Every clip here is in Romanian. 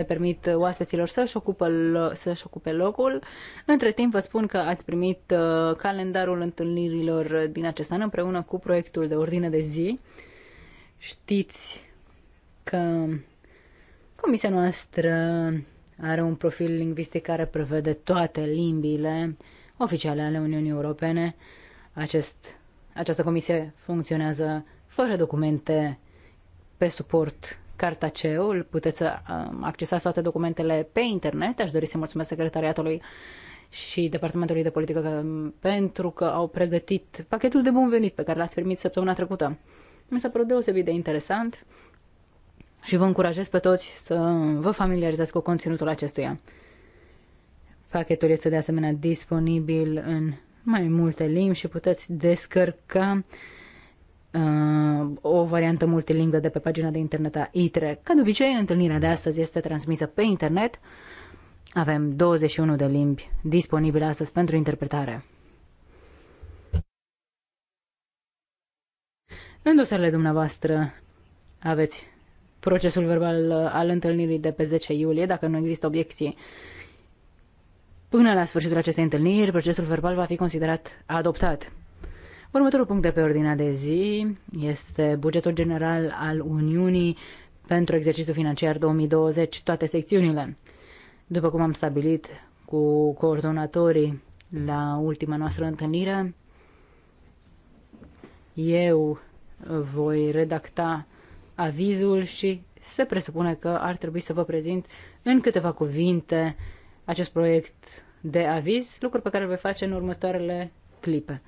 le permit oaspeților să-și ocupe, să-și ocupe locul. Între timp vă spun că ați primit uh, calendarul întâlnirilor din acest an împreună cu proiectul de ordine de zi. Știți că comisia noastră are un profil lingvistic care prevede toate limbile oficiale ale Uniunii Europene. Acest, această comisie funcționează fără documente pe suport Cartaceul, puteți să um, toate documentele pe internet. Aș dori să mulțumesc secretariatului și Departamentului de Politică um, pentru că au pregătit pachetul de bun venit pe care l-ați primit săptămâna trecută. Mi s-a părut deosebit de interesant și vă încurajez pe toți să vă familiarizați cu conținutul acestuia. Pachetul este de asemenea disponibil în mai multe limbi și puteți descărca uh, Uh, o variantă multilingvă de pe pagina de internet a ITRE. Ca de obicei, întâlnirea de astăzi este transmisă pe internet. Avem 21 de limbi disponibile astăzi pentru interpretare. În dosarele dumneavoastră aveți procesul verbal uh, al întâlnirii de pe 10 iulie, dacă nu există obiecții. Până la sfârșitul acestei întâlniri, procesul verbal va fi considerat adoptat. Următorul punct de pe ordinea de zi este bugetul general al Uniunii pentru exercițiul financiar 2020, toate secțiunile. După cum am stabilit cu coordonatorii la ultima noastră întâlnire, eu voi redacta avizul și se presupune că ar trebui să vă prezint în câteva cuvinte acest proiect de aviz, lucru pe care îl voi face în următoarele clipe.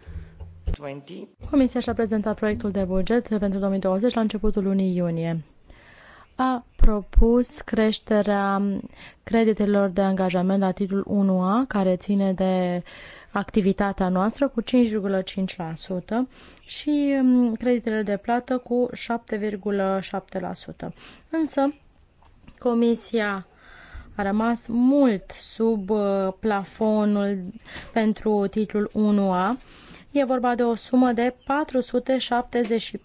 Comisia și-a prezentat proiectul de buget pentru 2020 la începutul lunii iunie. A propus creșterea creditelor de angajament la titlul 1A, care ține de activitatea noastră, cu 5,5% și um, creditele de plată cu 7,7%. Însă, Comisia a rămas mult sub uh, plafonul pentru titlul 1A, E vorba de o sumă de 474,6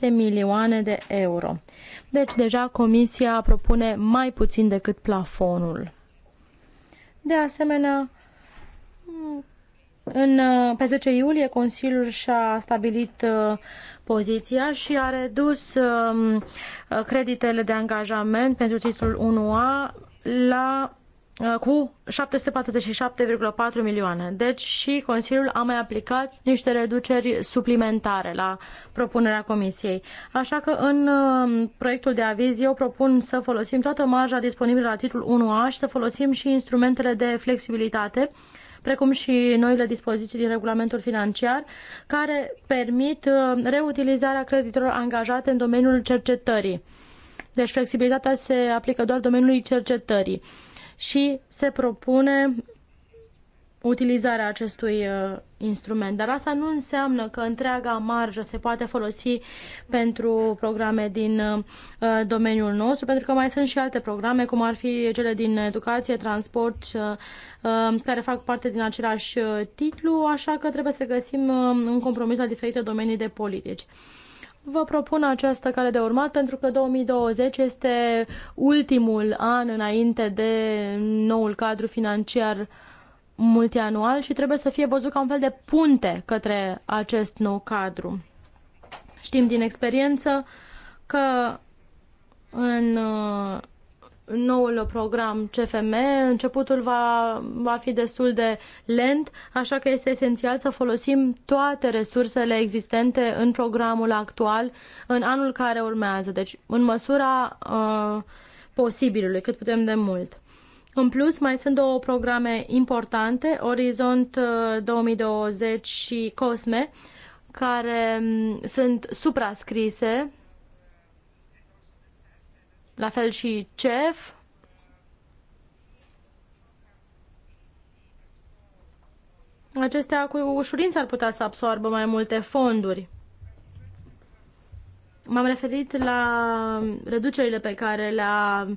milioane de euro. Deci deja Comisia propune mai puțin decât plafonul. De asemenea, în, pe 10 iulie Consiliul și-a stabilit uh, poziția și a redus um, creditele de angajament pentru titlul 1A la Uh, cu 747,4 milioane. Deci și Consiliul a mai aplicat niște reduceri suplimentare la propunerea Comisiei. Așa că în uh, proiectul de aviz eu propun să folosim toată marja disponibilă la titlul 1A și să folosim și instrumentele de flexibilitate precum și noile dispoziții din regulamentul financiar, care permit uh, reutilizarea creditelor angajate în domeniul cercetării. Deci flexibilitatea se aplică doar domeniului cercetării și se propune utilizarea acestui uh, instrument. Dar asta nu înseamnă că întreaga marjă se poate folosi pentru programe din uh, domeniul nostru, pentru că mai sunt și alte programe, cum ar fi cele din educație, transport, uh, care fac parte din același titlu, așa că trebuie să găsim un compromis la diferite domenii de politici. Vă propun această cale de urmat pentru că 2020 este ultimul an înainte de noul cadru financiar multianual și trebuie să fie văzut ca un fel de punte către acest nou cadru. Știm din experiență că în noul program CFM, începutul va, va fi destul de lent, așa că este esențial să folosim toate resursele existente în programul actual în anul care urmează, deci în măsura uh, posibilului, cât putem de mult. În plus, mai sunt două programe importante, Orizont 2020 uh, și COSME, care mm, sunt suprascrise la fel și CEF. Acestea cu ușurință ar putea să absorbă mai multe fonduri. M-am referit la reducerile pe care le-a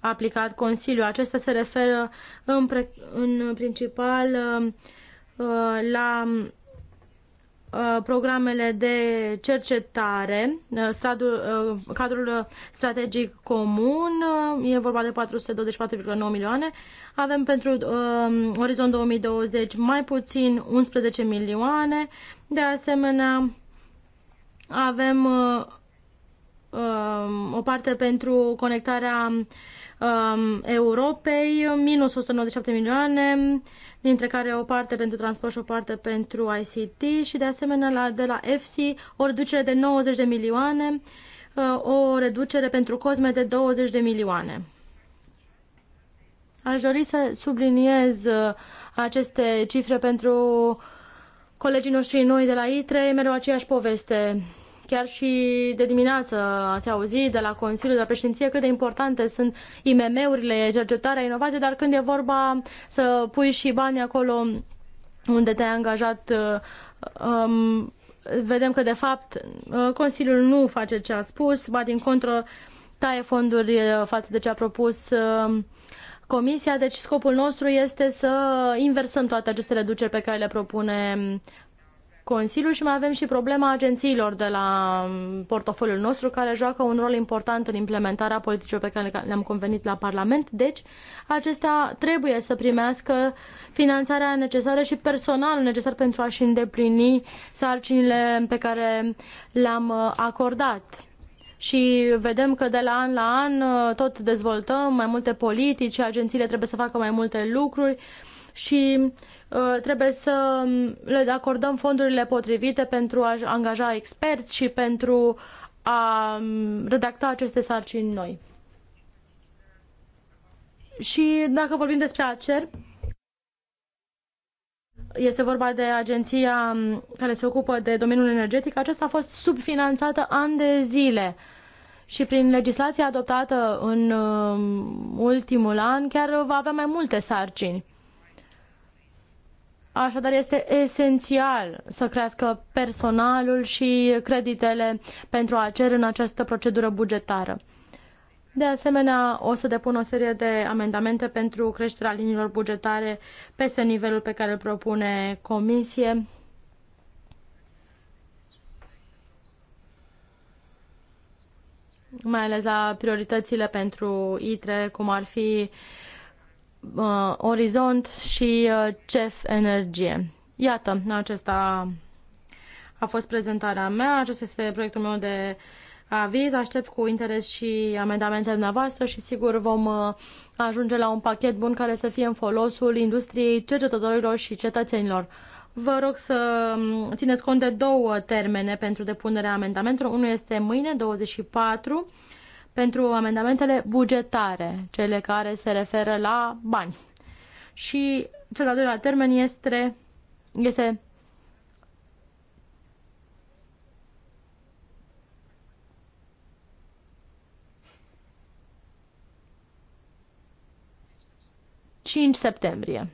aplicat Consiliul. Acestea se referă în, pre, în principal uh, la Uh, programele de cercetare, uh, stradul, uh, cadrul strategic comun, e vorba de 424,9 milioane. Avem pentru um, Orizont 2020 mai puțin 11 milioane. De asemenea, avem um, o parte pentru conectarea um, Europei, minus 197 milioane dintre care o parte pentru transport și o parte pentru ICT și de asemenea la, de la FC o reducere de 90 de milioane, uh, o reducere pentru COSME de 20 de milioane. Aș dori să subliniez uh, aceste cifre pentru colegii noștri noi de la ITRE, mereu aceeași poveste Chiar și de dimineață ați auzit de la Consiliul de la Președinție cât de importante sunt IMM-urile, cercetarea, inovație, dar când e vorba să pui și bani acolo unde te-ai angajat, uh, um, vedem că de fapt uh, Consiliul nu face ce a spus, ba din contră taie fonduri uh, față de ce a propus Comisia, deci scopul nostru este să inversăm toate aceste reduceri pe care le propune Consiliul și mai avem și problema agențiilor de la mm, portofoliul nostru care joacă un rol important în implementarea politicilor pe care le-am convenit la Parlament. Deci, acestea trebuie să primească finanțarea necesară și personalul necesar pentru a-și îndeplini sarcinile pe care le-am uh, acordat și vedem că de la an la an uh, tot dezvoltăm mai multe politici, agențiile trebuie să facă mai multe lucruri și Uh, trebuie să um, le acordăm fondurile potrivite pentru a angaja experți și pentru a um, redacta aceste sarcini noi. Și dacă vorbim despre ACER, este vorba de agenția um, care se ocupă de domeniul energetic, aceasta a fost subfinanțată an de zile și prin legislația adoptată în ultimul an chiar va avea mai multe sarcini. Așadar, este esențial să crească personalul și creditele pentru a cere în această procedură bugetară. De asemenea, o să depun o serie de amendamente pentru creșterea liniilor bugetare peste nivelul pe care îl propune Comisie. mai ales la prioritățile pentru ITRE, cum ar fi uh, uh, Orizont și uh, CEF Energie. Iată, acesta a fost prezentarea mea, acesta este proiectul meu de aviz, aștept cu interes și amendamentele dumneavoastră și sigur vom uh, ajunge la un pachet bun care să fie în folosul industriei, cercetătorilor și cetățenilor. Vă rog să um, țineți cont de două termene pentru depunerea amendamentului. Unul este mâine, 24 pentru amendamentele bugetare, cele care se referă la bani. Și cel de-al doilea termen este, este cinci septembrie.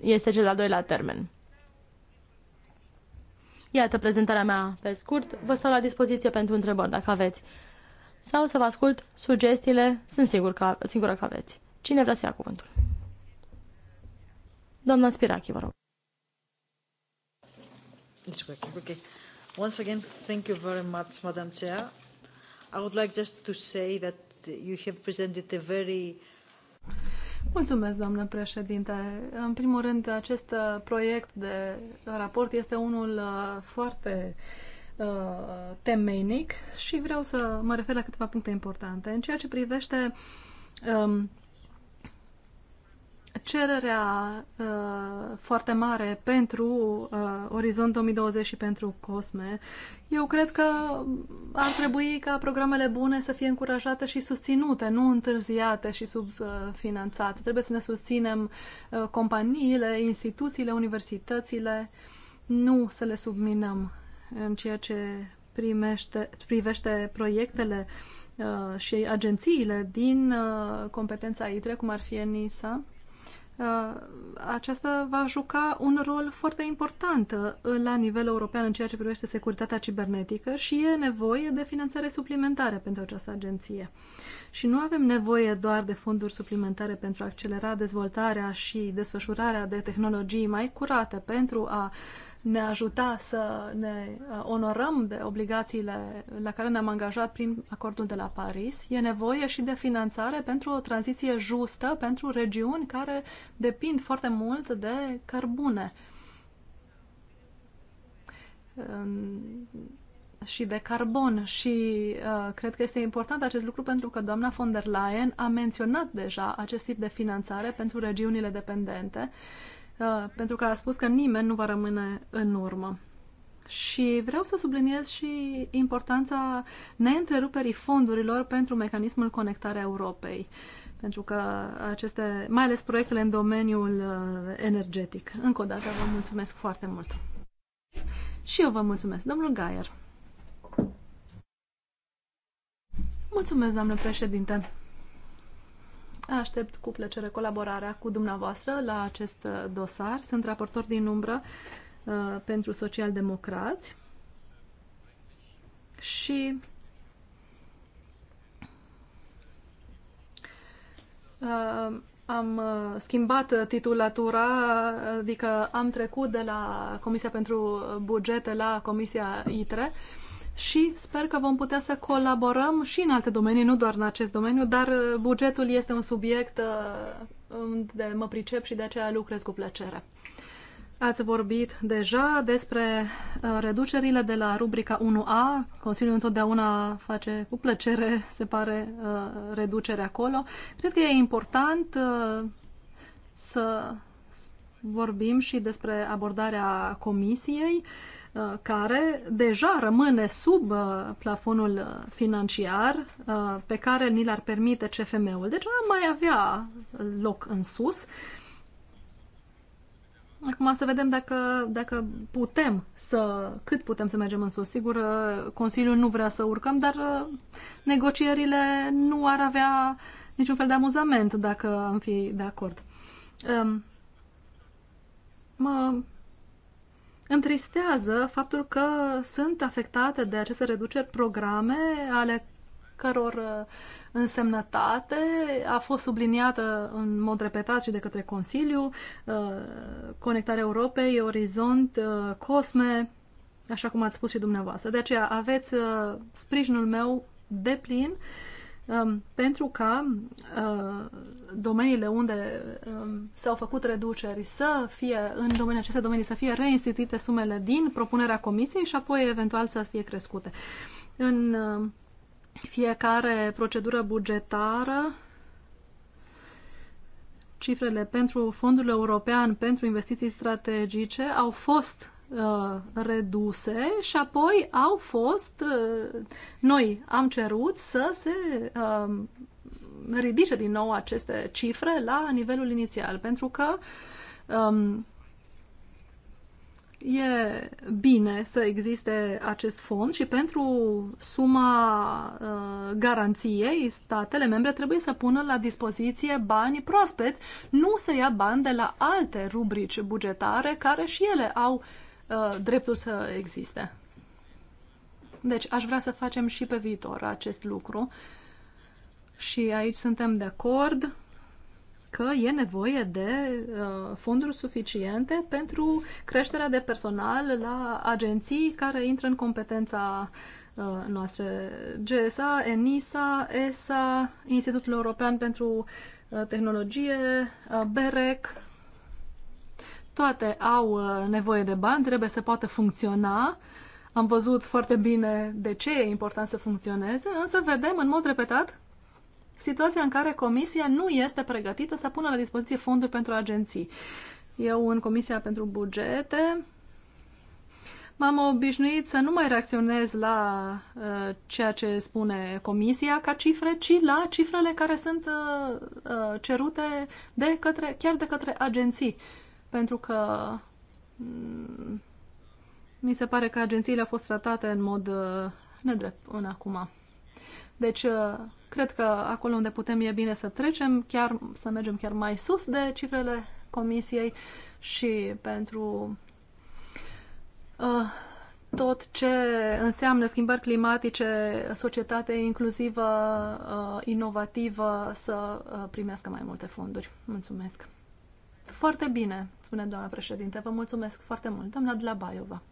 Este cel al doilea termen. Iată prezentarea mea pe scurt. Vă stau la dispoziție pentru întrebări dacă aveți sau să vă ascult sugestiile, sunt sigur că, sigură că aveți. Cine vrea să ia cuvântul? Doamna Spirachi, vă rog. Okay. Once again, thank you very much, Madam Chair. I would like just to say that you have presented a very Mulțumesc, doamnă președinte. În primul rând, acest proiect de raport este unul uh, foarte uh, Uh, temeinic și vreau să mă refer la câteva puncte importante. În ceea ce privește um, cererea uh, foarte mare pentru uh, Orizont 2020 și pentru COSME, eu cred că ar trebui ca programele bune să fie încurajate și susținute, nu întârziate și subfinanțate. Trebuie să ne susținem uh, companiile, instituțiile, universitățile, nu să le subminăm în ceea ce primește, privește proiectele uh, și agențiile din uh, competența ITRE, cum ar fi NISA, uh, aceasta va juca un rol foarte important uh, la nivel european în ceea ce privește securitatea cibernetică și e nevoie de finanțare suplimentare pentru această agenție. Și nu avem nevoie doar de fonduri suplimentare pentru a accelera dezvoltarea și desfășurarea de tehnologii mai curate pentru a uh, ne ajuta să ne uh, onorăm de obligațiile la care ne-am angajat prin acordul de la Paris. E nevoie și de finanțare pentru o tranziție justă pentru regiuni care depind foarte mult de cărbune um, și de carbon și uh, cred că este important acest lucru pentru că doamna von der Leyen a menționat deja acest tip de finanțare pentru regiunile dependente uh, Uh, pentru că a spus că nimeni nu va rămâne în urmă. Și vreau să subliniez și importanța neîntreruperii fondurilor pentru mecanismul conectarea Europei, pentru că aceste, mai ales proiectele în domeniul uh, energetic. Încă o dată vă mulțumesc foarte mult. Și eu vă mulțumesc, domnul Gaier. Mulțumesc, doamnă președinte. Aștept cu plăcere colaborarea cu dumneavoastră la acest uh, dosar. Sunt raportor din umbră uh, pentru socialdemocrați și uh, am uh, schimbat titulatura, adică am trecut de la Comisia pentru Bugete la Comisia ITRE. Uh, și sper că vom putea să colaborăm și în alte domenii, nu doar în acest domeniu, dar uh, bugetul este un subiect uh, unde mă pricep și de aceea lucrez cu plăcere. Ați vorbit deja despre uh, reducerile de la rubrica 1A. Consiliul întotdeauna face cu plăcere, se pare, reducere acolo. Cred că e important să vorbim și despre abordarea comisiei. Uh, care deja rămâne sub uh, plafonul uh, financiar pe care ni l-ar permite CFM-ul. Deci am mai avea loc în sus. Acum să vedem dacă, dacă putem să, cât putem să mergem în sus. Sigur, Consiliul nu vrea să urcăm, dar negocierile nu ar avea niciun fel de amuzament dacă am fi de acord. Um, mă Întristează faptul că sunt afectate de aceste reduceri programe ale căror uh, însemnătate a fost subliniată în mod repetat și de către Consiliu, uh, Conectarea Europei, Orizont, uh, Cosme, așa cum ați spus și dumneavoastră. De aceea aveți sprijinul meu de plin Um, pentru ca uh, domeniile unde um, s-au făcut reduceri să fie, în domeniul aceste domenii, să fie reinstituite sumele din propunerea comisiei și apoi eventual să fie crescute. În um, fiecare procedură bugetară, cifrele pentru fondul european pentru investiții strategice au fost Uh, reduse și apoi au fost, uh, noi am cerut să se um, ridice din nou aceste cifre la nivelul inițial, pentru că um, e bine să existe acest fond și pentru suma uh, garanției, statele membre trebuie să pună la dispoziție bani proaspeți, nu să ia bani de la alte rubrici bugetare care și ele au Uh, dreptul să existe. Deci aș vrea să facem și pe viitor acest lucru și aici suntem de acord că e nevoie de uh, fonduri suficiente pentru creșterea de personal la agenții care intră în competența uh, noastră. GSA, ENISA, ESA, Institutul European pentru uh, Tehnologie, uh, BEREC, toate au uh, nevoie de bani, trebuie să poată funcționa. Am văzut foarte bine de ce e important să funcționeze, însă vedem în mod repetat situația în care comisia nu este pregătită să pună la dispoziție fonduri pentru agenții. Eu în Comisia pentru Bugete m-am obișnuit să nu mai reacționez la uh, ceea ce spune comisia ca cifre, ci la cifrele care sunt uh, uh cerute de către, chiar de către agenții. Uh, pentru că mm, mi se pare că agențiile au fost tratate în mod uh, nedrept până acum. Deci, uh, cred că acolo unde putem e bine să trecem, chiar să mergem chiar mai sus de cifrele comisiei și pentru uh, tot ce înseamnă schimbări climatice, societate inclusivă, uh, inovativă, să uh, primească mai multe fonduri. Mulțumesc! Foarte bine, spune doamna președinte. Vă mulțumesc foarte mult, doamna de la Baiova.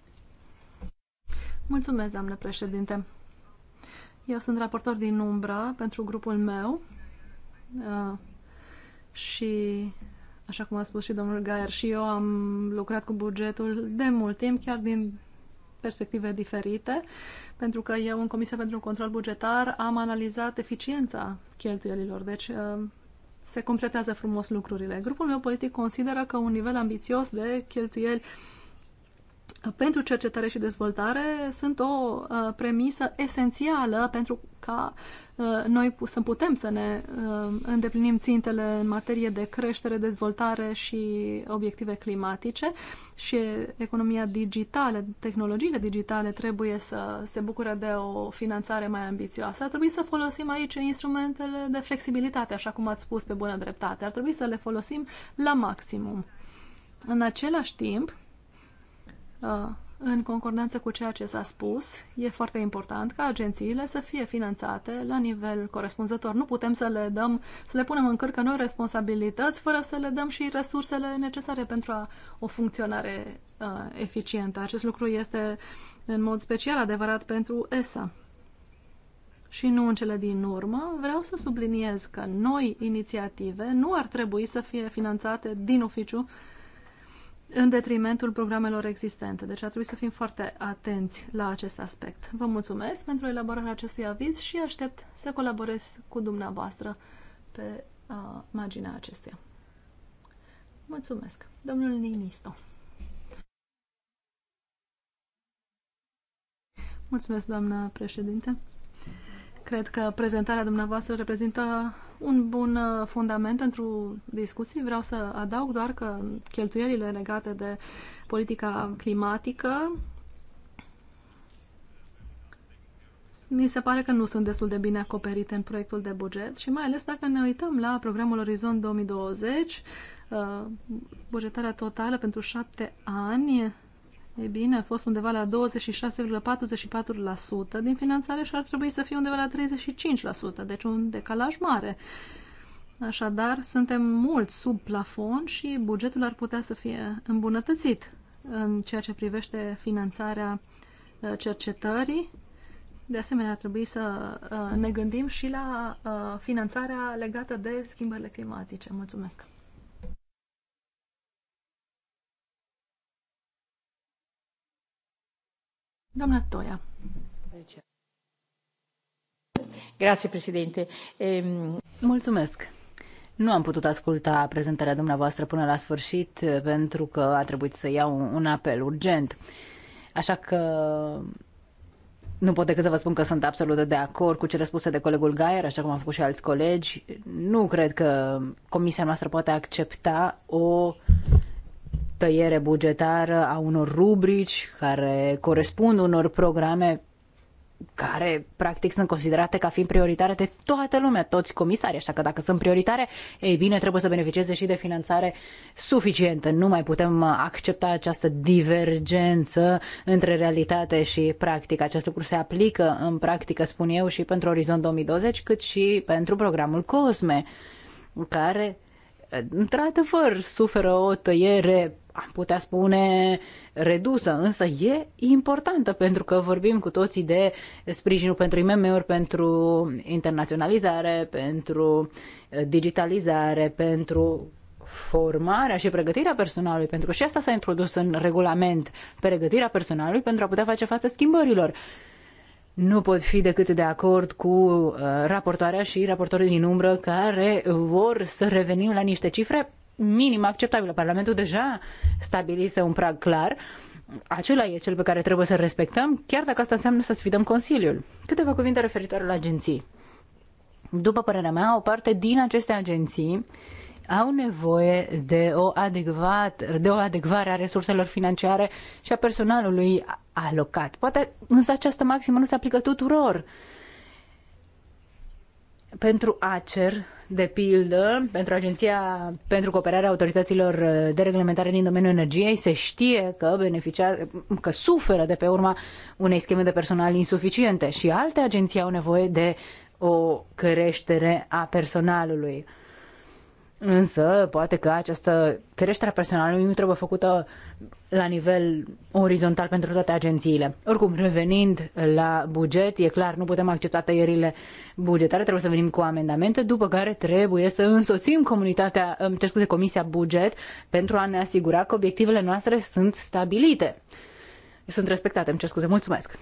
Mulțumesc, doamna președinte. Eu sunt raportor din Umbra pentru grupul meu uh, și, așa cum a spus și domnul Gaier, și eu am lucrat cu bugetul de mult timp, chiar din perspective diferite, pentru că eu în Comisia pentru Control Bugetar am analizat eficiența cheltuielilor. Deci uh, se completează frumos lucrurile. Grupul meu politic consideră că un nivel ambițios de cheltuieli pentru cercetare și dezvoltare sunt o uh, premisă esențială pentru ca uh, noi să putem să ne uh, îndeplinim țintele în materie de creștere, dezvoltare și obiective climatice și economia digitală, tehnologiile digitale trebuie să se bucure de o finanțare mai ambițioasă. Ar trebui să folosim aici instrumentele de flexibilitate, așa cum ați spus pe bună dreptate. Ar trebui să le folosim la maximum. În același timp, Uh, în concordanță cu ceea ce s-a spus, e foarte important ca agențiile să fie finanțate la nivel corespunzător. Nu putem să le dăm, să le punem în cărcă noi responsabilități fără să le dăm și resursele necesare pentru a, o funcționare uh, eficientă. Acest lucru este în mod special adevărat pentru ESA. Și nu în cele din urmă, vreau să subliniez că noi inițiative nu ar trebui să fie finanțate din oficiu uh, în detrimentul programelor existente. Deci ar trebui să fim foarte atenți la acest aspect. Vă mulțumesc pentru elaborarea acestui aviz și aștept să colaborez cu dumneavoastră pe uh, marginea acesteia. Mulțumesc. Domnul Ninisto. Mulțumesc, doamnă președinte. Cred că prezentarea dumneavoastră reprezintă un bun uh, fundament pentru discuții. Vreau să adaug doar că cheltuielile legate de politica climatică mi se pare că nu sunt destul de bine acoperite în proiectul de buget și mai ales dacă ne uităm la programul Orizont 2020, uh, bugetarea totală pentru șapte ani E bine, a fost undeva la 26,44% din finanțare și ar trebui să fie undeva la 35%, deci un decalaj mare. Așadar, suntem mult sub plafon și bugetul ar putea să fie îmbunătățit în ceea ce privește finanțarea uh, cercetării. De asemenea, ar trebui să uh, ne gândim și la uh, finanțarea legată de schimbările climatice. Mulțumesc! Doamna Toia. Grazie, președinte. Ehm, Mulțumesc. Nu am putut asculta prezentarea dumneavoastră până la sfârșit eh, pentru că a trebuit să iau un apel urgent. Așa că nu pot decât să vă spun că sunt absolut de acord cu cele spuse de colegul Gaier, așa cum au făcut și alți colegi. Nu cred că comisia noastră poate accepta o tăiere bugetară a unor rubrici care corespund unor programe care practic sunt considerate ca fiind prioritare de toată lumea, toți comisarii, așa că dacă sunt prioritare, ei bine, trebuie să beneficieze și de finanțare suficientă. Nu mai putem accepta această divergență între realitate și practică. Acest lucru se aplică în practică, spun eu, și pentru Orizont 2020, cât și pentru programul COSME, care într-adevăr suferă o tăiere am putea spune, redusă, însă e importantă pentru că vorbim cu toții de sprijinul pentru IMM-uri, pentru internaționalizare, pentru eh, digitalizare, pentru formarea și pregătirea personalului, pentru că și asta s-a introdus în regulament, pregătirea personalului pentru a putea face față schimbărilor. Nu pot fi decât de acord cu eh, raportoarea și raportorii din umbră care vor să revenim la niște cifre minim acceptabilă. Parlamentul deja stabilise un prag clar. Acela e cel pe care trebuie să-l respectăm, chiar dacă asta înseamnă să sfidăm Consiliul. Câteva cuvinte referitoare la agenții. După părerea mea, o parte din aceste agenții au nevoie de o, adecvat, de o adecvare a resurselor financiare și a personalului alocat. Poate însă această maximă nu se aplică tuturor. Pentru ACER, de pildă, pentru Agenția pentru Cooperarea Autorităților de Reglementare din domeniul energiei, se știe că, beneficia, că suferă de pe urma unei scheme de personal insuficiente și alte agenții au nevoie de o creștere a personalului. Însă, poate că această creștere personală nu trebuie făcută la nivel orizontal pentru toate agențiile. Oricum, revenind la buget, e clar, nu putem accepta tăierile bugetare, trebuie să venim cu amendamente, după care trebuie să însoțim comunitatea, ce scuze, Comisia Buget, pentru a ne asigura că obiectivele noastre sunt stabilite. Sunt respectate, îmi cer scuze, mulțumesc.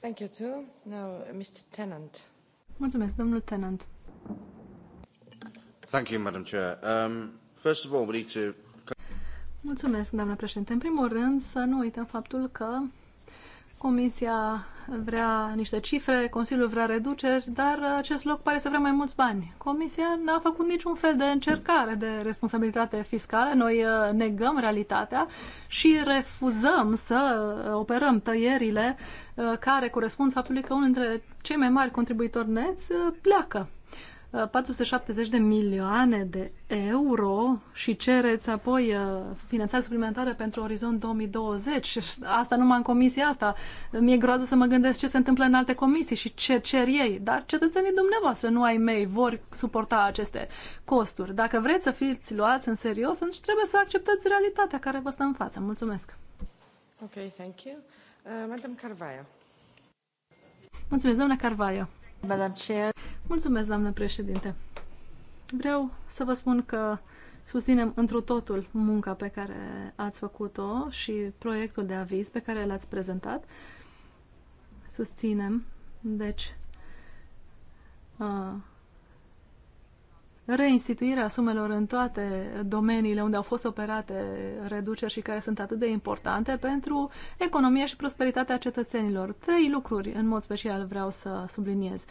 Thank you too. Now, Mr. Tenant. Mulțumesc, domnul Tenant. Mulțumesc, doamnă președinte. În primul rând, să nu uităm faptul că Comisia vrea niște cifre, Consiliul vrea reduceri, dar acest loc pare să vrea mai mulți bani. Comisia n-a făcut niciun fel de încercare de responsabilitate fiscală. Noi uh, negăm realitatea și refuzăm să operăm tăierile uh, care corespund faptului că unul dintre cei mai mari contribuitori neți uh, pleacă 470 de milioane de euro și cereți apoi uh, finanțare suplimentară pentru Orizont 2020. Asta numai în comisia asta. Mi-e groază să mă gândesc ce se întâmplă în alte comisii și ce cer ei. Dar cetățenii dumneavoastră, nu ai mei, vor suporta aceste costuri. Dacă vreți să fiți luați în serios, atunci trebuie să acceptați realitatea care vă stă în față. Mulțumesc! Ok, thank you. Uh, Madam Carvalho. Mulțumesc, doamna Carvalho. Madam Chair. Mulțumesc, doamnă președinte. Vreau să vă spun că susținem întru totul munca pe care ați făcut-o și proiectul de aviz pe care l-ați prezentat. Susținem, deci, uh, reinstituirea sumelor în toate domeniile unde au fost operate reduceri și care sunt atât de importante pentru economia și prosperitatea cetățenilor. Trei lucruri în mod special vreau să subliniez.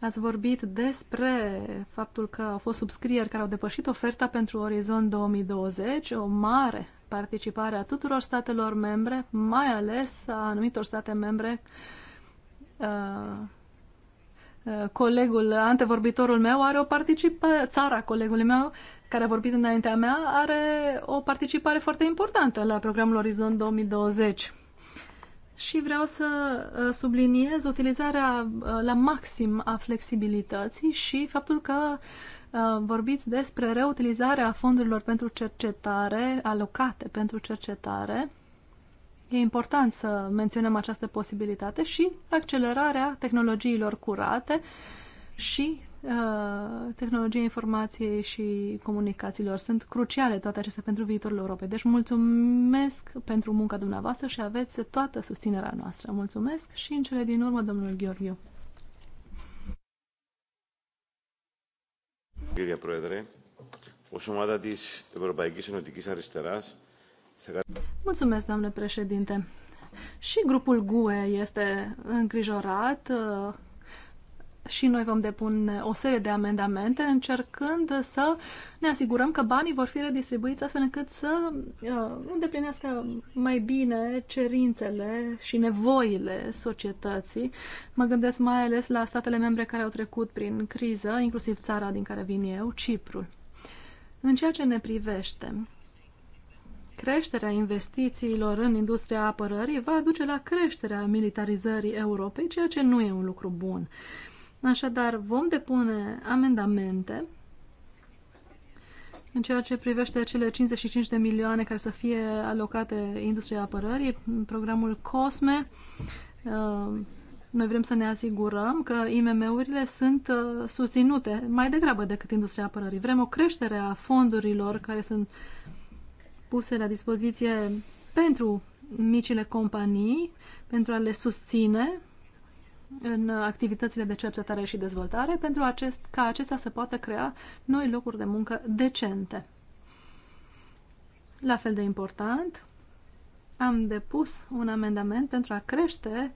Ați vorbit despre faptul că au fost subscrieri care au depășit oferta pentru Orizont 2020, o mare participare a tuturor statelor membre, mai ales a anumitor state membre uh, Uh, colegul, antevorbitorul meu are o participare, țara colegului meu care a vorbit înaintea mea are o participare foarte importantă la programul Orizont 2020. Și vreau să uh, subliniez utilizarea uh, la maxim a flexibilității și faptul că vorbiți despre reutilizarea fondurilor pentru cercetare, alocate pentru cercetare, E important să menționăm această posibilitate și accelerarea tehnologiilor curate și uh, tehnologia informației și comunicațiilor. Sunt cruciale toate acestea pentru viitorul Europei. Deci mulțumesc pentru munca dumneavoastră și aveți toată susținerea noastră. Mulțumesc și în cele din urmă, domnul Gheorghiu. Κύριε Πρόεδρε, ως ομάδα της Ευρωπαϊκής Ενωτικής Αριστεράς Mulțumesc, domnule președinte. Și grupul GUE este îngrijorat uh, și noi vom depune o serie de amendamente încercând să ne asigurăm că banii vor fi redistribuiți astfel încât să uh, îndeplinească mai bine cerințele și nevoile societății. Mă gândesc mai ales la statele membre care au trecut prin criză, inclusiv țara din care vin eu, Ciprul. În ceea ce ne privește, Creșterea investițiilor în industria apărării va duce la creșterea militarizării Europei, ceea ce nu e un lucru bun. Așadar, vom depune amendamente în ceea ce privește cele 55 de milioane care să fie alocate industriei apărării, programul COSME, uh, noi vrem să ne asigurăm că IMM-urile sunt uh, susținute mai degrabă decât industria apărării. Vrem o creștere a fondurilor care sunt puse la dispoziție pentru micile companii, pentru a le susține în activitățile de cercetare și dezvoltare, pentru acest, ca acestea să poată crea noi locuri de muncă decente. La fel de important, am depus un amendament pentru a crește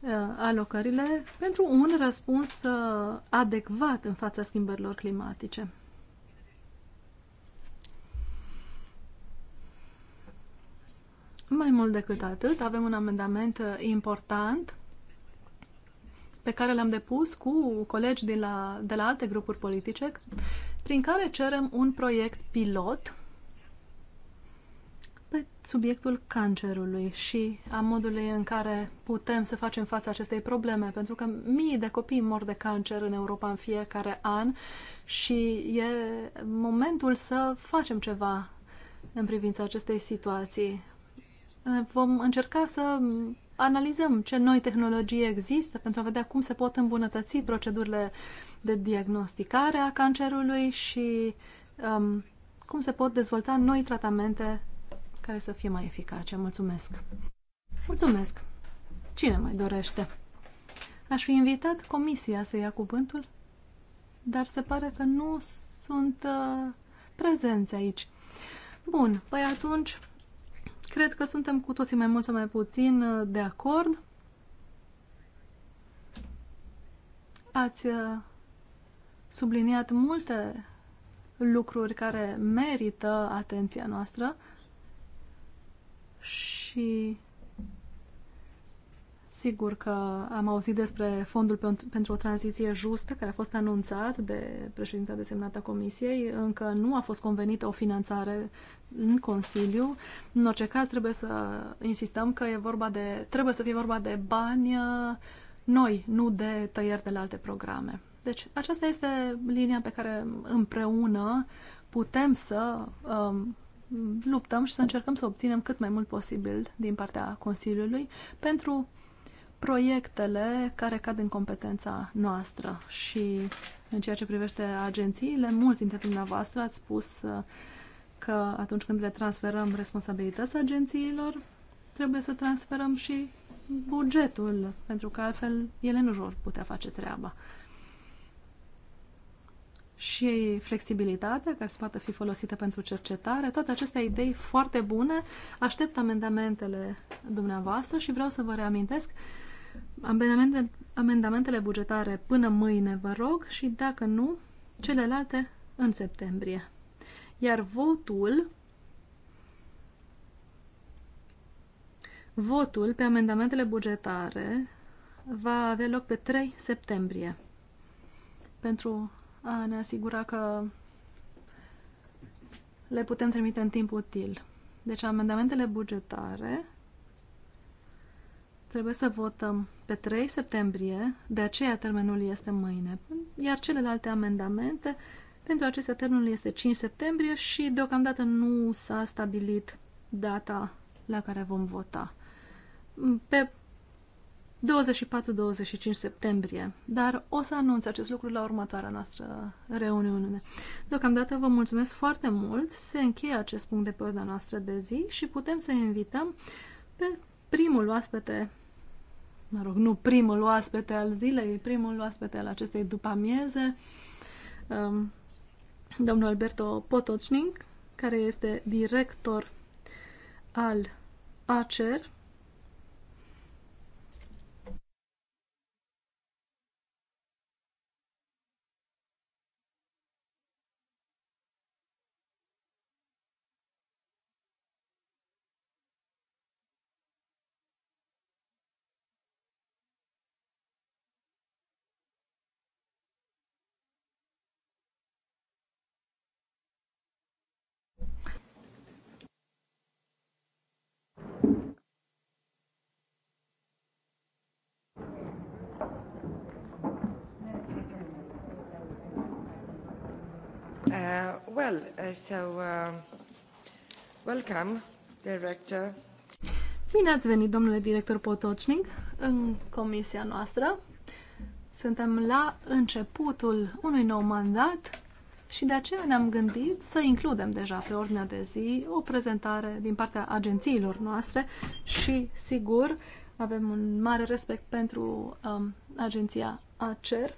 uh, alocările pentru un răspuns uh, adecvat în fața schimbărilor climatice. Mai mult decât atât, avem un amendament uh, important pe care l-am depus cu colegi de la, de la alte grupuri politice, prin care cerem un proiect pilot pe subiectul cancerului și a modului în care putem să facem față acestei probleme, pentru că mii de copii mor de cancer în Europa în fiecare an și e momentul să facem ceva în privința acestei situații vom încerca să analizăm ce noi tehnologii există pentru a vedea cum se pot îmbunătăți procedurile de diagnosticare a cancerului și um, cum se pot dezvolta noi tratamente care să fie mai eficace. Mulțumesc! Mulțumesc! Cine mai dorește? Aș fi invitat comisia să ia cuvântul, dar se pare că nu sunt uh, prezenți aici. Bun, păi atunci Cred că suntem cu toții mai mult sau mai puțin uh, de acord. Ați uh, subliniat multe lucruri care merită atenția noastră și Sigur că am auzit despre Fondul pentru o tranziție justă, care a fost anunțat de președinta desemnată a Comisiei. Încă nu a fost convenită o finanțare în Consiliu. În orice caz, trebuie să insistăm că e vorba de, trebuie să fie vorba de bani uh, noi, nu de tăieri de la alte programe. Deci, aceasta este linia pe care împreună putem să um, luptăm și să încercăm să obținem cât mai mult posibil din partea Consiliului pentru proiectele care cad în competența noastră și în ceea ce privește agențiile, mulți dintre dumneavoastră ați spus uh, că atunci când le transferăm responsabilități agențiilor, trebuie să transferăm și bugetul, pentru că altfel ele nu vor putea face treaba. Și flexibilitatea care se poate fi folosită pentru cercetare, toate aceste idei foarte bune. Aștept amendamentele dumneavoastră și vreau să vă reamintesc Amendamente, amendamentele bugetare până mâine, vă rog, și dacă nu, celelalte în septembrie. Iar votul Votul pe amendamentele bugetare va avea loc pe 3 septembrie pentru a ne asigura că le putem trimite în timp util. Deci amendamentele bugetare Trebuie să votăm pe 3 septembrie, de aceea termenul este mâine, iar celelalte amendamente, pentru acestea termenul este 5 septembrie și deocamdată nu s-a stabilit data la care vom vota. Pe 24-25 septembrie, dar o să anunț acest lucru la următoarea noastră reuniune. Deocamdată vă mulțumesc foarte mult, se încheie acest punct de pe ordinea noastră de zi și putem să invităm pe primul oaspete mă rog, nu primul oaspete al zilei, primul oaspete al acestei după amieze, um, domnul Alberto Potocnic, care este director al ACER, Uh, well, uh, so, uh, welcome, director. Bine ați venit, domnule director Potocnic, în comisia noastră. Suntem la începutul unui nou mandat și de aceea ne-am gândit să includem deja pe ordinea de zi o prezentare din partea agențiilor noastre și, sigur, avem un mare respect pentru um, agenția ACER,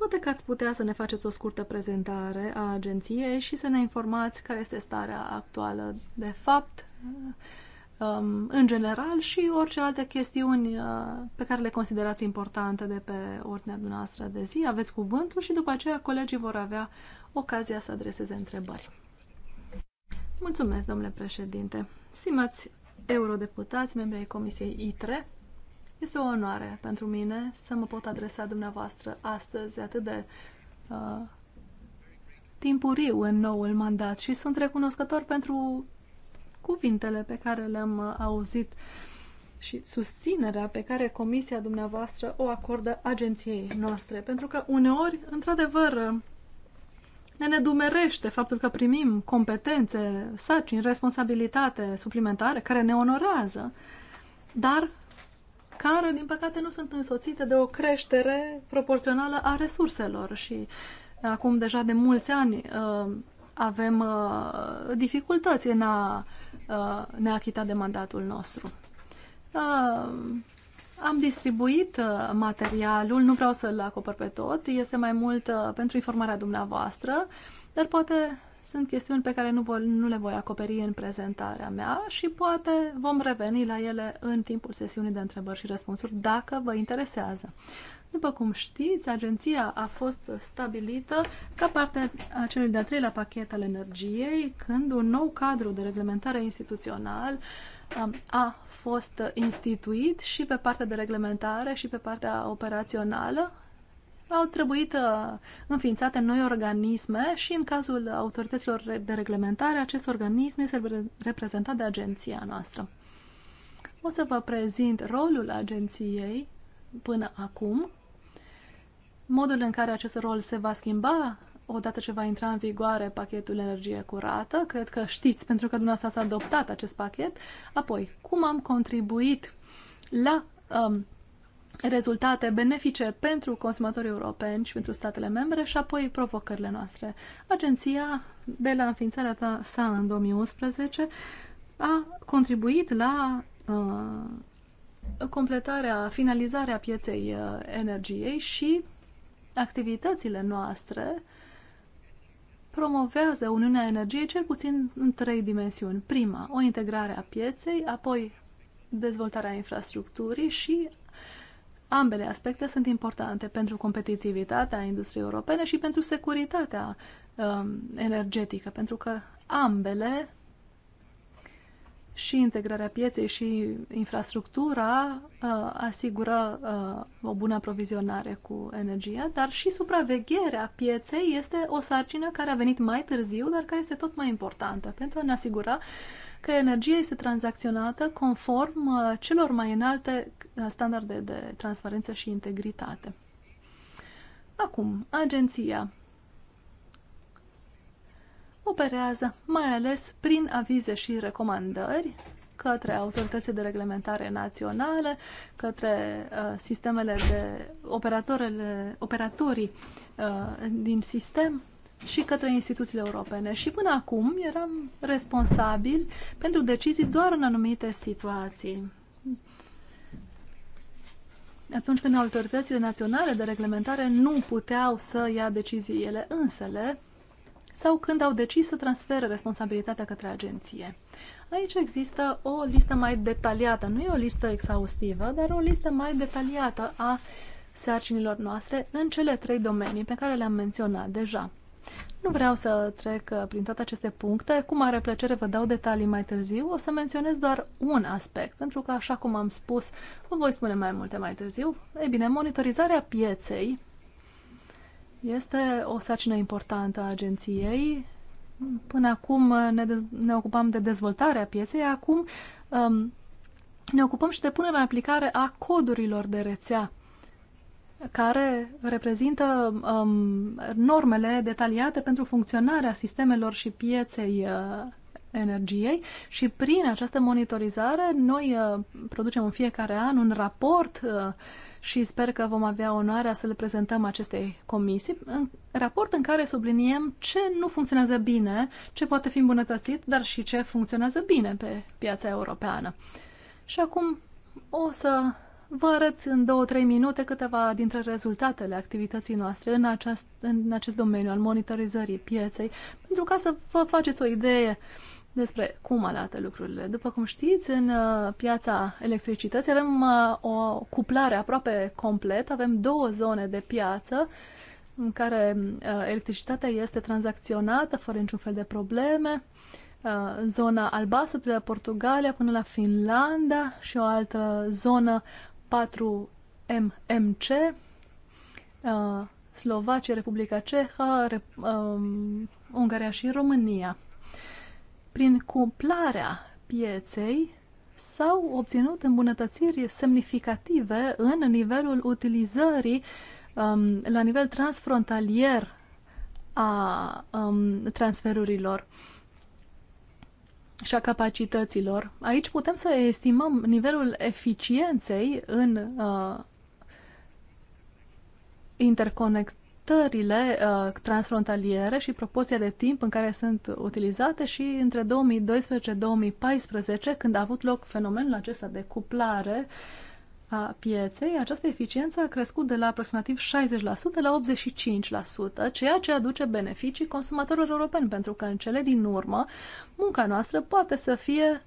Poate că ați putea să ne faceți o scurtă prezentare a agenției și să ne informați care este starea actuală de fapt, um, în general, și orice alte chestiuni uh, pe care le considerați importante de pe ordinea dumneavoastră de zi. Aveți cuvântul și după aceea colegii vor avea ocazia să adreseze întrebări. Mulțumesc, domnule președinte. Stimați eurodeputați, membrii Comisiei ITRE, este o onoare pentru mine să mă pot adresa dumneavoastră astăzi atât de uh, timpuriu în noul mandat și sunt recunoscător pentru cuvintele pe care le-am uh, auzit și susținerea pe care comisia dumneavoastră o acordă agenției noastre. Pentru că uneori, într-adevăr, uh, ne nedumerește faptul că primim competențe, sarcini, responsabilitate suplimentare care ne onorează, dar care, din păcate, nu sunt însoțite de o creștere proporțională a resurselor și acum deja de mulți ani uh, avem uh, dificultăți în a uh, ne achita de mandatul nostru. Am distribuit materialul, nu vreau să-l acopăr pe tot, este mai mult pentru informarea dumneavoastră, dar poate sunt chestiuni pe care nu, voi, nu le voi acoperi în prezentarea mea și poate vom reveni la ele în timpul sesiunii de întrebări și răspunsuri, dacă vă interesează. După cum știți, agenția a fost stabilită ca parte a celui de-al treilea pachet al energiei, când un nou cadru de reglementare instituțional um, a fost instituit și pe partea de reglementare și pe partea operațională au trebuit uh, înființate noi organisme și în cazul autorităților de reglementare, acest organism este reprezentat de agenția noastră. O să vă prezint rolul agenției până acum, modul în care acest rol se va schimba odată ce va intra în vigoare pachetul energie curată, cred că știți, pentru că dumneavoastră s-a adoptat acest pachet, apoi cum am contribuit la um, rezultate benefice pentru consumatorii europeni și pentru statele membre și apoi provocările noastre. Agenția, de la înființarea sa în 2011, a contribuit la uh, completarea, finalizarea pieței uh, energiei și activitățile noastre promovează Uniunea Energiei cel puțin în trei dimensiuni. Prima, o integrare a pieței, apoi dezvoltarea infrastructurii și Ambele aspecte sunt importante pentru competitivitatea industriei europene și pentru securitatea um, energetică, pentru că ambele și integrarea pieței și infrastructura uh, asigură uh, o bună aprovizionare cu energia, dar și supravegherea pieței este o sarcină care a venit mai târziu, dar care este tot mai importantă pentru a ne asigura că energia este tranzacționată conform uh, celor mai înalte standarde de transparență și integritate. Acum, agenția operează mai ales prin avize și recomandări către autoritățile de reglementare naționale, către uh, sistemele de operatorele, operatorii uh, din sistem și către instituțiile europene. Și până acum eram responsabil pentru decizii doar în anumite situații atunci când autoritățile naționale de reglementare nu puteau să ia decizii ele însele sau când au decis să transfere responsabilitatea către agenție. Aici există o listă mai detaliată, nu e o listă exhaustivă, dar o listă mai detaliată a sarcinilor noastre în cele trei domenii pe care le-am menționat deja. Nu vreau să trec uh, prin toate aceste puncte. Cu mare plăcere vă dau detalii mai târziu. O să menționez doar un aspect, pentru că, așa cum am spus, vă voi spune mai multe mai târziu. Ei bine, monitorizarea pieței este o sarcină importantă a agenției. Până acum uh, ne, ne ocupam de dezvoltarea pieței, acum um, ne ocupăm și de punerea în aplicare a codurilor de rețea care reprezintă um, normele detaliate pentru funcționarea sistemelor și pieței uh, energiei și prin această monitorizare noi uh, producem în fiecare an un raport uh, și sper că vom avea onoarea să le prezentăm acestei comisii, în raport în care subliniem ce nu funcționează bine, ce poate fi îmbunătățit, dar și ce funcționează bine pe piața europeană. Și acum o să Vă arăt în două-trei minute câteva dintre rezultatele activității noastre în acest, în acest domeniu al monitorizării pieței, pentru ca să vă faceți o idee despre cum arată lucrurile. După cum știți, în uh, piața electricității avem uh, o cuplare aproape complet, avem două zone de piață în care uh, electricitatea este tranzacționată fără niciun fel de probleme, zona albastră de la Portugalia până la Finlanda și o altă zonă 4MMC, uh, Slovacia, Republica Ceha, Re uh, um, Ungaria și România. Prin cuplarea pieței s-au obținut îmbunătățiri semnificative în nivelul utilizării um, la nivel transfrontalier a um, transferurilor. Uh, și a capacităților. Aici putem să estimăm nivelul eficienței în uh, interconectările uh, transfrontaliere și proporția de timp în care sunt utilizate și între 2012-2014, când a avut loc fenomenul acesta de cuplare uh, a pieței, această eficiență a crescut de la aproximativ 60% la 85%, ceea ce aduce beneficii consumatorilor europeni, pentru că în cele din urmă munca noastră poate să fie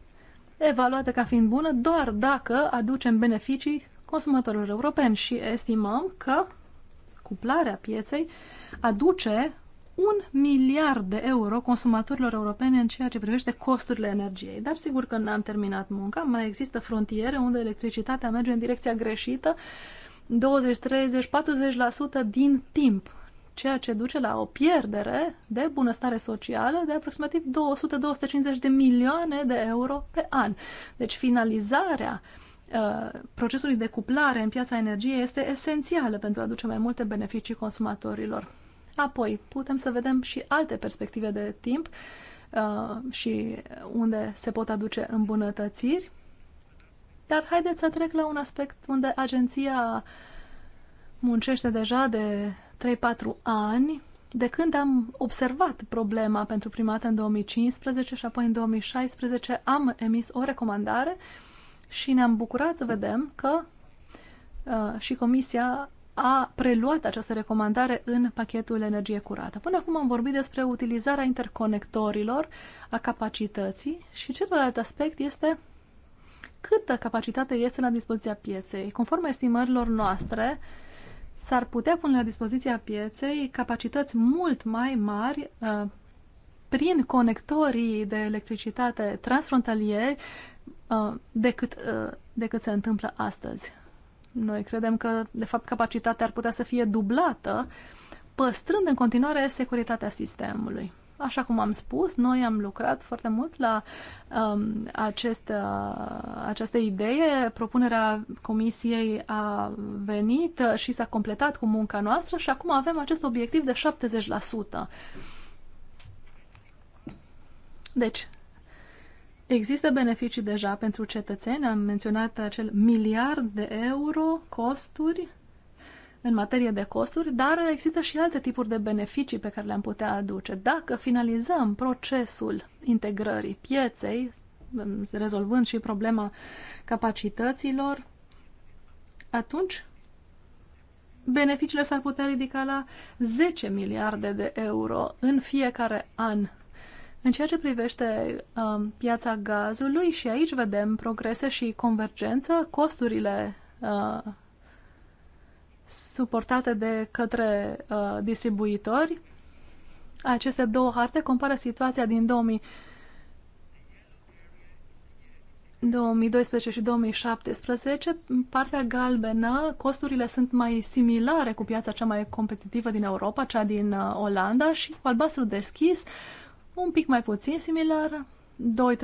evaluată ca fiind bună doar dacă aducem beneficii consumatorilor europeni și estimăm că cuplarea pieței aduce un miliard de euro consumatorilor europene în ceea ce privește costurile energiei. Dar sigur că n-am terminat munca, mai există frontiere unde electricitatea merge în direcția greșită 20, 30, 40% din timp, ceea ce duce la o pierdere de bunăstare socială de aproximativ 200-250 de milioane de euro pe an. Deci finalizarea uh, procesului de cuplare în piața energiei este esențială pentru a aduce mai multe beneficii consumatorilor. Apoi, putem să vedem și alte perspective de timp uh, și unde se pot aduce îmbunătățiri. Dar haideți să trec la un aspect unde agenția muncește deja de 3-4 ani, de când am observat problema pentru prima dată în 2015 și apoi în 2016 am emis o recomandare și ne-am bucurat să vedem că uh, și Comisia a preluat această recomandare în pachetul energie curată. Până acum am vorbit despre utilizarea interconectorilor, a capacității și celălalt aspect este câtă capacitate este la dispoziția pieței. Conform estimărilor noastre, s-ar putea pune la dispoziția pieței capacități mult mai mari uh, prin conectorii de electricitate transfrontalieri uh, decât, uh, decât se întâmplă astăzi. Noi credem că, de fapt, capacitatea ar putea să fie dublată, păstrând în continuare securitatea sistemului. Așa cum am spus, noi am lucrat foarte mult la um, acest, uh, această idee. Propunerea comisiei a venit și s-a completat cu munca noastră și acum avem acest obiectiv de 70%. Deci, Există beneficii deja pentru cetățeni, am menționat acel miliard de euro costuri în materie de costuri, dar există și alte tipuri de beneficii pe care le-am putea aduce. Dacă finalizăm procesul integrării pieței, rezolvând și problema capacităților, atunci beneficiile s-ar putea ridica la 10 miliarde de euro în fiecare an în ceea ce privește um, piața gazului și aici vedem progrese și convergență, costurile uh, suportate de către uh, distribuitori. Aceste două harte compară situația din 2000, 2012 și 2017. În partea galbenă, costurile sunt mai similare cu piața cea mai competitivă din Europa, cea din uh, Olanda și cu albastru deschis uh, un pic mai puțin similar, 2-3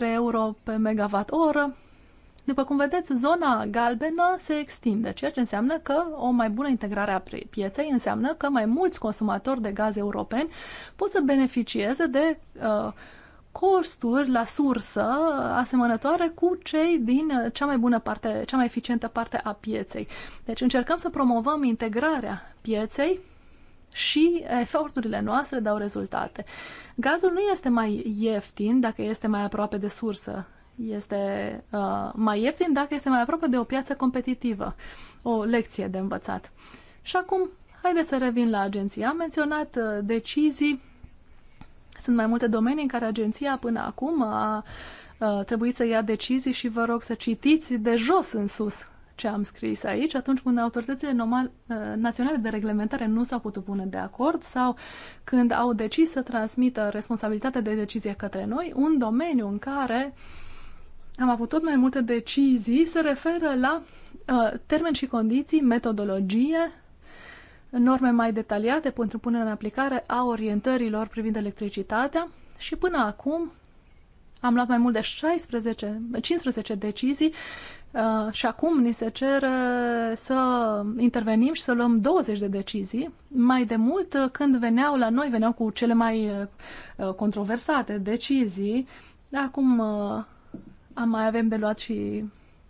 euro pe megawatt oră. După cum vedeți, zona galbenă se extinde, ceea ce înseamnă că o mai bună integrare a pieței înseamnă că mai mulți consumatori de gaze europeni pot să beneficieze de uh, costuri la sursă asemănătoare cu cei din uh, cea mai bună parte, cea mai eficientă parte a pieței. Deci încercăm să promovăm integrarea pieței și eforturile noastre dau rezultate. Gazul nu este mai ieftin dacă este mai aproape de sursă. Este uh, mai ieftin dacă este mai aproape de o piață competitivă. O lecție de învățat. Și acum, haideți să revin la agenția. Am menționat uh, decizii. Sunt mai multe domenii în care agenția până acum a uh, trebuit să ia decizii și vă rog să citiți de jos în sus ce am scris aici, atunci când autoritățile uh, naționale de reglementare nu s-au putut pune de acord sau când au decis să transmită responsabilitatea de decizie către noi, un domeniu în care am avut tot mai multe decizii se referă la uh, termeni și condiții, metodologie, norme mai detaliate pentru punerea în aplicare a orientărilor privind electricitatea și până acum am luat mai mult de 16, 15 decizii Uh, și acum ni se cere să intervenim și să luăm 20 de decizii. Mai de mult, uh, când veneau la noi, veneau cu cele mai uh, uh, controversate decizii. Acum uh, am mai avem de luat și,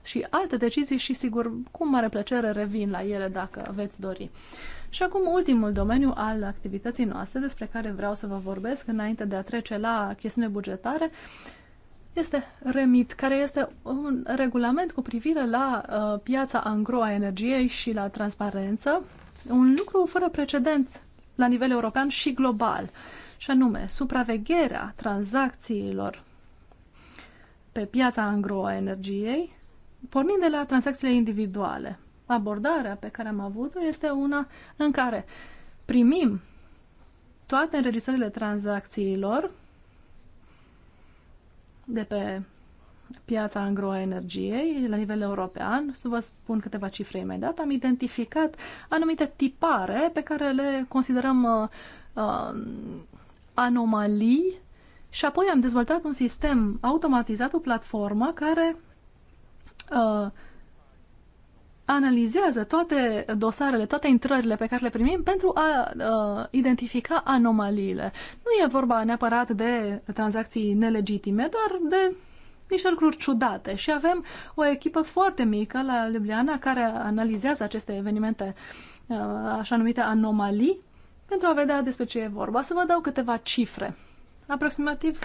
și alte decizii și, sigur, cu mare plăcere revin la ele dacă veți dori. Și acum ultimul domeniu al activității noastre despre care vreau să vă vorbesc înainte de a trece la chestiune bugetare. Uh, este REMIT, care este un regulament cu privire la uh, piața angro a energiei și la transparență, un lucru fără precedent la nivel european și global, și anume supravegherea tranzacțiilor pe piața angro a energiei, pornind de la tranzacțiile individuale. Abordarea pe care am avut-o este una în care primim toate înregistrările tranzacțiilor de pe piața agroenergiei la nivel european, să vă spun câteva cifre imediat, am identificat anumite tipare pe care le considerăm uh, uh, anomalii și apoi am dezvoltat un sistem automatizat, o platformă care uh, analizează toate dosarele, toate intrările pe care le primim pentru a uh, identifica anomaliile. Nu e vorba neapărat de tranzacții nelegitime, doar de niște lucruri ciudate și avem o echipă foarte mică la Ljubljana care analizează aceste evenimente, uh, așa numite anomalii, pentru a vedea despre ce e vorba. Să vă dau câteva cifre. Aproximativ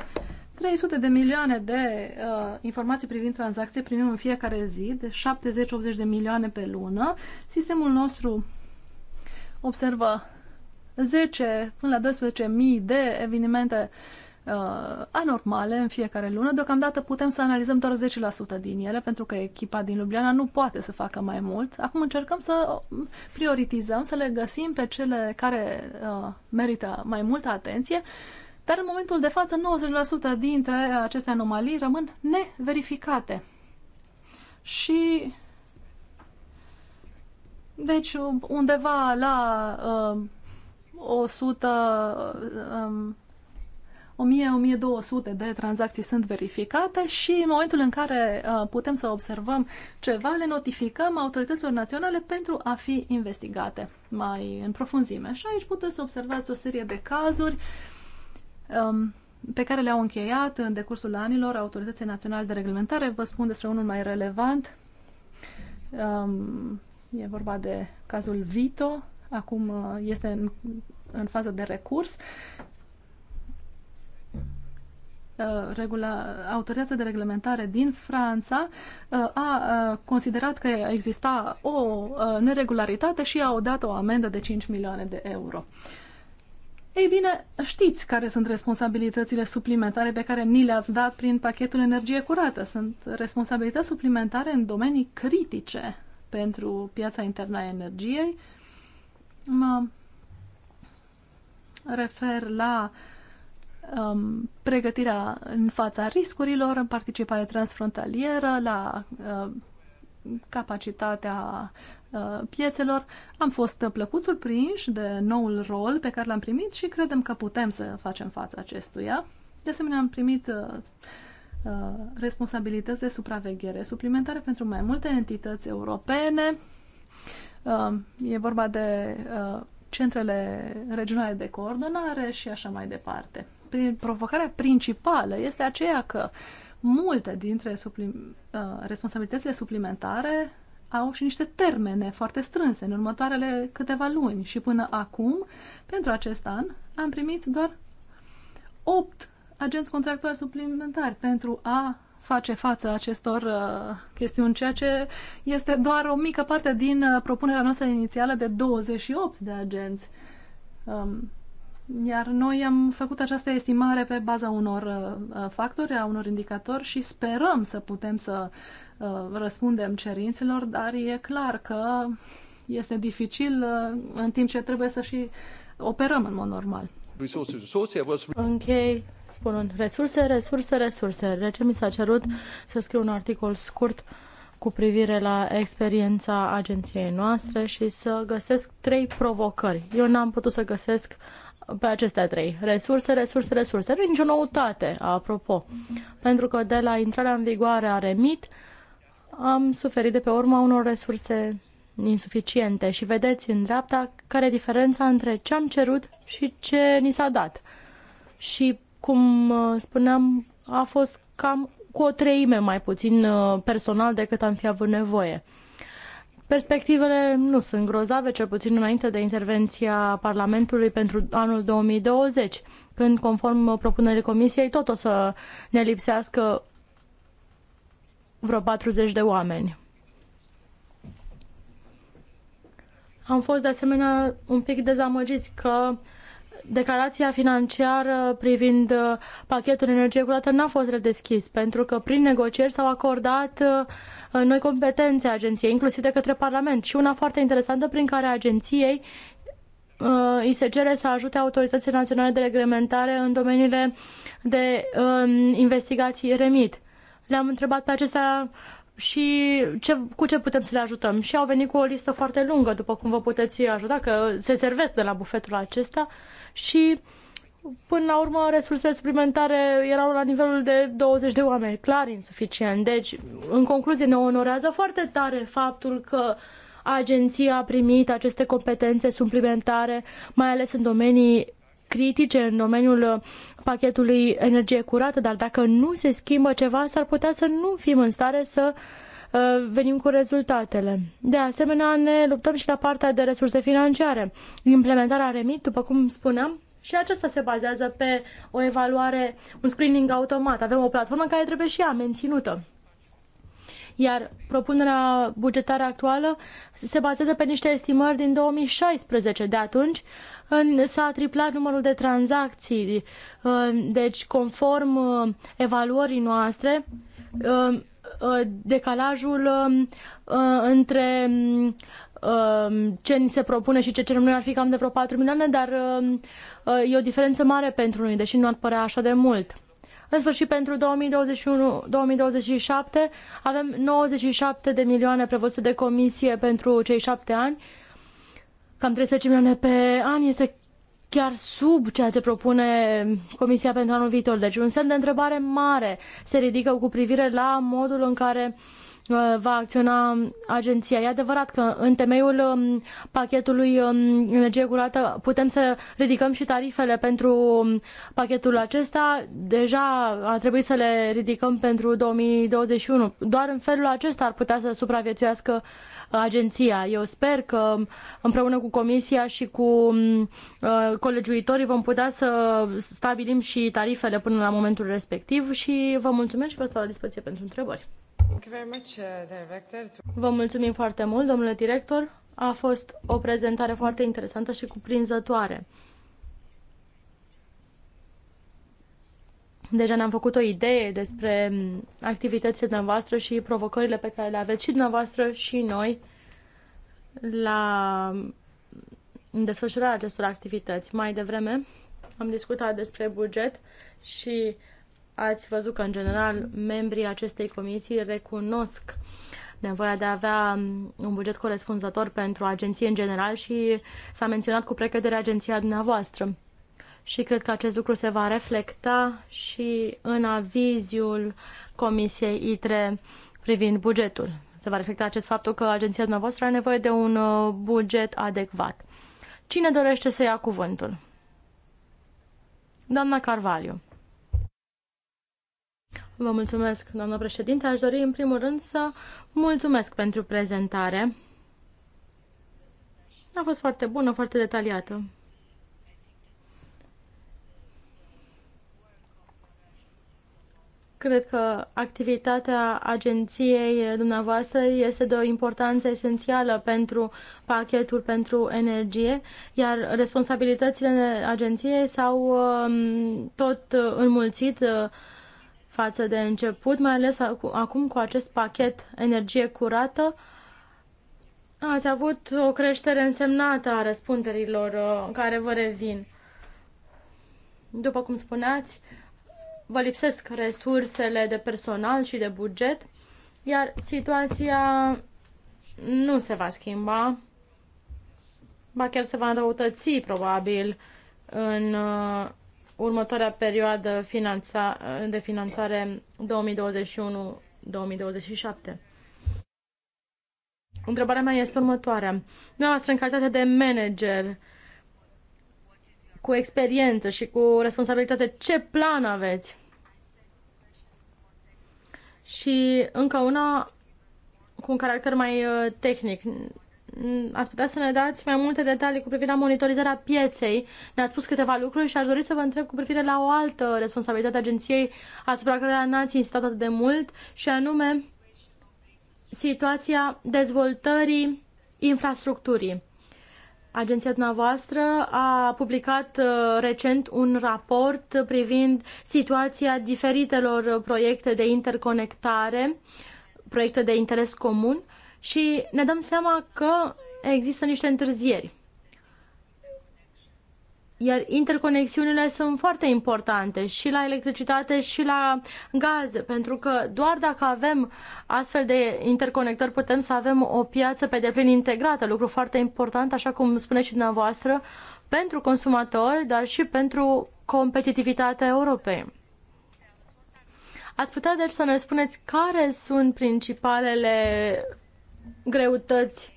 300 de milioane de uh, informații privind tranzacție primim în fiecare zi, de 70-80 de milioane pe lună. Sistemul nostru observă 10 până la 12.000 de evenimente uh, anormale în fiecare lună. Deocamdată putem să analizăm doar 10% din ele, pentru că echipa din Ljubljana nu poate să facă mai mult. Acum încercăm să prioritizăm, să le găsim pe cele care uh, merită mai multă atenție. Uh, dar în momentul de față, 90% dintre aceste anomalii rămân neverificate. Și deci undeva la uh, 100 um, 1000-1200 de tranzacții sunt verificate și în momentul în care uh, putem să observăm ceva, le notificăm autorităților naționale pentru a fi investigate mai în profunzime. Și aici puteți să observați o serie de cazuri uh, Um, pe care le-au încheiat în decursul anilor Autorității naționale de reglementare. Vă spun despre unul mai relevant. Um, e vorba de cazul Vito. Acum uh, este în, în fază de recurs. Uh, regula, autoritatea de reglementare din Franța uh, a considerat că exista o neregularitate și a dat o amendă de 5 milioane de euro. Uh, ei bine, știți care sunt responsabilitățile suplimentare pe care ni le-ați dat prin pachetul energie curată. Sunt responsabilități suplimentare în domenii critice pentru piața internă a energiei. Mă refer la um, pregătirea în fața riscurilor, în participare transfrontalieră, la uh, capacitatea Uh, piețelor. Am fost plăcut surprinși de noul rol pe care l-am primit și credem că putem să facem față acestuia. De asemenea, am primit uh, uh, responsabilități de supraveghere suplimentare pentru mai multe entități europene. E vorba de centrele regionale de coordonare și așa mai departe. Provocarea principală este aceea că multe dintre suplim, responsabilitățile suplimentare au și niște termene foarte strânse în următoarele câteva luni și până acum, pentru acest an, am primit doar 8 agenți contractuali suplimentari pentru a face față acestor uh, chestiuni, ceea ce este doar o mică parte din uh, propunerea noastră inițială de 28 de agenți. Um, iar noi am făcut această estimare pe baza unor uh, factori, a unor indicatori și sperăm să putem să Uh, răspundem cerințelor, dar e clar că este dificil uh, în timp ce trebuie să și operăm în mod normal. Închei spunând resurse, resurse, resurse. Rece mi s-a cerut să scriu un articol scurt cu privire la experiența agenției noastre și să găsesc trei provocări. Eu n-am putut să găsesc pe acestea trei. Resurse, resurse, resurse. Nu e nicio noutate, apropo. Pentru că de la intrarea în vigoare a REMIT, am suferit de pe urma unor resurse insuficiente și vedeți în dreapta care e diferența între ce am cerut și ce ni s-a dat. Și cum uh, spuneam, a fost cam cu o treime mai puțin uh, personal decât am fi avut nevoie. Perspectivele nu sunt grozave, cel puțin înainte de intervenția Parlamentului pentru anul 2020, când, conform propunerii Comisiei, tot o să ne lipsească vreo 40 de oameni. Am fost de asemenea un pic dezamăgiți că declarația financiară privind uh, pachetul energie curată n-a fost redeschis, pentru că prin negocieri s-au acordat uh, noi competențe agenției, inclusiv de către Parlament. Și una foarte interesantă prin care agenției uh, îi se cere să ajute autoritățile naționale de reglementare în domeniile de uh, investigații REMIT le-am întrebat pe acestea și ce, cu ce putem să le ajutăm. Și au venit cu o listă foarte lungă, după cum vă puteți ajuta, că se servesc de la bufetul acesta și până la urmă resursele suplimentare erau la nivelul de 20 de oameni, clar insuficient. Deci, în concluzie, ne onorează foarte tare faptul că agenția a primit aceste competențe suplimentare, mai ales în domenii critice în domeniul uh, pachetului energie curată, dar dacă nu se schimbă ceva, s-ar putea să nu fim în stare să uh, venim cu rezultatele. De asemenea, ne luptăm și la partea de resurse financiare. Implementarea REMIT, după cum spuneam, și aceasta se bazează pe o evaluare, un screening automat. Avem o platformă care trebuie și ea menținută iar propunerea bugetară actuală se bazează pe niște estimări din 2016. De atunci s-a triplat numărul de tranzacții, uh, deci conform uh, evaluării noastre, uh, decalajul între ce ni se propune și ce cerem noi ar fi cam de vreo 4 milioane, dar e o diferență mare pentru noi, deși nu ar părea așa de mult. În sfârșit, pentru 2021-2027 avem 97 de milioane prevăzute de comisie pentru cei șapte ani. Cam 13 milioane pe an este chiar sub ceea ce propune Comisia pentru anul viitor. Deci un semn de întrebare mare se ridică cu privire la modul în care uh, Uh, va acționa agenția. E adevărat că în temeiul um, pachetului um, energie curată putem să ridicăm și tarifele pentru um, pachetul acesta. Deja a trebuit să le ridicăm pentru 2021. Doar în felul acesta ar putea să supraviețuiască uh, agenția. Eu sper că împreună cu comisia și cu uh, colegiuitorii vom putea să stabilim și tarifele până la momentul respectiv și vă mulțumesc și vă stau la dispoziție pentru întrebări. Uh, Vă mulțumim foarte mult, domnule director. A fost o prezentare foarte interesantă și cuprinzătoare. Deja ne-am făcut o idee despre mm, activitățile dumneavoastră și provocările pe care le aveți și dumneavoastră și noi la mm, desfășurarea acestor activități. Mai devreme am discutat despre buget și ați văzut că, în general, membrii acestei comisii recunosc nevoia de a avea um, un buget corespunzător pentru agenție în general și s-a menționat cu precădere agenția dumneavoastră. Și cred că acest lucru se va reflecta și în aviziul Comisiei ITRE privind bugetul. Se va reflecta acest faptul că agenția dumneavoastră are nevoie de un uh, buget adecvat. Cine dorește să ia cuvântul? Doamna Carvalho. Vă mulțumesc, doamnă președinte. Aș dori, în primul rând, să mulțumesc pentru prezentare. A fost foarte bună, foarte detaliată. Cred că activitatea agenției dumneavoastră este de o importanță esențială pentru pachetul pentru energie, iar responsabilitățile agenției s-au um, tot înmulțit uh, față de început, mai ales acum cu acest pachet energie curată. Ați avut o creștere însemnată a răspunderilor uh, care vă revin. După cum spuneați, vă lipsesc resursele de personal și de buget, iar situația nu se va schimba, ba chiar se va înrăutăți probabil în uh, următoarea perioadă finanța, de finanțare 2021-2027. Întrebarea mea este următoarea. Dumneavoastră, în calitate de manager, cu experiență și cu responsabilitate, ce plan aveți? Și încă una cu un caracter mai uh, tehnic. Mm, ați putea să ne dați mai multe detalii cu privire la monitorizarea pieței. Ne-ați spus câteva lucruri și aș dori să vă întreb cu privire la o altă responsabilitate a agenției asupra care n-ați insistat atât de mult și anume situația dezvoltării infrastructurii. Agenția dumneavoastră a publicat uh, recent un raport privind situația diferitelor proiecte de interconectare, proiecte de interes comun și ne dăm seama că există niște întârzieri. Iar interconexiunile sunt foarte importante și la electricitate și la gaz, pentru că doar dacă avem astfel de interconectări putem să avem o piață pe deplin integrată, lucru foarte important, așa cum spuneți și dumneavoastră, pentru consumatori, dar și pentru competitivitatea Europei. Ați putea deci să ne spuneți care sunt principalele greutăți.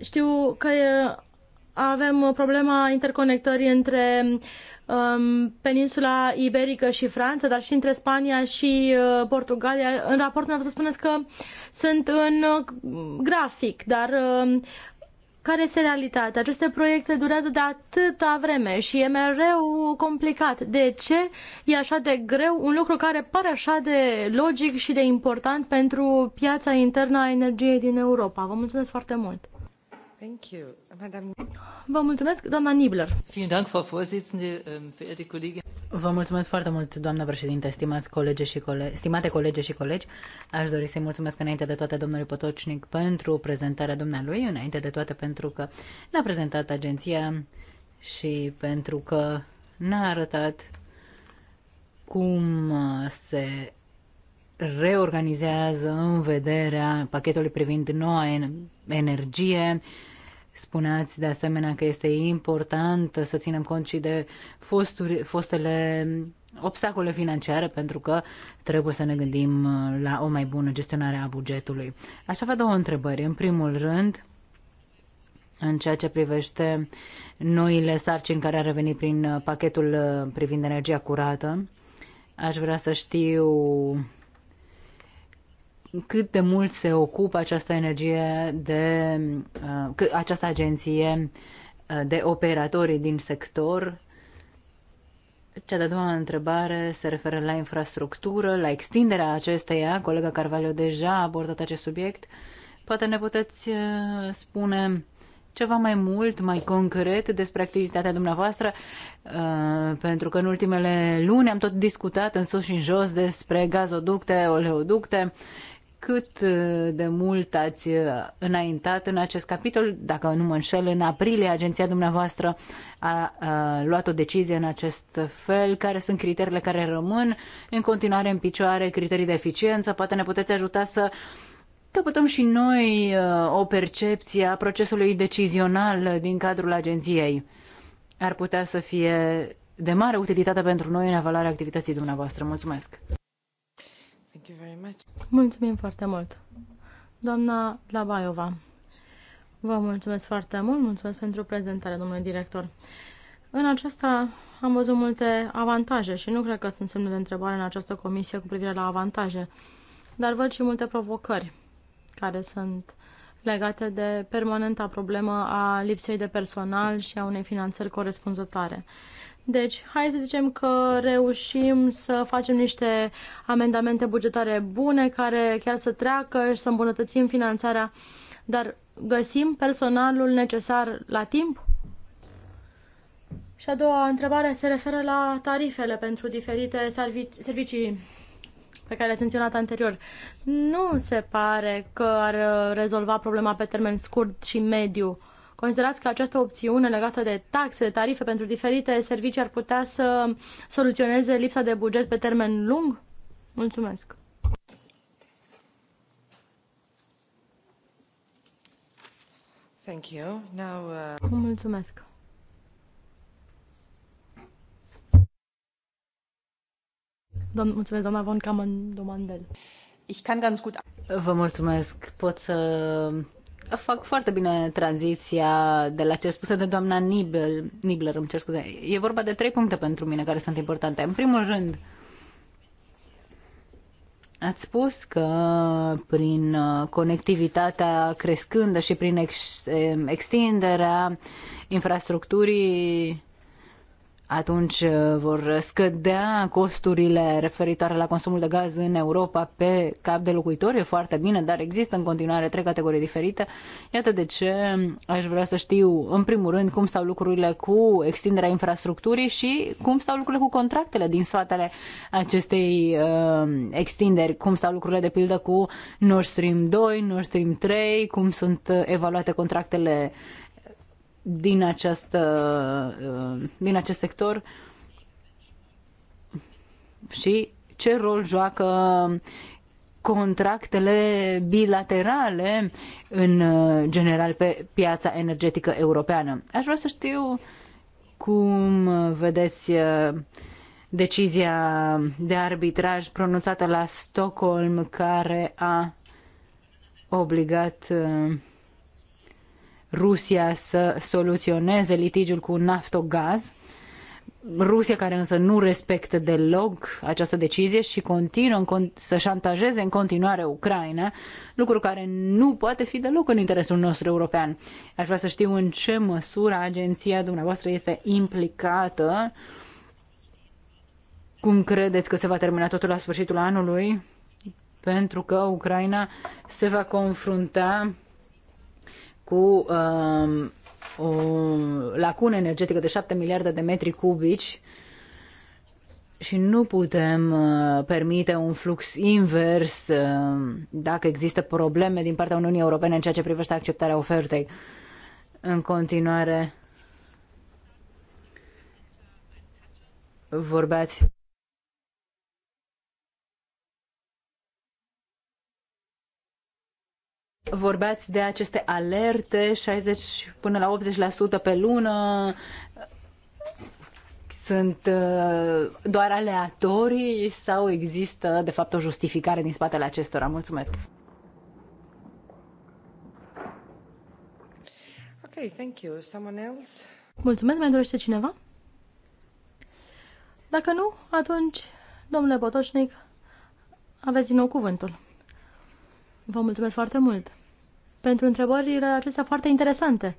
Știu că avem problema interconectării între um, peninsula iberică și Franța, dar și între Spania și uh, Portugalia. În raportul meu să spuneți că sunt în uh, grafic, dar uh, care este realitatea? Aceste proiecte durează de atâta vreme și e mereu complicat. De ce e așa de greu un lucru care pare așa de logic și de important pentru piața internă a energiei din Europa? Vă mulțumesc foarte mult! Vă mulțumesc, doamna Nibler. Ähm, Vă mulțumesc foarte mult, doamna președinte, stimați colege și colegi, stimate colege și colegi. Aș dori să-i mulțumesc înainte de toate domnului Potocnic pentru prezentarea dumnealui, înainte de toate pentru că ne-a prezentat agenția și pentru că ne-a arătat cum uh, se reorganizează în vederea pachetului privind noua energie. Spuneați de asemenea că este important să ținem cont și de fosturi, fostele obstacole financiare pentru că trebuie să ne gândim la o mai bună gestionare a bugetului. Aș avea două întrebări. În primul rând, în ceea ce privește noile sarcini care a revenit prin pachetul privind energia curată, aș vrea să știu cât de mult se ocupă această energie de uh, această agenție uh, de operatorii din sector. Cea de-a doua întrebare se referă la infrastructură, la extinderea acesteia. Colega Carvalho deja a abordat acest subiect. Poate ne puteți uh, spune ceva mai mult, mai concret despre activitatea dumneavoastră, uh, pentru că în ultimele luni am tot discutat în sus și în jos despre gazoducte, oleoducte cât uh, de mult ați uh, înaintat în acest capitol. Dacă nu mă înșel, în aprilie agenția dumneavoastră a, a luat o decizie în acest fel. Care sunt criteriile care rămân în continuare în picioare, criterii de eficiență? Poate ne puteți ajuta să căpătăm și noi uh, o percepție a procesului decizional din cadrul agenției. Ar putea să fie de mare utilitate pentru noi în evaluarea activității dumneavoastră. Mulțumesc! you very much. Mulțumim foarte mult. Doamna Labaiova, vă mulțumesc foarte mult, mulțumesc pentru prezentare, domnule director. În aceasta am văzut multe avantaje și nu cred că sunt semne de întrebare în această comisie cu privire la avantaje, dar văd și multe provocări care sunt legate de permanenta problemă a lipsei de personal și a unei finanțări corespunzătoare. Deci, hai să zicem că reușim să facem niște amendamente bugetare bune care chiar să treacă și să îmbunătățim finanțarea, dar găsim personalul necesar la timp? Și a doua întrebare se referă la tarifele pentru diferite servicii pe care le-ați menționat anterior. Nu se pare că ar rezolva problema pe termen scurt și mediu. Uh, Considerați că această opțiune legată de taxe, de tarife pentru diferite servicii ar putea să soluționeze lipsa de buget pe termen lung? Mulțumesc! Thank you. Now, uh... Mulțumesc! Doamne, mulțumesc, doamna Von kamen Domandel. Ich kann ganz gut... Vă mulțumesc. Pot să fac foarte bine tranziția de la ce spuse de doamna Nibel, Nibler îmi cer scuze. E vorba de trei puncte pentru mine care sunt importante. În primul rând, Ați spus că prin uh, conectivitatea crescândă și prin ex- eh, extinderea infrastructurii atunci uh, vor scădea costurile referitoare la consumul de gaz în Europa pe cap de locuitor, e foarte bine, dar există în continuare trei categorii diferite. Iată de ce aș vrea să știu, în primul rând, cum stau lucrurile cu extinderea infrastructurii și cum stau lucrurile cu contractele din spatele acestei uh, extinderi, cum stau lucrurile, de pildă, cu Nord Stream 2, Nord Stream 3, cum sunt evaluate contractele din, această, uh, din acest sector și ce rol joacă contractele bilaterale în uh, general pe piața energetică europeană. Aș vrea să știu cum vedeți uh, decizia de arbitraj pronunțată la Stockholm care a obligat Rusia să soluționeze litigiul cu naftogaz. Rusia care însă nu respectă deloc această decizie și continuă să șantajeze în continuare Ucraina, lucru care nu poate fi deloc în interesul nostru european. Aș vrea să știu în ce măsură agenția dumneavoastră este implicată. Cum credeți că se va termina totul la sfârșitul anului? Pentru că Ucraina se va confrunta cu um, o lacună energetică de 7 miliarde de metri cubici și nu putem uh, permite un flux invers uh, dacă există probleme din partea Uniunii Europene în ceea ce privește acceptarea ofertei. În continuare, vorbeați vorbeați de aceste alerte, 60 până la 80% pe lună, sunt uh, doar aleatorii sau există, de fapt, o justificare din spatele acestora? Mulțumesc! Ok, thank you. Someone else? Mulțumesc, mai dorește cineva? Dacă nu, atunci, domnule Botoșnic, aveți din nou cuvântul. Vă mulțumesc foarte mult! pentru întrebările acestea foarte interesante.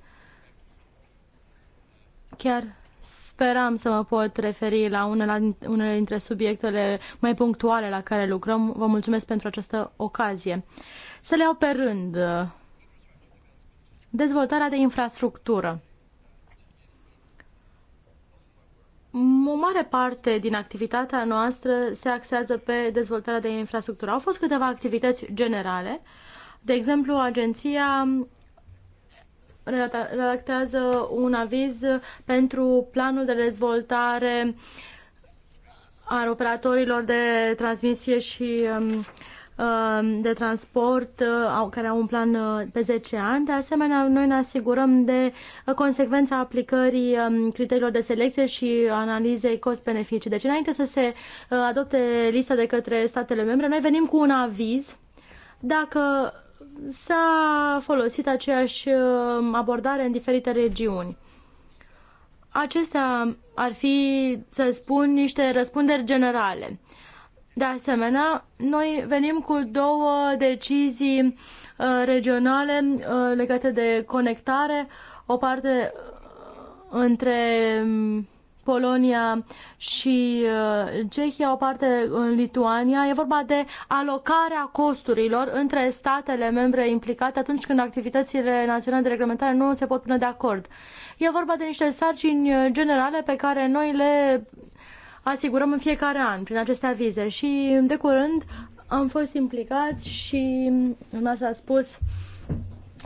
Chiar speram să mă pot referi la unele, unele dintre subiectele mai punctuale la care lucrăm. Vă mulțumesc pentru această ocazie. Să le iau pe rând. Dezvoltarea de infrastructură. O mare parte din activitatea noastră se axează pe dezvoltarea de infrastructură. Au fost câteva activități generale uh, de exemplu, agenția um, redactează un aviz pentru planul de dezvoltare al operatorilor de transmisie și um, um, de transport uh, care au un plan uh, pe 10 ani. De asemenea, noi ne asigurăm de consecvența aplicării criteriilor de selecție și analizei cost-beneficii. Deci, înainte să se uh, adopte lista de către statele membre, noi venim cu un aviz dacă s-a folosit aceeași uh, abordare în diferite regiuni. Acestea ar fi, să spun, niște răspunderi generale. De asemenea, noi venim cu două decizii uh, regionale uh, legate de conectare, o parte între um, Polonia și uh, Cehia, o parte în Lituania. E vorba de alocarea costurilor între statele membre implicate atunci când activitățile naționale de reglementare nu se pot pune de acord. E vorba de niște sarcini generale pe care noi le asigurăm în fiecare an prin aceste avize și de curând am fost implicați și lumea s-a spus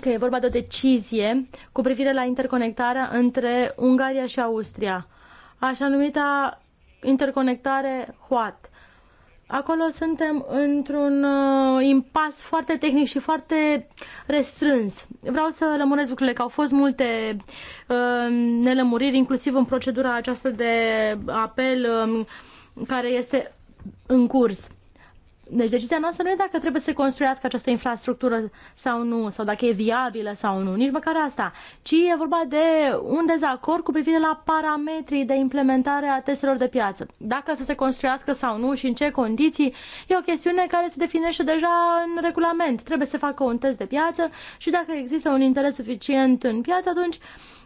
că e vorba de o decizie cu privire la interconectarea între Ungaria și Austria așa numita interconectare HOAT. Acolo suntem într-un uh, impas foarte tehnic și foarte restrâns. Vreau să lămuresc lucrurile, că au fost multe uh, nelămuriri, inclusiv în procedura aceasta de apel uh, care este în curs. Deci decizia noastră nu e dacă trebuie să construiască această infrastructură sau nu, sau dacă e viabilă sau nu, nici măcar asta, ci e vorba de un dezacord cu privire la parametrii de implementare a testelor de piață. Dacă să se construiască sau nu și în ce condiții, e o chestiune care se definește deja în regulament. Trebuie să facă un test de piață și dacă există un interes suficient în piață, atunci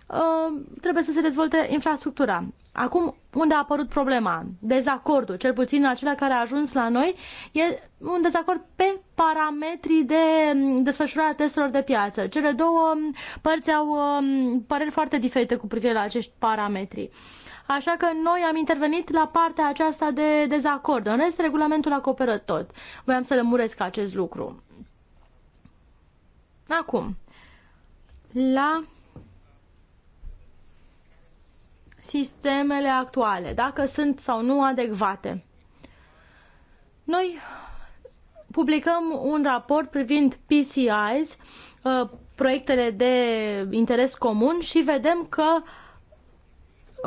uh, trebuie să se dezvolte infrastructura. Acum, unde a apărut problema? Dezacordul, cel puțin acela care a ajuns la noi, e un dezacord pe parametrii de mm, desfășurare a testelor de piață. Cele două mm, părți au mm, păreri foarte diferite cu privire la acești parametri. Așa că noi am intervenit la partea aceasta de dezacord. În rest, regulamentul acoperă tot. Voiam să lămuresc acest lucru. Acum, la sistemele actuale, dacă sunt sau nu adecvate. Noi publicăm un raport privind PCIs, uh, proiectele de interes comun și vedem că 50%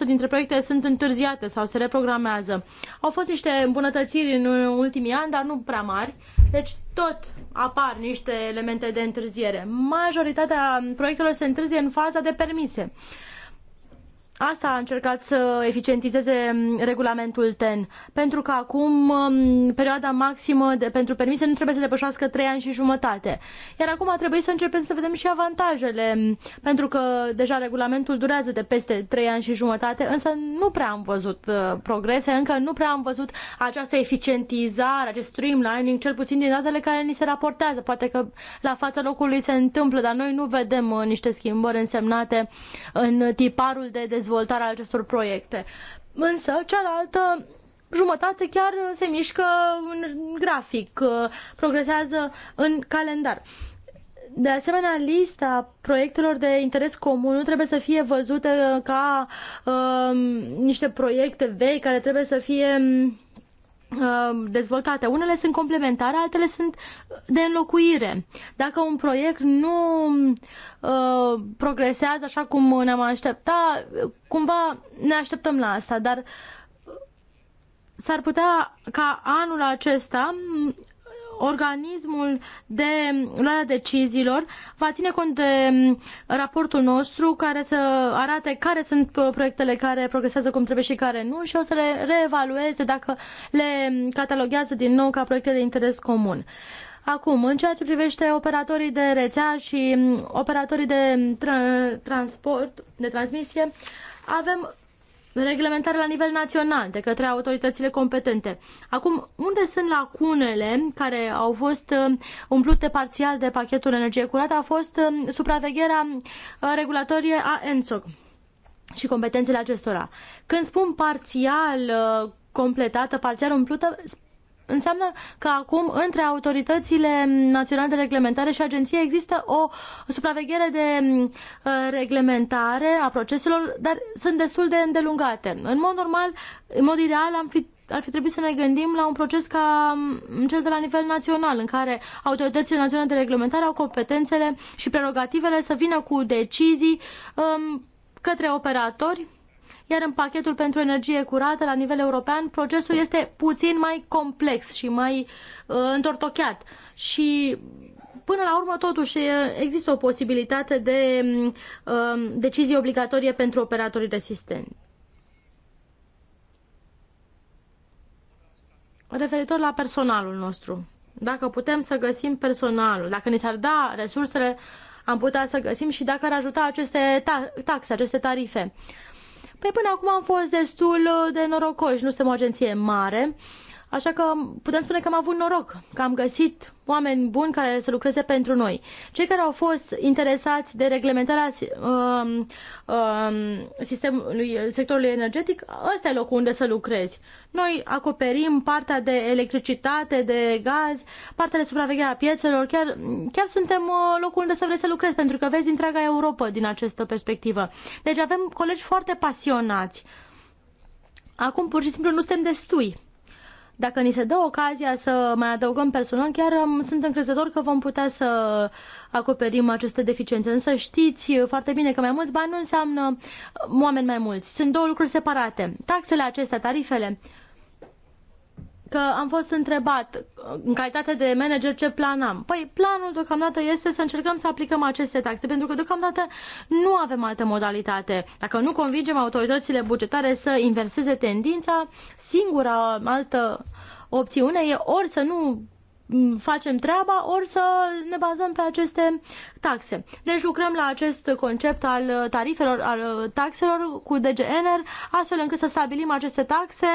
uh, dintre proiecte sunt întârziate sau se reprogramează. Au fost niște îmbunătățiri în ultimii ani, dar nu prea mari deci tot apar niște elemente de întârziere. Majoritatea proiectelor se întârzie în faza de permise. Asta a încercat să eficientizeze mm, regulamentul TEN, pentru că acum mm, perioada maximă de, pentru permise nu trebuie să depășească 3 ani și jumătate. Iar acum a trebuit să începem să vedem și avantajele, mm, pentru că deja regulamentul durează de peste 3 ani și jumătate, însă nu prea am văzut uh, progrese, încă nu prea am văzut această eficientizare, acest streamlining, cel puțin din datele care ni se raportează. Poate că la fața locului se întâmplă, dar noi nu vedem uh, niște schimbări însemnate în tiparul de dezvoltare dezvoltarea acestor proiecte. Însă, cealaltă jumătate chiar se mișcă în grafic, progresează în calendar. De asemenea, lista proiectelor de interes comun nu trebuie să fie văzute ca uh, niște proiecte vei care trebuie să fie Uh, dezvoltate. Unele sunt complementare, altele sunt de înlocuire. Dacă un proiect nu uh, progresează așa cum ne-am aștepta, cumva ne așteptăm la asta, dar s-ar putea ca anul acesta organismul de luarea deciziilor va ține cont de raportul nostru care să arate care sunt uh, proiectele care progresează cum trebuie și care nu și o să le reevalueze dacă le cataloghează din nou ca proiecte de interes comun. Acum, în ceea ce privește operatorii de rețea și um, operatorii de tra- transport, de transmisie, avem reglementare la nivel național de către autoritățile competente. Acum, unde sunt lacunele care au fost uh, umplute parțial de pachetul energie curată a fost uh, supravegherea uh, regulatorie a ENSOC și competențele acestora. Când spun parțial completată, parțial umplută, Înseamnă că acum între autoritățile naționale de reglementare și agenția există o supraveghere de uh, reglementare a proceselor, dar sunt destul de îndelungate. În mod normal, în mod ideal, am fi ar fi trebuit să ne gândim la un proces ca um, cel de la nivel național, în care autoritățile naționale de reglementare au competențele și prerogativele să vină cu decizii um, către operatori iar în pachetul pentru energie curată la nivel european procesul este puțin mai complex și mai uh, întortocheat. Și până la urmă, totuși, există o posibilitate de mm, uh, decizie obligatorie pentru operatorii de sistem. Referitor la personalul nostru, dacă putem să găsim personalul, dacă ni s-ar da resursele, am putea să găsim și dacă ar ajuta aceste taxe, aceste tarife. Uh, Păi până acum am fost destul uh, de norocoși, nu suntem o agenție mare, Așa că putem spune că am avut noroc, că am găsit oameni buni care să lucreze pentru noi. Cei care au fost interesați de reglementarea uh, uh, sistemului, sectorului energetic, ăsta e locul unde să lucrezi. Noi acoperim partea de electricitate, de gaz, partea de supraveghere a piețelor, chiar, chiar suntem uh, locul unde să vrei să lucrezi, pentru că vezi întreaga Europa din această perspectivă. Deci avem colegi foarte pasionați. Acum pur și simplu nu suntem destui dacă ni se dă ocazia să mai adăugăm personal, chiar sunt încrezător că vom putea să acoperim aceste deficiențe. Însă știți foarte bine că mai mulți bani nu înseamnă oameni mai mulți. Sunt două lucruri separate. Taxele acestea, tarifele, că am fost întrebat uh, în calitate de manager ce plan am. Păi planul deocamdată este să încercăm să aplicăm aceste taxe, pentru că deocamdată nu avem altă modalitate. Dacă nu convingem autoritățile bugetare să inverseze tendința, singura altă opțiune e ori să nu facem treaba, ori să ne bazăm pe aceste taxe. Deci lucrăm la acest concept al uh, tarifelor, al uh, taxelor cu DGNR, astfel încât să stabilim aceste taxe,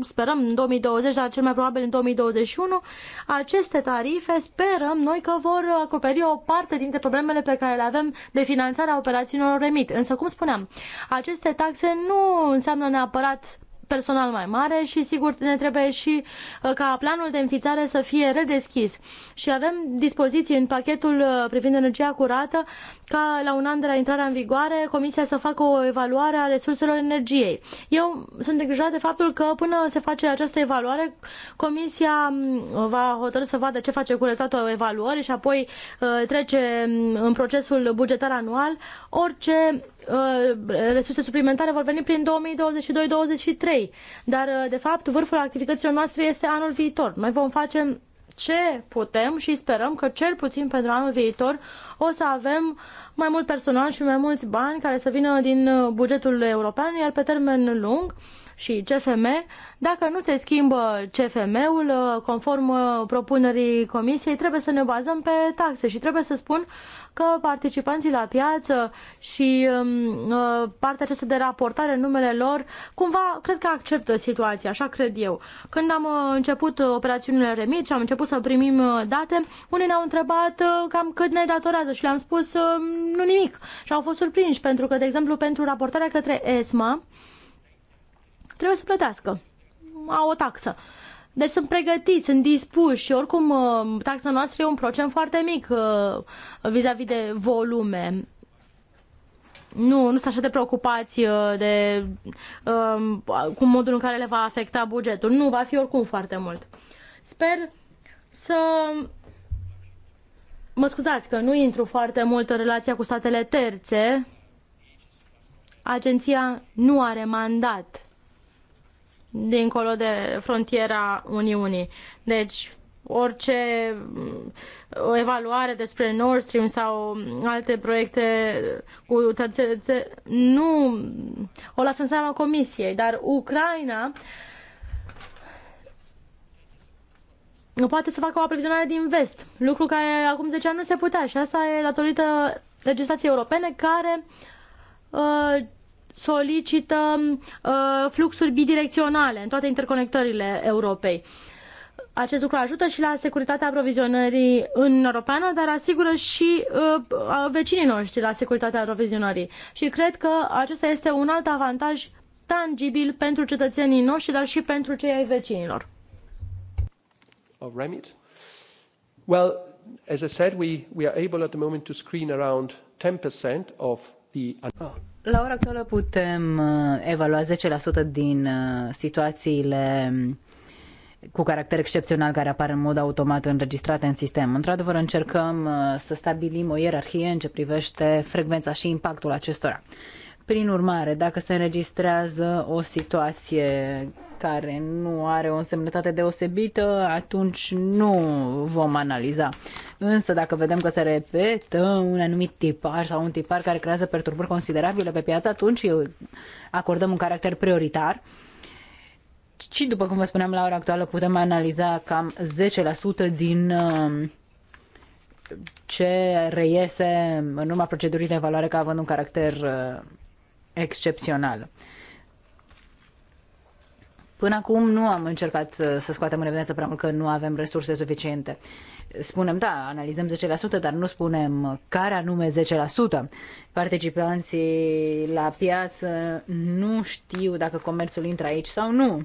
sperăm în 2020, dar cel mai probabil în 2021, aceste tarife sperăm noi că vor acoperi o parte dintre problemele pe care le avem de finanțarea operațiunilor remit. Însă, cum spuneam, aceste taxe nu înseamnă neapărat personal mai mare și sigur ne trebuie și uh, ca planul de înființare să fie redeschis. Și avem dispoziții în pachetul uh, privind energia curată ca la un an de la intrarea în vigoare Comisia să facă o evaluare a resurselor energiei. Eu sunt îngrijorat de faptul că până se face această evaluare Comisia um, va hotărâ să vadă ce face cu rezultatul evaluării și apoi uh, trece um, în procesul bugetar anual orice Uh, resurse suplimentare vor veni prin 2022-2023. Dar, uh, de fapt, vârful activităților noastre este anul viitor. Noi vom face ce putem și sperăm că cel puțin pentru anul viitor o să avem mai mult personal și mai mulți bani care să vină din uh, bugetul european, iar pe termen lung și CFM, dacă nu se schimbă CFM-ul conform propunerii comisiei, trebuie să ne bazăm pe taxe și trebuie să spun că participanții la piață și um, uh, partea aceasta de raportare în numele lor, cumva, cred că acceptă situația, așa cred eu. Când am uh, început uh, operațiunile remit și am început să primim uh, date, unii ne-au întrebat cam cât ne datorează și le-am spus uh, nu nimic. Și au fost surprinși, pentru că, de exemplu, pentru raportarea către ESMA, trebuie să plătească. Au o taxă. Uh, deci sunt pregătiți, sunt dispuși și oricum uh, taxa noastră e un procent foarte mic uh, vis-a-vis -vis de volume. Nu, nu sunt așa de preocupați uh, de, um, cu modul în care le va afecta bugetul. Nu, va fi oricum foarte mult. Sper să... Mă scuzați că nu intru foarte mult în relația cu statele terțe. Agenția nu are mandat dincolo de frontiera Uniunii. Deci, orice mm, o evaluare despre Nord Stream sau alte proiecte cu terțe nu o lasă în seama Comisiei, dar Ucraina nu poate să facă o aprovizionare din vest, lucru care acum 10 ani nu se putea și asta e datorită legislației europene care uh, solicită uh, fluxuri bidirecționale în toate interconectările Europei. Acest lucru ajută și la securitatea aprovizionării în Europeană, dar asigură și uh, vecinii noștri la securitatea aprovizionării. Și cred că acesta este un alt avantaj tangibil pentru cetățenii noștri, dar și pentru cei ai vecinilor. Of oh, Remit? Well, as I said, we, we are able at the moment to screen around 10% of the... Oh. La ora actuală putem uh, evalua 10% din uh, situațiile mm, cu caracter excepțional care apar în mod automat înregistrate în sistem. Într-adevăr, încercăm uh, să stabilim o ierarhie în ce privește frecvența și impactul acestora. Prin urmare, dacă se înregistrează o situație care nu are o însemnătate deosebită, atunci nu vom analiza. Însă dacă vedem că se repetă un anumit tipar sau un tipar care creează perturbări considerabile pe piață, atunci acordăm un caracter prioritar. Și după cum vă spuneam la ora actuală, putem analiza cam 10% din uh, ce reiese în urma procedurii de evaluare ca având un caracter uh, excepțional. Până acum nu am încercat uh, să scoatem în evidență prea mult că nu avem resurse suficiente. Spunem, da, analizăm 10%, dar nu spunem care anume 10%. Participanții la piață nu știu dacă comerțul intră aici sau nu.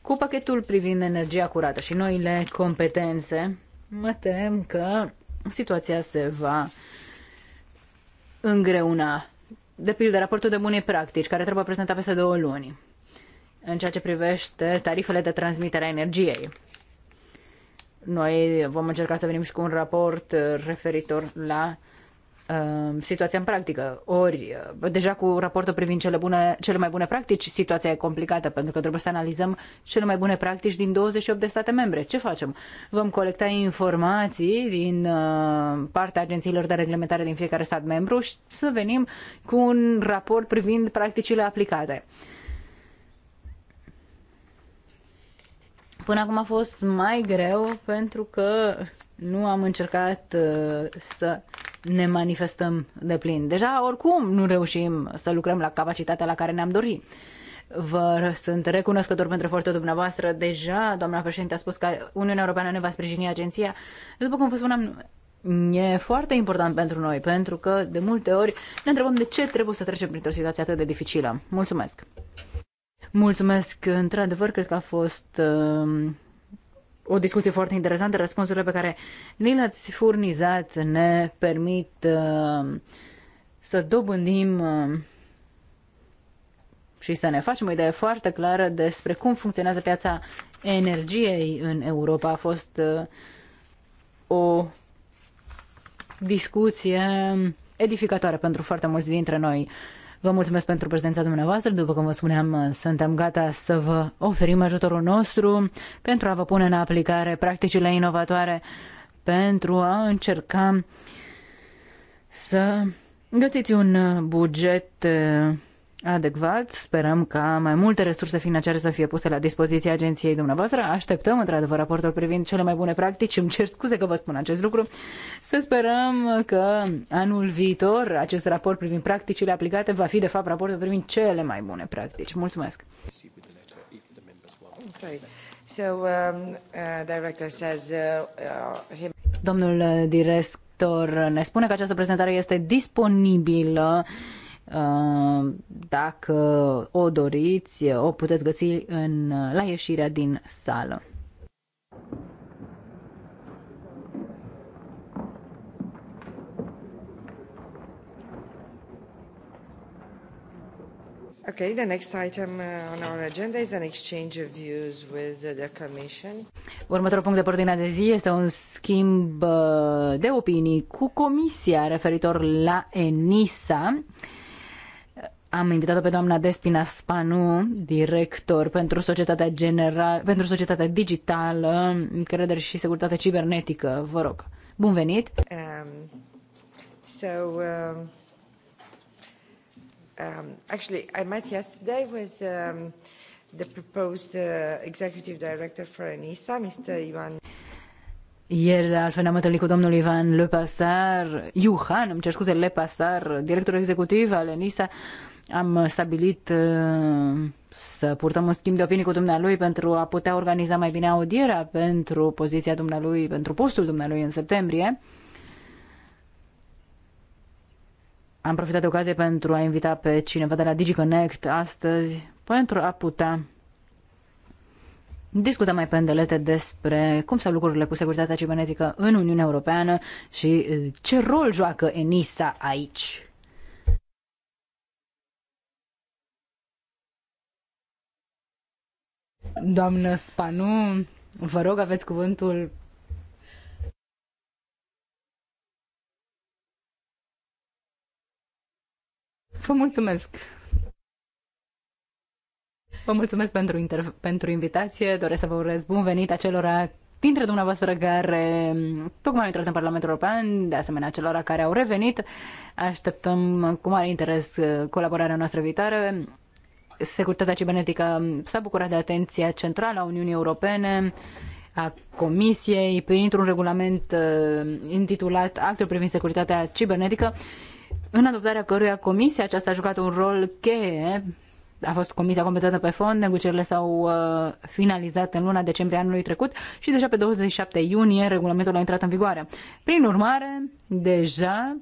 Cu pachetul privind energia curată și noile competențe, mă tem că situația se va îngreuna de pildă, raportul de bune practici, care trebuie prezentat peste două luni, în ceea ce privește tarifele de transmitere a energiei. Noi vom încerca să venim și cu un raport uh, referitor la uh, Um, situația în practică. Ori, uh, deja cu raportul privind cele, bune, cele mai bune practici, situația e complicată, pentru că trebuie să analizăm cele mai bune practici din 28 de state membre. Ce facem? Vom colecta informații din uh, partea agențiilor de reglementare din fiecare stat membru și să venim cu un raport privind practicile aplicate. Până acum a fost mai greu pentru că nu am încercat uh, să ne manifestăm de plin. Deja oricum nu reușim să lucrăm la capacitatea la care ne-am dorit. Vă sunt recunoscător pentru efortul dumneavoastră. Deja, doamna președinte a spus că Uniunea Europeană ne va sprijini agenția. După cum vă spuneam, e foarte important pentru noi, pentru că de multe ori ne întrebăm de ce trebuie să trecem printr-o situație atât de dificilă. Mulțumesc! Mulțumesc, într-adevăr, cred că a fost uh, o discuție foarte interesantă. Răspunsurile pe care ni le-ați furnizat ne permit uh, să dobândim uh, și să ne facem o idee foarte clară despre cum funcționează piața energiei în Europa. A fost uh, o discuție edificatoare pentru foarte mulți dintre noi. Vă mulțumesc pentru prezența dumneavoastră. După cum vă spuneam, suntem gata să vă oferim ajutorul nostru pentru a vă pune în aplicare practicile inovatoare, pentru a încerca să găsiți un buget adecvat. Sperăm ca mai multe resurse financiare să fie puse la dispoziția agenției dumneavoastră. Așteptăm, într-adevăr, raportul privind cele mai bune practici. Îmi cer scuze că vă spun acest lucru. Să sperăm că anul viitor acest raport privind practicile aplicate va fi, de fapt, raportul privind cele mai bune practici. Mulțumesc! So, um, uh, director says, uh, uh, him... Domnul director ne spune că această prezentare este disponibilă Uh, dacă o doriți, o puteți găsi în, uh, la ieșirea din sală. Okay, the next item uh, on our agenda is an exchange of views with the Commission. Următorul punct de pe ordinea de zi este un schimb de opinii cu Comisia referitor la ENISA. Am invitat-o pe doamna Despina Spanu, director pentru societatea, general, pentru societatea digitală, încredere și securitate cibernetică. Vă rog, bun venit! Um, so, um, um, actually, I met yesterday with um, the proposed uh, executive director for ENISA, Mr. Ivan ieri, al altfel, ne-am întâlnit cu domnul Ivan Lepasar, Iuhan, îmi cer scuze, Lepasar, director executiv al ENISA, am uh, stabilit uh, să purtăm un schimb de opinii cu dumnealui pentru a putea organiza mai bine audierea pentru poziția dumnealui, pentru postul dumnealui în septembrie. Am profitat de ocazie pentru a invita pe cineva de la DigiConnect astăzi pentru a putea discuta mai pe îndelete despre cum stau lucrurile cu securitatea cibernetică în Uniunea Europeană și ce rol joacă ENISA aici. Doamnă Spanu, vă rog, aveți cuvântul Vă mulțumesc! Vă mulțumesc pentru, inter- pentru invitație, doresc să vă urez bun venit acelora dintre dumneavoastră care tocmai au intrat în Parlamentul European, de asemenea celora care au revenit. Așteptăm cu mare interes colaborarea noastră viitoare securitatea cibernetică s-a bucurat de atenția centrală a Uniunii Europene, a Comisiei, printr-un regulament uh, intitulat Actul privind securitatea cibernetică, în adoptarea căruia Comisia aceasta a jucat un rol cheie a fost comisia completată pe fond, negocierile s-au uh, finalizat în luna decembrie anului trecut și deja pe 27 iunie regulamentul a intrat în vigoare. Prin urmare, deja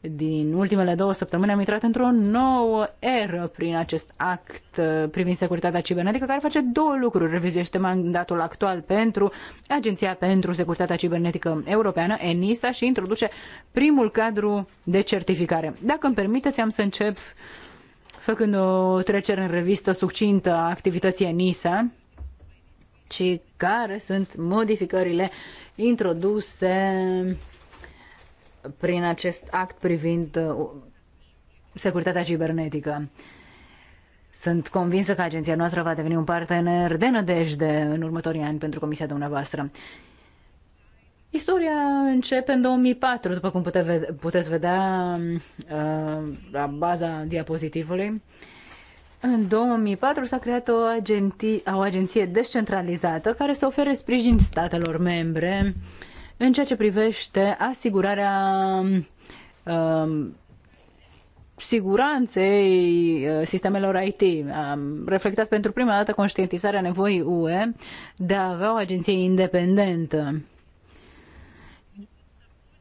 din ultimele două săptămâni am intrat într-o nouă eră prin acest act uh, privind securitatea cibernetică care face două lucruri. Revizuiește mandatul actual pentru Agenția pentru Securitatea Cibernetică Europeană, ENISA, și introduce primul cadru de certificare. Dacă îmi permiteți, am să încep uh, făcând o trecere în revistă succintă a activității ENISA, ci care sunt modificările introduse prin acest act privind uh, securitatea cibernetică. Sunt convinsă că agenția noastră va deveni un partener de nădejde în următorii ani pentru comisia dumneavoastră. Istoria începe în 2004, după cum puteți vedea mm, uh, la baza diapozitivului. În 2004 s-a creat o, agenti, o agenție descentralizată care să ofere sprijin statelor membre în ceea ce privește asigurarea mm, uh, siguranței uh, sistemelor IT. Am reflectat pentru prima dată conștientizarea nevoii UE de a avea o agenție independentă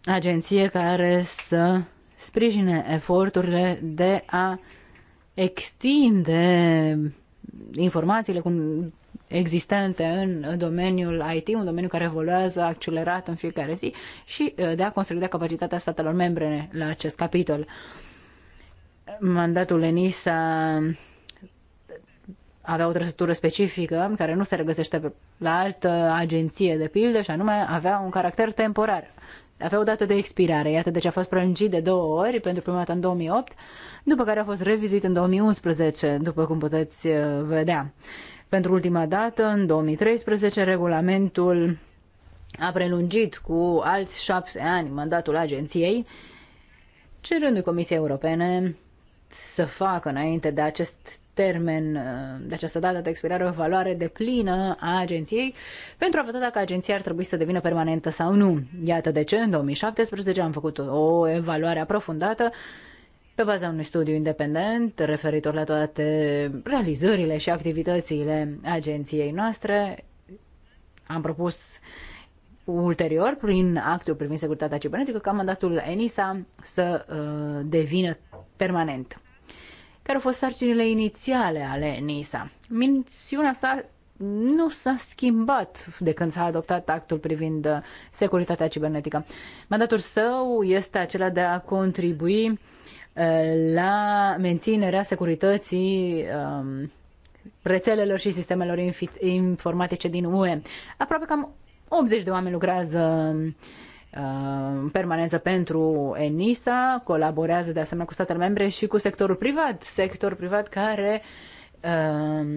agenție care să sprijine eforturile de a extinde informațiile existente în domeniul IT, un domeniu care evoluează accelerat în fiecare zi și uh, de a consolida capacitatea statelor membre la acest capitol. Mandatul ENISA avea o trăsătură specifică care nu se regăsește la altă agenție de pildă și anume avea un caracter temporar avea o dată de expirare. Iată, deci a fost prelungit de două ori, pentru prima dată în 2008, după care a fost revizuit în 2011, după cum puteți uh, vedea. Pentru ultima dată, în 2013, regulamentul a prelungit cu alți șapte ani mandatul agenției, cerându-i Comisiei Europene să facă înainte de acest termen uh, de această dată de expirare o valoare de plină a agenției pentru a vedea dacă agenția ar trebui să devină permanentă sau nu. Iată de ce în 2017 am făcut o evaluare aprofundată pe baza unui studiu independent referitor la toate realizările și activitățile agenției noastre. Am propus ulterior, prin actul privind securitatea cibernetică, ca mandatul ENISA să uh, devină permanent care au fost sarcinile inițiale ale NISA. Misiunea sa nu s-a schimbat de când s-a adoptat actul privind uh, securitatea cibernetică. Mandatul său este acela de a contribui uh, la menținerea securității um, rețelelor și sistemelor informatice din UE. Aproape cam 80 de oameni lucrează Uh, permanență pentru ENISA, colaborează de asemenea cu statele membre și cu sectorul privat, sector privat care uh,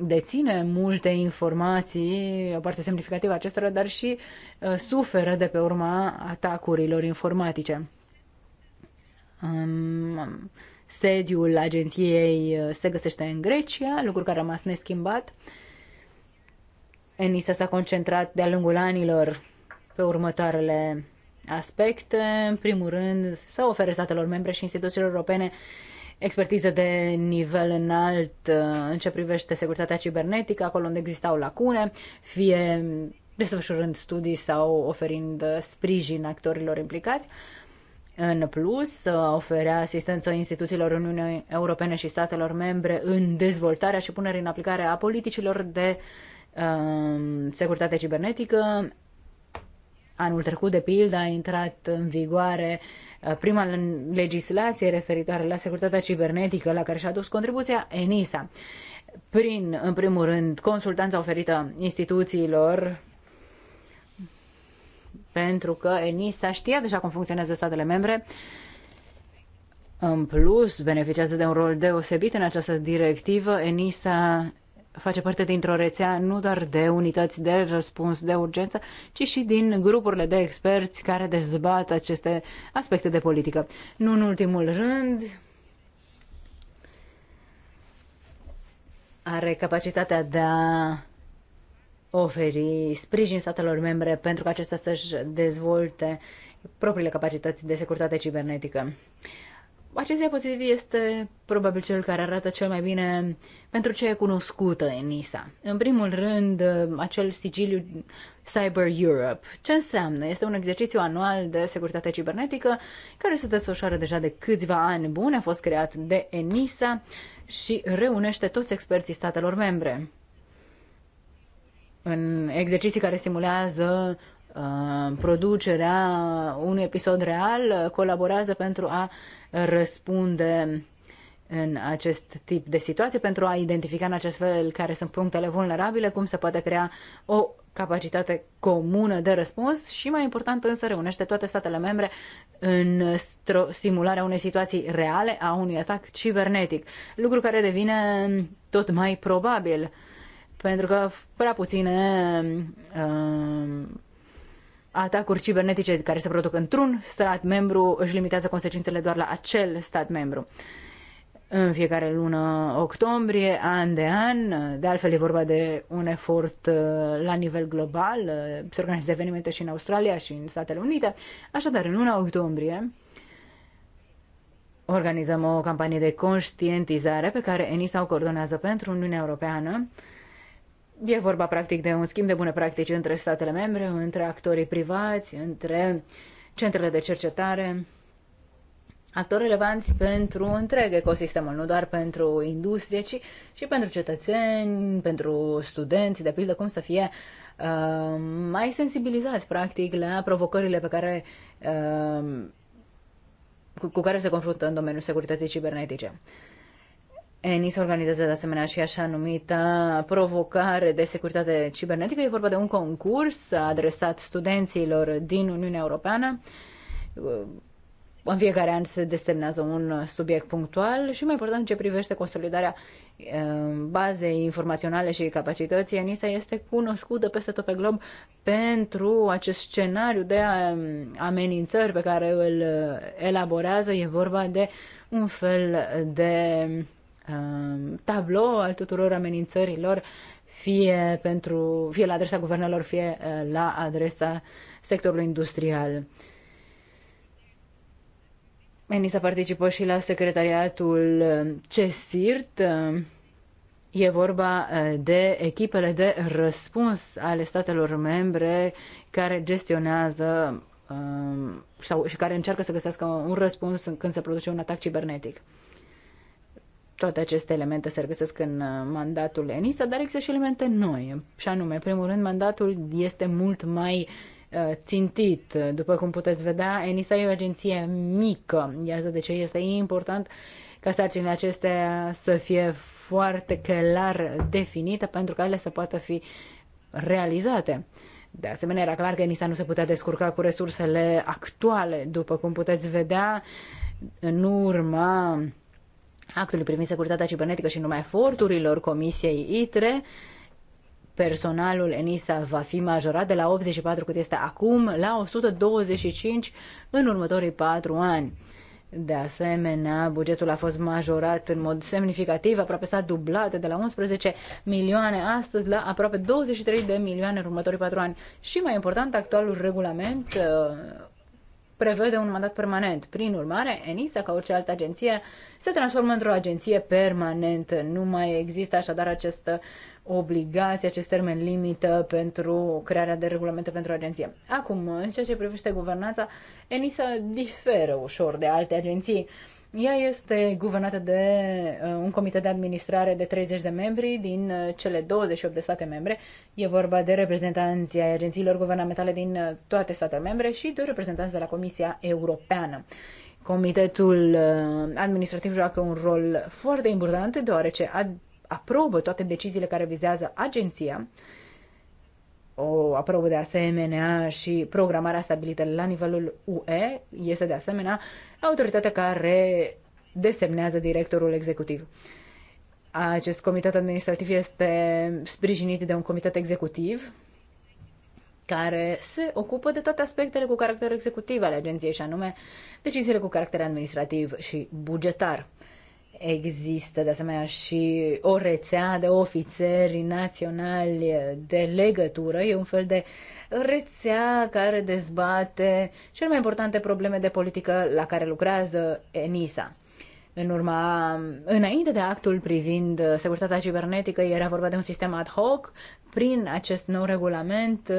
deține multe informații, o parte semnificativă a acestora, dar și uh, suferă de pe urma atacurilor informatice. Um, sediul agenției se găsește în Grecia, lucru care a rămas neschimbat. ENISA s-a concentrat de-a lungul anilor pe următoarele aspecte. În primul rând, să ofere statelor membre și instituțiilor europene expertiză de nivel înalt uh, în ce privește securitatea cibernetică, acolo unde existau lacune, fie desfășurând studii sau oferind sprijin actorilor implicați. În plus, oferea asistență instituțiilor Uniunii Europene și statelor membre în dezvoltarea și punerea în aplicare a politicilor de um, securitate cibernetică, Anul trecut, de pildă, a intrat în vigoare uh, prima legislație referitoare la securitatea cibernetică, la care și-a dus contribuția ENISA. Prin, în primul rând, consultanța oferită instituțiilor pentru că ENISA știa deja cum funcționează statele membre. În plus, beneficiază de un rol deosebit în această directivă. ENISA face parte dintr-o rețea nu doar de unități de răspuns de urgență, ci și din grupurile de experți care dezbat aceste aspecte de politică. Nu în ultimul rând, are capacitatea de a oferi sprijin statelor membre pentru ca acestea să-și dezvolte propriile capacități de securitate cibernetică. Acest diapozitiv este probabil cel care arată cel mai bine pentru ce e cunoscută ENISA. În primul rând, acel sigiliu Cyber Europe. Ce înseamnă? Este un exercițiu anual de securitate cibernetică care se desfășoară deja de câțiva ani buni, a fost creat de ENISA și reunește toți experții statelor membre în exerciții care simulează Uh, producerea unui episod real, colaborează pentru a răspunde în acest tip de situație, pentru a identifica în acest fel care sunt punctele vulnerabile, cum se poate crea o capacitate comună de răspuns și, mai important însă, reunește toate statele membre în simularea unei situații reale a unui atac cibernetic, lucru care devine tot mai probabil, pentru că prea puține uh, atacuri cibernetice care se produc într-un stat membru își limitează consecințele doar la acel stat membru. În fiecare lună octombrie, an de an, de altfel e vorba de un efort uh, la nivel global, uh, se organizează evenimente și în Australia și în Statele Unite. Așadar, în luna octombrie organizăm o campanie de conștientizare pe care ENISA o coordonează pentru Uniunea Europeană E vorba practic de un schimb de bune practici între statele membre, între actorii privați, între centrele de cercetare, actori relevanți pentru întreg ecosistemul, nu doar pentru industrie, ci și pentru cetățeni, pentru studenți, de pildă, cum să fie uh, mai sensibilizați, practic, la provocările pe care, uh, cu, cu care se confruntă în domeniul securității cibernetice. ENIS organizează de asemenea și așa numita provocare de securitate cibernetică. E vorba de un concurs adresat studenților din Uniunea Europeană. În fiecare an se desternează un subiect punctual și mai important ce privește consolidarea eh, bazei informaționale și capacității, ENISA este cunoscută peste tot pe glob pentru acest scenariu de eh, amenințări pe care îl eh, elaborează. E vorba de un fel de Um, tablou al tuturor amenințărilor, fie, pentru, fie la adresa guvernelor, fie uh, la adresa sectorului industrial. Enisa participă și la secretariatul uh, CESIRT. Uh, e vorba de echipele de răspuns ale statelor membre care gestionează um, sau, și care încearcă să găsească un răspuns când se produce un atac cibernetic toate aceste elemente se regăsesc în uh, mandatul ENISA, dar există și elemente noi. Și anume, în primul rând, mandatul este mult mai uh, țintit. După cum puteți vedea, ENISA e o agenție mică, iar de ce este important ca sarcinile acestea să fie foarte clar definite pentru că ele să poată fi realizate. De asemenea, era clar că ENISA nu se putea descurca cu resursele actuale, după cum puteți vedea, în urma actului privind securitatea cibernetică și numai eforturilor Comisiei ITRE, personalul ENISA va fi majorat de la 84 cât este acum la 125 în următorii 4 ani. De asemenea, bugetul a fost majorat în mod semnificativ, aproape s-a dublat de la 11 milioane astăzi la aproape 23 de milioane în următorii 4 ani. Și mai important, actualul regulament uh, prevede un mandat permanent. Prin urmare, ENISA, ca orice altă agenție, se transformă într-o agenție permanentă. Nu mai există așadar această obligație, acest termen limită pentru crearea de regulamente pentru agenție. Acum, în ceea ce privește guvernanța, ENISA diferă ușor de alte agenții. Ea este guvernată de uh, un comitet de administrare de 30 de membri din uh, cele 28 de state membre. E vorba de reprezentanții ai agențiilor guvernamentale din uh, toate statele membre și de reprezentanți de la Comisia Europeană. Comitetul administrativ joacă un rol foarte important deoarece aprobă toate deciziile care vizează agenția o aprobă de asemenea și programarea stabilită la nivelul UE este de asemenea autoritatea care desemnează directorul executiv. Acest comitet administrativ este sprijinit de un comitet executiv care se ocupă de toate aspectele cu caracter executiv ale agenției, și anume deciziile cu caracter administrativ și bugetar. Există de asemenea și o rețea de ofițeri naționali de legătură, e un fel de rețea care dezbate cele mai importante probleme de politică la care lucrează ENISA. În urma, înainte de actul privind securitatea cibernetică, era vorba de un sistem ad hoc. Prin acest nou regulament,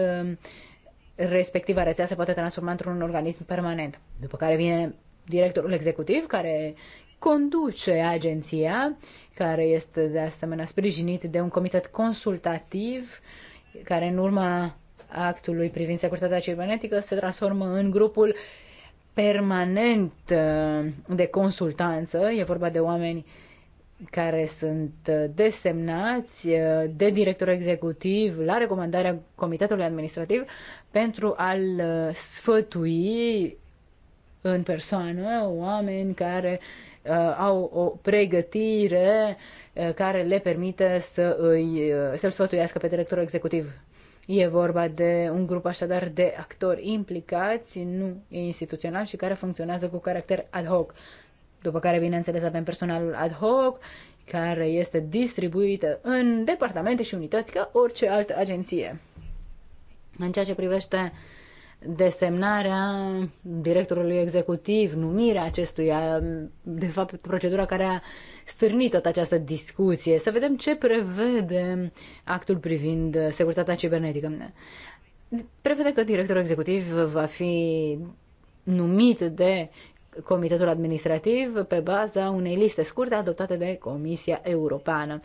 respectiva rețea se poate transforma într-un organism permanent. După care vine directorul executiv, care conduce agenția, care este de asemenea sprijinit de un comitet consultativ, care în urma actului privind securitatea cibernetică se transformă în grupul permanent uh, de consultanță. E vorba de oameni care sunt uh, desemnați uh, de director executiv la recomandarea Comitetului Administrativ pentru a-l sfătui în persoană oameni care uh, Uh, au o pregătire uh, care le permite să îi, uh, să-l sfătuiască pe directorul executiv. E vorba de un grup așadar de actori implicați, nu instituțional și care funcționează cu caracter ad hoc. După care, bineînțeles, avem personalul ad hoc, care este distribuită în departamente și unități ca orice altă agenție. În ceea ce privește uh, desemnarea directorului executiv, numirea acestuia, de fapt procedura care a stârnit toată această discuție, să vedem ce prevede actul privind securitatea cibernetică. Prevede că directorul executiv va fi numit de Comitetul Administrativ pe baza unei liste scurte adoptate de Comisia Europeană.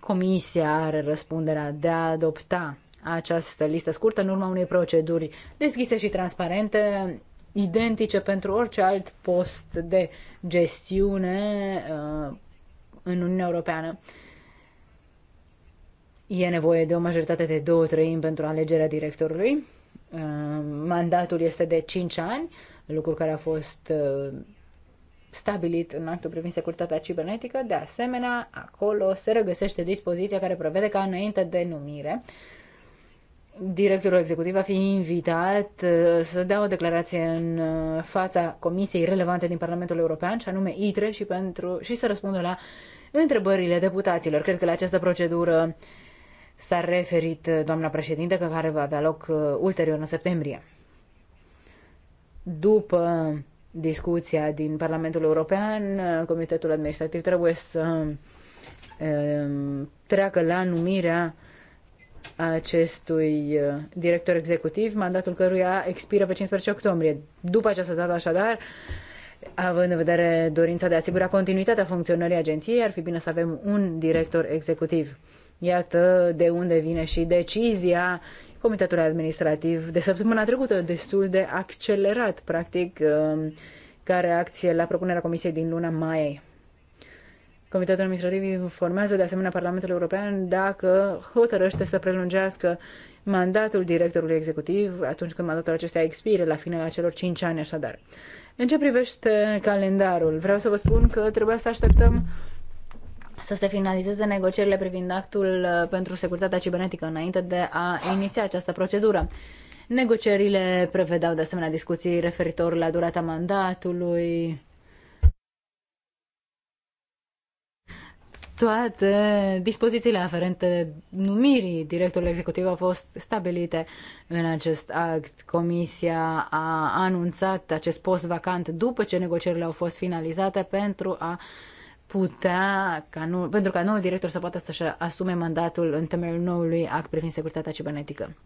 Comisia are răspunderea de a adopta această listă scurtă în urma unei proceduri deschise și transparente, identice pentru orice alt post de gestiune uh, în Uniunea Europeană. E nevoie de o majoritate de două treimi pentru alegerea directorului. Uh, mandatul este de 5 ani, lucru care a fost uh, stabilit în actul privind securitatea cibernetică. De asemenea, acolo se regăsește dispoziția care prevede ca înainte de numire uh, directorul executiv va fi invitat uh, să dea o declarație în uh, fața comisiei relevante din Parlamentul European, și anume ITRE, și, pentru, și să răspundă la întrebările deputaților. Cred că la această procedură s-a referit uh, doamna președinte, că care va avea loc ulterior în septembrie. După discuția din Parlamentul European, Comitetul Administrativ trebuie să treacă la numirea acestui uh, director executiv, mandatul căruia expiră pe 15 octombrie. După această dată, așadar, având în vedere dorința de a asigura continuitatea funcționării agenției, ar fi bine să avem un director executiv. Iată de unde vine și decizia Comitetului Administrativ de săptămâna trecută, destul de accelerat, practic, uh, ca reacție la propunerea Comisiei din luna mai. Comitetul Administrativ informează de asemenea Parlamentul European dacă hotărăște să prelungească mandatul directorului executiv atunci când mandatul acesta expire la finele acelor 5 ani așadar. În ce privește calendarul, vreau să vă spun că trebuia să așteptăm să se finalizeze negocierile privind actul uh, pentru securitatea cibernetică înainte de a iniția această procedură. Negocierile prevedeau de asemenea discuții referitor la durata mandatului, toate dispozițiile aferente numirii directorului executiv au fost stabilite în acest act. Comisia a anunțat acest post vacant după ce negocierile au fost finalizate pentru a putea, ca nu, pentru ca noul director să poată să-și asume mandatul în temeiul noului act privind securitatea cibernetică.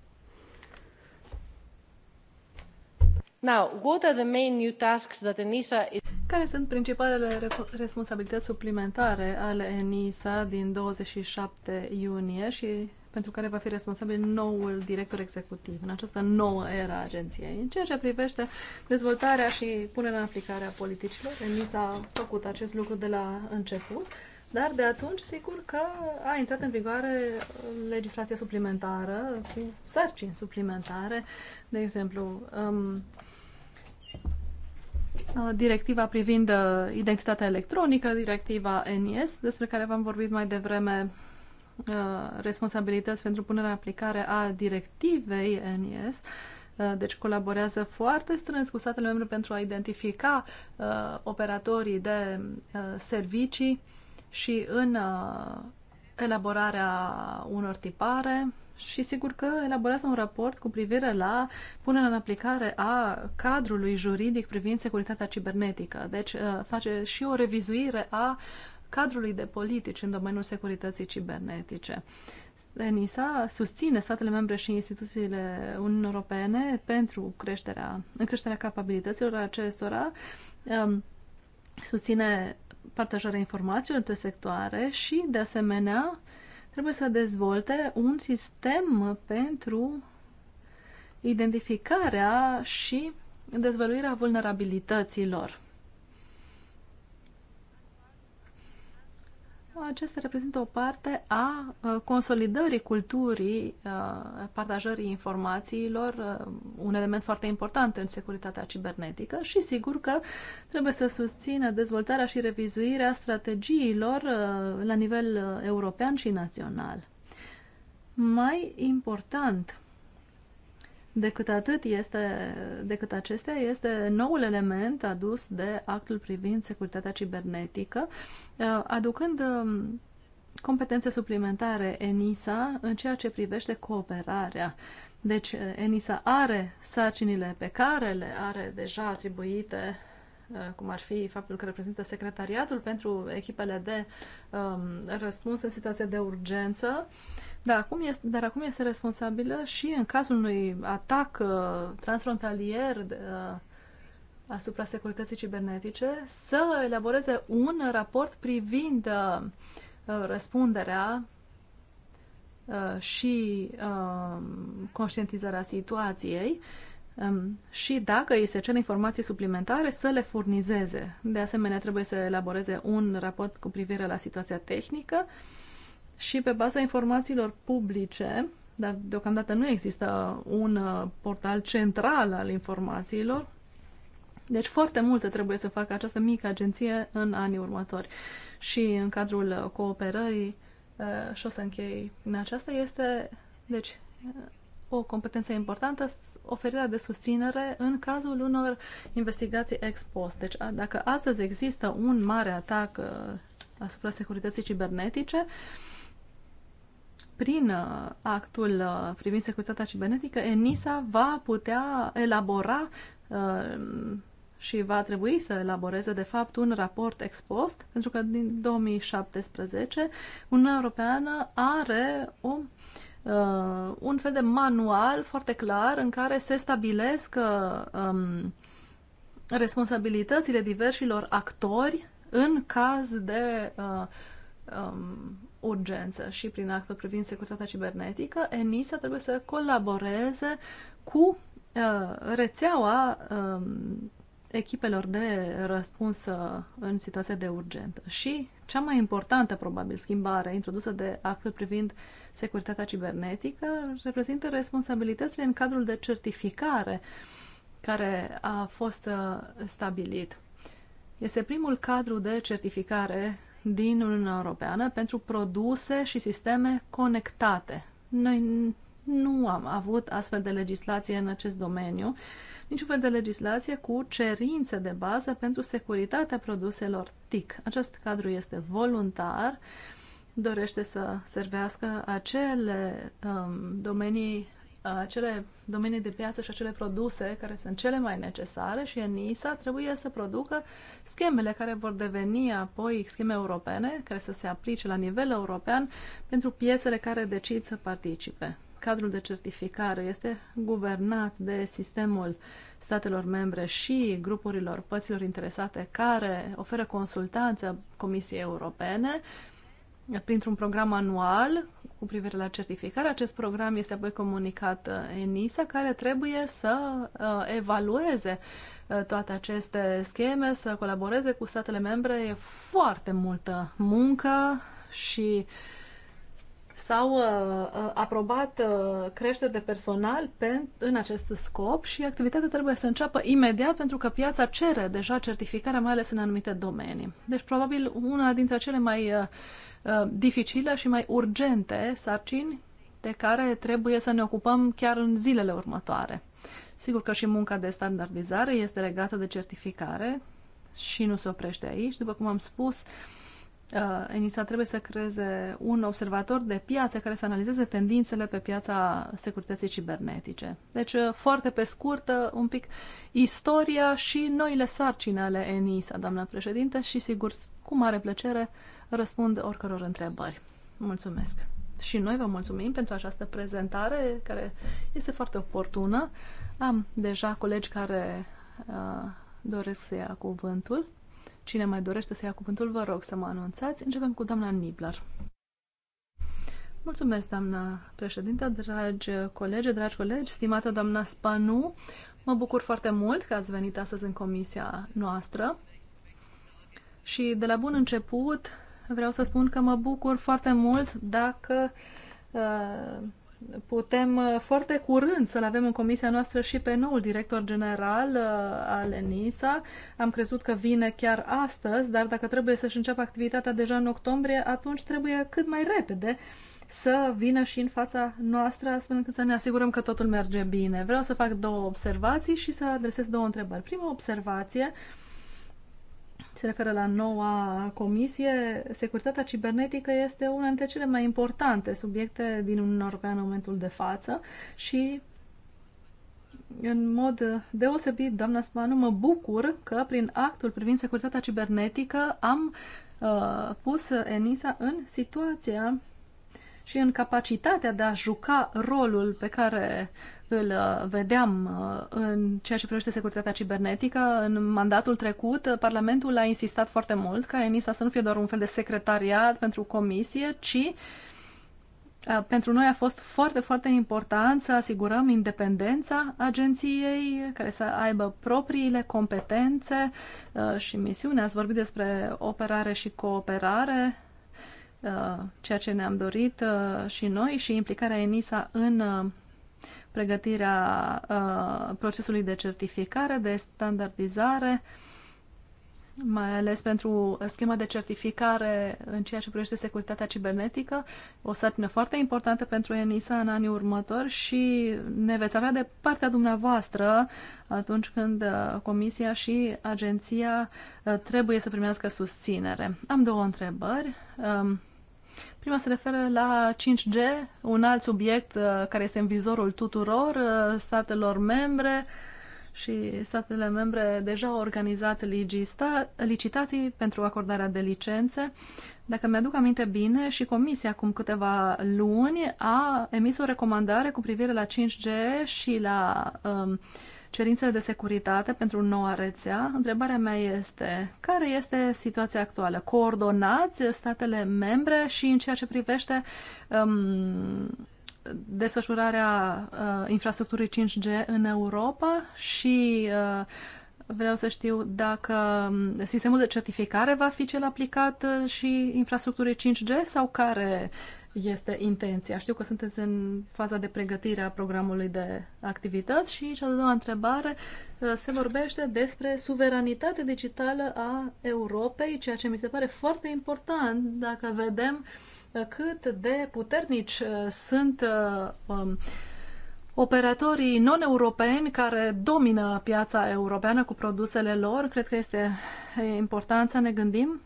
Care sunt principalele responsabilități suplimentare ale ENISA din 27 iunie și pentru care va fi responsabil noul director executiv în această nouă era a agenției. În ceea ce privește dezvoltarea și punerea în aplicare a politicilor, ENISA a făcut acest lucru de la început, dar de atunci sigur că a intrat în vigoare uh, legislația suplimentară, sarcini suplimentare, de exemplu, um, Uh, directiva privind uh, identitatea electronică, directiva NIS, despre care v-am vorbit mai devreme, uh, responsabilități pentru punerea în aplicare a directivei NIS, deci colaborează foarte strâns cu statele membre pentru a identifica operatorii de servicii și în elaborarea unor tipare, și sigur că elaborează un raport cu privire la punerea în aplicare a cadrului juridic privind securitatea cibernetică. Deci uh, face și o revizuire a cadrului de politici în domeniul securității cibernetice. ENISA susține statele membre și instituțiile Uniunii Europene pentru creșterea, în creșterea capabilităților acestora, um, susține partajarea informațiilor între sectoare și, de asemenea, trebuie să dezvolte un sistem pentru identificarea și dezvăluirea vulnerabilităților. acesta reprezintă o parte a consolidării culturii, partajării informațiilor, un element foarte important în securitatea cibernetică și sigur că trebuie să susțină dezvoltarea și revizuirea strategiilor la nivel european și național. Mai important, decât atât este, decât acestea, este noul element adus de actul privind securitatea cibernetică, uh, aducând um, competențe suplimentare ENISA în ceea ce privește cooperarea. Deci uh, ENISA are sarcinile pe care le are deja atribuite Uh, cum ar fi faptul că reprezintă secretariatul pentru echipele de um, răspuns în situație de urgență, dar acum, este, dar acum este responsabilă și în cazul unui atac uh, transfrontalier uh, asupra securității cibernetice să elaboreze un raport privind uh, uh răspunderea uh, și uh, conștientizarea situației uh, și dacă îi se cer informații suplimentare, să le furnizeze. De asemenea, trebuie să elaboreze un raport cu privire la situația tehnică și pe baza informațiilor publice, dar deocamdată nu există un uh, portal central al informațiilor, deci foarte multe trebuie să facă această mică agenție în anii următori. Și în cadrul uh, cooperării, uh, și o să închei în aceasta, este deci o competență importantă oferirea de susținere în cazul unor investigații ex post. Deci dacă astăzi există un mare atac uh, asupra securității cibernetice, prin uh, actul uh, privind securitatea cibernetică, ENISA va putea elabora și va trebui să elaboreze, de fapt, un raport ex post, pentru că din 2017 Uniunea Europeană are o uh, uh, un fel de manual foarte clar în care se stabilesc uh, um, responsabilitățile diversilor actori în caz de uh, um, urgență și prin actul privind securitatea cibernetică, ENISA trebuie să colaboreze cu uh, rețeaua uh, echipelor de răspuns uh, în situația de urgență Și cea mai importantă, probabil, schimbare introdusă de actul privind uh, securitatea cibernetică reprezintă responsabilitățile în cadrul de certificare care a fost uh, stabilit. Este primul cadru de certificare din Uniunea Europeană pentru produse și sisteme conectate. Noi nu am avut astfel de legislație în acest domeniu, niciun fel de legislație cu cerințe de bază pentru securitatea produselor TIC. Acest cadru este voluntar dorește să servească acele um, domenii acele domenii de piață și acele produse care sunt cele mai necesare și ENISA trebuie să producă schemele care vor deveni apoi scheme europene, care să se aplice la nivel european pentru piețele care decid să participe. Cadrul de certificare este guvernat de sistemul statelor membre și grupurilor părților interesate care oferă consultanță Comisiei Europene, uh, printr-un program anual cu privire la certificare. Acest program este apoi comunicat uh, ENISA, care trebuie să uh, evalueze uh, toate aceste scheme, să colaboreze cu statele membre. E foarte multă muncă și s-au uh, aprobat uh, creșteri de personal pe, în acest scop și activitatea trebuie să înceapă imediat pentru că piața cere deja certificarea, mai ales în anumite domenii. Deci, probabil, una dintre cele mai uh, Uh, dificile și mai urgente sarcini de care trebuie să ne ocupăm chiar în zilele următoare. Sigur că și munca de standardizare este legată de certificare și nu se oprește aici. După cum am spus, uh, ENISA trebuie să creeze un observator de piață care să analizeze tendințele pe piața securității cibernetice. Deci, uh, foarte pe scurt, un pic istoria și noile sarcini ale ENISA, doamna președinte, și sigur, cu mare plăcere, răspund oricăror întrebări. Mulțumesc! Și noi vă mulțumim pentru această prezentare care este foarte oportună. Am deja colegi care uh, doresc să ia cuvântul. Cine mai dorește să ia cuvântul, vă rog să mă anunțați. Începem cu doamna Niblar. Mulțumesc, doamna președintă, dragi colegi, dragi colegi, stimată doamna Spanu. Mă bucur foarte mult că ați venit astăzi în comisia noastră. Și de la bun început vreau să spun că mă bucur foarte mult dacă uh, putem uh, foarte curând să-l avem în comisia noastră și pe noul director general uh, al ENISA. Am crezut că vine chiar astăzi, dar dacă trebuie să-și înceapă activitatea deja în octombrie, atunci trebuie cât mai repede să vină și în fața noastră, astfel încât să ne asigurăm că totul merge bine. Vreau să fac două observații și să adresez două întrebări. Prima observație uh, se referă la noua comisie. Securitatea cibernetică este una dintre cele mai importante subiecte din Uniunea Europeană în momentul de față și în mod deosebit, doamna Spanu, mă bucur că prin actul privind securitatea cibernetică am uh, pus ENISA în situația și în capacitatea de a juca rolul pe care îl uh, vedeam uh, în ceea ce privește securitatea cibernetică. În mandatul trecut, uh, Parlamentul a insistat foarte mult ca ENISA să nu fie doar un fel de secretariat pentru comisie, ci pentru noi a fost foarte, foarte important să asigurăm independența agenției, care să aibă propriile competențe și misiune. Ați vorbit despre operare și cooperare, ceea ce ne-am dorit și noi și implicarea ENISA în pregătirea uh, procesului de certificare, de standardizare, mai ales pentru schema de certificare în ceea ce privește securitatea cibernetică, o sarcină foarte importantă pentru ENISA în anii următori și ne veți avea de partea dumneavoastră atunci când uh, Comisia și Agenția uh, trebuie să primească susținere. Am două întrebări. Um, Prima se referă la 5G, un alt subiect uh, care este în vizorul tuturor uh, statelor membre și statele membre deja au organizat licitații pentru acordarea de licențe. Dacă mi-aduc aminte bine, și Comisia acum câteva luni a emis o recomandare cu privire la 5G și la uh, cerințele de securitate pentru noua rețea, întrebarea mea este care este situația actuală? Coordonați statele membre și în ceea ce privește um, desfășurarea uh, infrastructurii 5G în Europa și uh, vreau să știu dacă um, sistemul de certificare va fi cel aplicat uh, și infrastructurii 5G sau care este intenția? Știu că sunteți în faza de pregătire a programului de activități și cea de doua întrebare uh, se vorbește despre suveranitatea digitală a Europei, ceea ce mi se pare foarte important dacă vedem uh, cât de puternici uh, sunt um, operatorii non-europeni care domină piața europeană cu produsele lor. Cred că este eh, important să ne gândim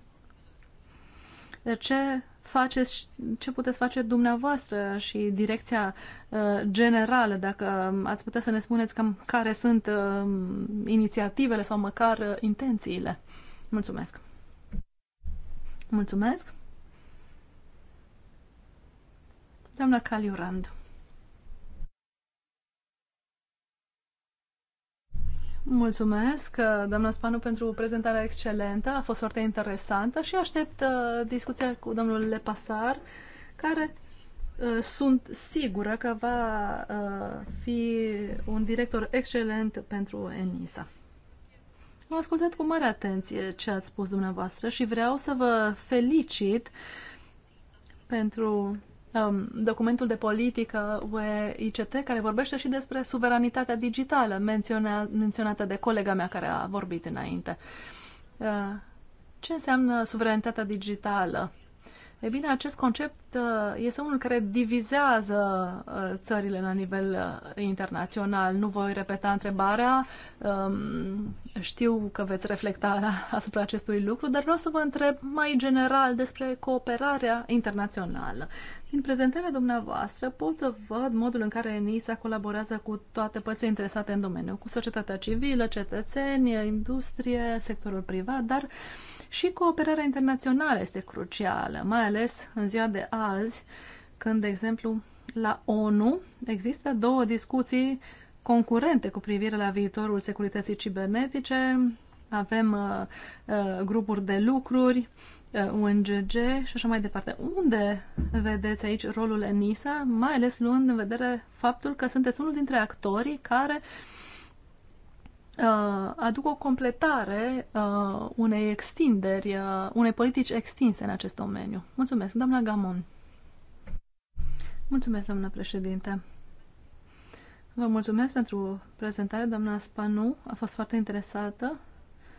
ce faceți, ce puteți face dumneavoastră și direcția uh, generală, dacă um, ați putea să ne spuneți cam care sunt uh, inițiativele sau măcar uh, intențiile. Mulțumesc! Mulțumesc! Doamna Caliurand. Mulțumesc, uh, doamna Spanu, pentru prezentarea excelentă. A fost foarte interesantă și aștept uh, discuția cu domnul Lepasar, care uh, sunt sigură că va fi un director excelent pentru ENISA. Am ascultat cu mare atenție ce ați spus dumneavoastră și vreau să vă felicit pentru um, documentul de politică UE-ICT, care vorbește și despre suveranitatea digitală, menționa, menționată de colega mea care a vorbit înainte. Uh, ce înseamnă suveranitatea digitală? E bine, acest concept uh, este unul care divizează uh, țările la nivel uh, internațional. Nu voi repeta întrebarea, um, știu că veți reflecta asupra acestui lucru, dar vreau să vă întreb mai general despre cooperarea internațională. Din prezentarea dumneavoastră pot să văd modul în care NISA colaborează cu toate părțile interesate în domeniu, cu societatea civilă, cetățenie, industrie, sectorul privat, dar uh, și cooperarea internațională este crucială, mai ales în ziua de azi, când, de exemplu, la ONU există două discuții concurente cu privire la viitorul securității cibernetice. Avem uh, uh, grupuri de lucruri, uh, UNGG și așa mai departe. Unde vedeți aici rolul ENISA, mai ales luând în vedere faptul că sunteți unul dintre actorii care uh, uh, aduc o completare uh, unei extinderi, uh, unei politici extinse în acest domeniu. Mulțumesc, doamna Gamon. Mulțumesc, doamna președinte. Vă mulțumesc pentru prezentare, doamna Spanu. A fost foarte interesată,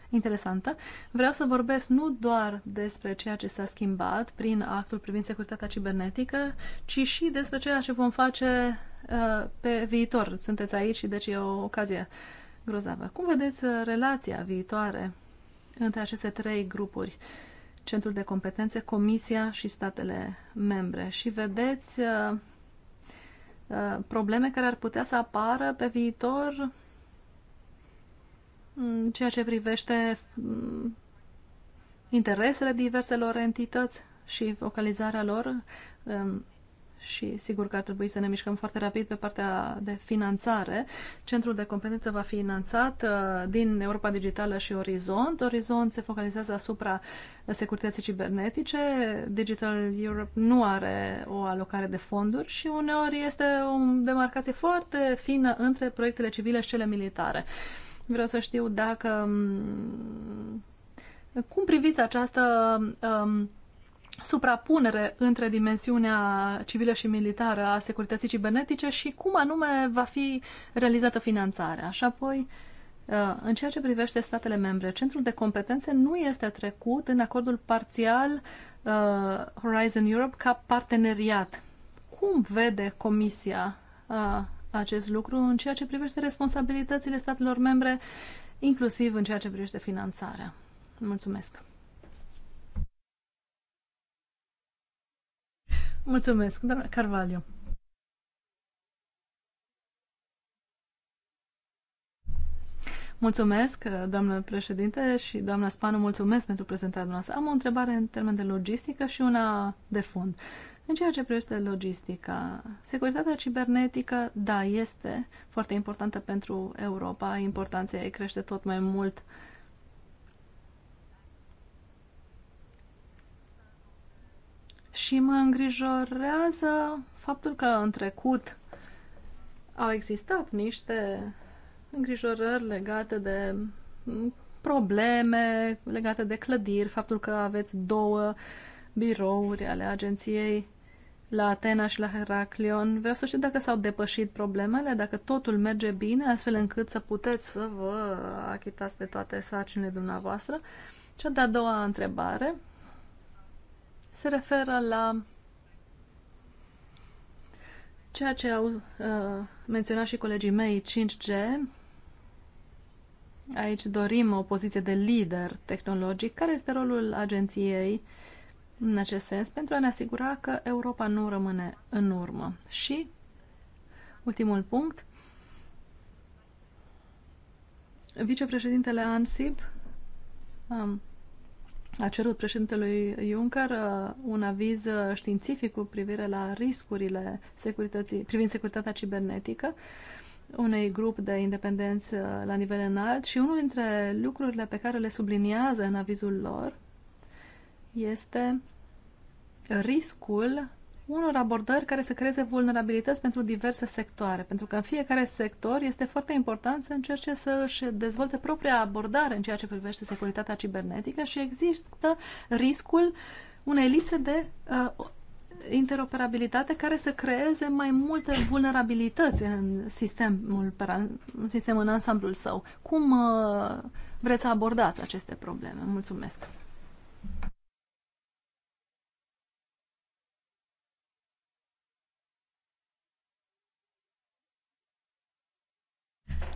interesantă. Vreau să vorbesc nu doar despre ceea ce s-a schimbat prin actul privind securitatea cibernetică, ci și despre ceea ce vom face uh, pe viitor. Sunteți aici și deci e o ocazie uh, grozavă. Cum vedeți uh, relația viitoare între aceste trei grupuri? Centrul de competențe, Comisia și statele membre. Și vedeți uh, uh, probleme care ar putea să apară pe viitor în ceea ce privește mm, interesele diverselor entități și focalizarea lor și sigur că ar trebui să ne mișcăm foarte rapid pe partea de finanțare. Centrul de competență va fi finanțat uh, din Europa Digitală și Orizont. Orizont se focalizează asupra securității cibernetice. Digital Europe nu are o alocare de fonduri și uneori este o demarcație foarte fină între proiectele civile și cele militare. Vreau să știu dacă... Mm, cum priviți această um, suprapunere între dimensiunea civilă și militară a securității cibernetice și cum anume va fi realizată finanțarea. Și apoi, uh, în ceea ce privește statele membre, centrul de competențe nu este trecut în acordul parțial uh, Horizon Europe ca parteneriat. Cum vede Comisia uh, acest lucru în ceea ce privește responsabilitățile statelor membre, inclusiv în ceea ce privește finanțarea? Mulțumesc! Mulțumesc, doamna Carvalho. Mulțumesc, doamnă președinte și doamna Spanu, mulțumesc pentru prezentarea noastră. Am o întrebare în termen de logistică și una de fond. În ceea ce privește logistica, securitatea cibernetică, da, este foarte importantă pentru Europa, importanța ei crește tot mai mult uh, și mă îngrijorează faptul că în trecut au existat niște îngrijorări legate de probleme legate de clădiri, faptul că aveți două birouri ale agenției la Atena și la Heraclion. Vreau să știu dacă s-au depășit problemele, dacă totul merge bine, astfel încât să puteți să vă achitați de toate sarcinile dumneavoastră. Cea de-a doua întrebare se referă la ceea ce au uh, menționat și colegii mei 5G. Aici dorim o poziție de lider tehnologic. Care este rolul agenției în acest sens pentru a ne asigura că Europa nu rămâne în urmă? Și ultimul punct. Vicepreședintele ANSIB. um, a cerut președintelui Juncker uh, un aviz uh, științific cu privire la riscurile securității, privind securitatea cibernetică unei grup de independenți uh, la nivel înalt și unul dintre lucrurile pe care le subliniază în avizul lor este riscul unor abordări care să creeze vulnerabilități pentru diverse sectoare, pentru că în fiecare sector este foarte important să încerce să își dezvolte propria abordare în ceea ce privește securitatea cibernetică și există riscul unei lipse de uh, interoperabilitate care să creeze mai multe vulnerabilități în sistemul, în, sistemul în ansamblul său. Cum uh, vreți să abordați aceste probleme? Mulțumesc!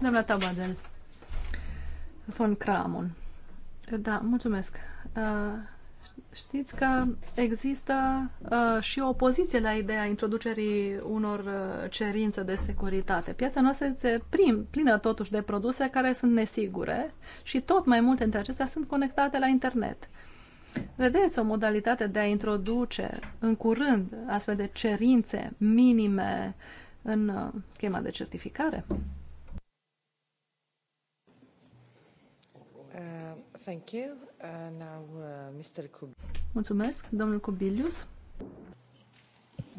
Doamna Tabadel, von Cramon. Da, mulțumesc. Uh, știți că există uh, și o opoziție la ideea introducerii unor uh, cerințe de securitate. Piața noastră este prim, plină totuși de produse care sunt nesigure și tot mai multe dintre acestea sunt conectate la internet. Vedeți o modalitate de a introduce în curând astfel de cerințe minime în schema de certificare? Uh, thank you. Uh, uh, Kubilius. Mulțumesc, domnul Kubilius.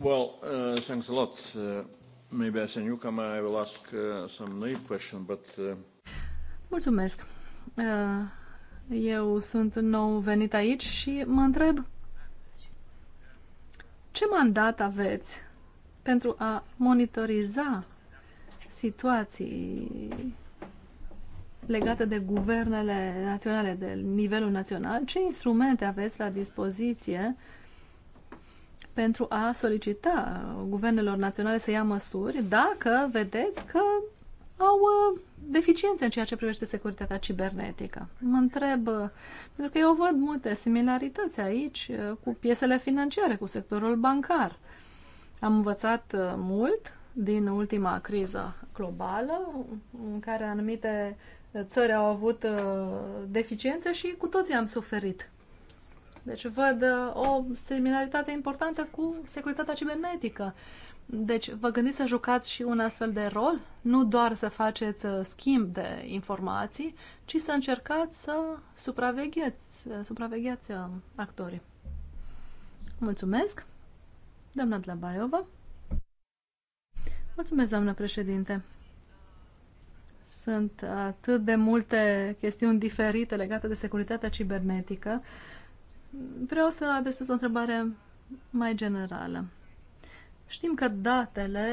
Well, uh, thanks a lot. Uh, maybe as a newcomer, I will ask uh, some naive question, but. Uh... Mulțumesc. Uh, eu sunt nou venit aici și mă întreb ce mandat aveți pentru a monitoriza situații legate de guvernele naționale, de nivelul național, ce instrumente aveți la dispoziție pentru a solicita guvernelor naționale să ia măsuri dacă vedeți că au uh, deficiențe în ceea ce privește securitatea cibernetică. Mă întreb, uh, pentru că eu văd multe similarități aici uh, cu piesele financiare, cu sectorul bancar. Am învățat mult din ultima criză globală, în care anumite țări au avut uh, deficiențe și cu toții am suferit. Deci văd uh, o similaritate importantă cu securitatea cibernetică. Deci vă gândiți să jucați și un astfel de rol, nu doar să faceți uh, schimb de informații, ci să încercați să supravegheți, supravegheați actorii. Mulțumesc, doamna Dlabaiova. Mulțumesc, doamnă președinte. Sunt atât de multe chestiuni diferite legate de securitatea cibernetică. Vreau să adresez o întrebare mai generală. Știm că datele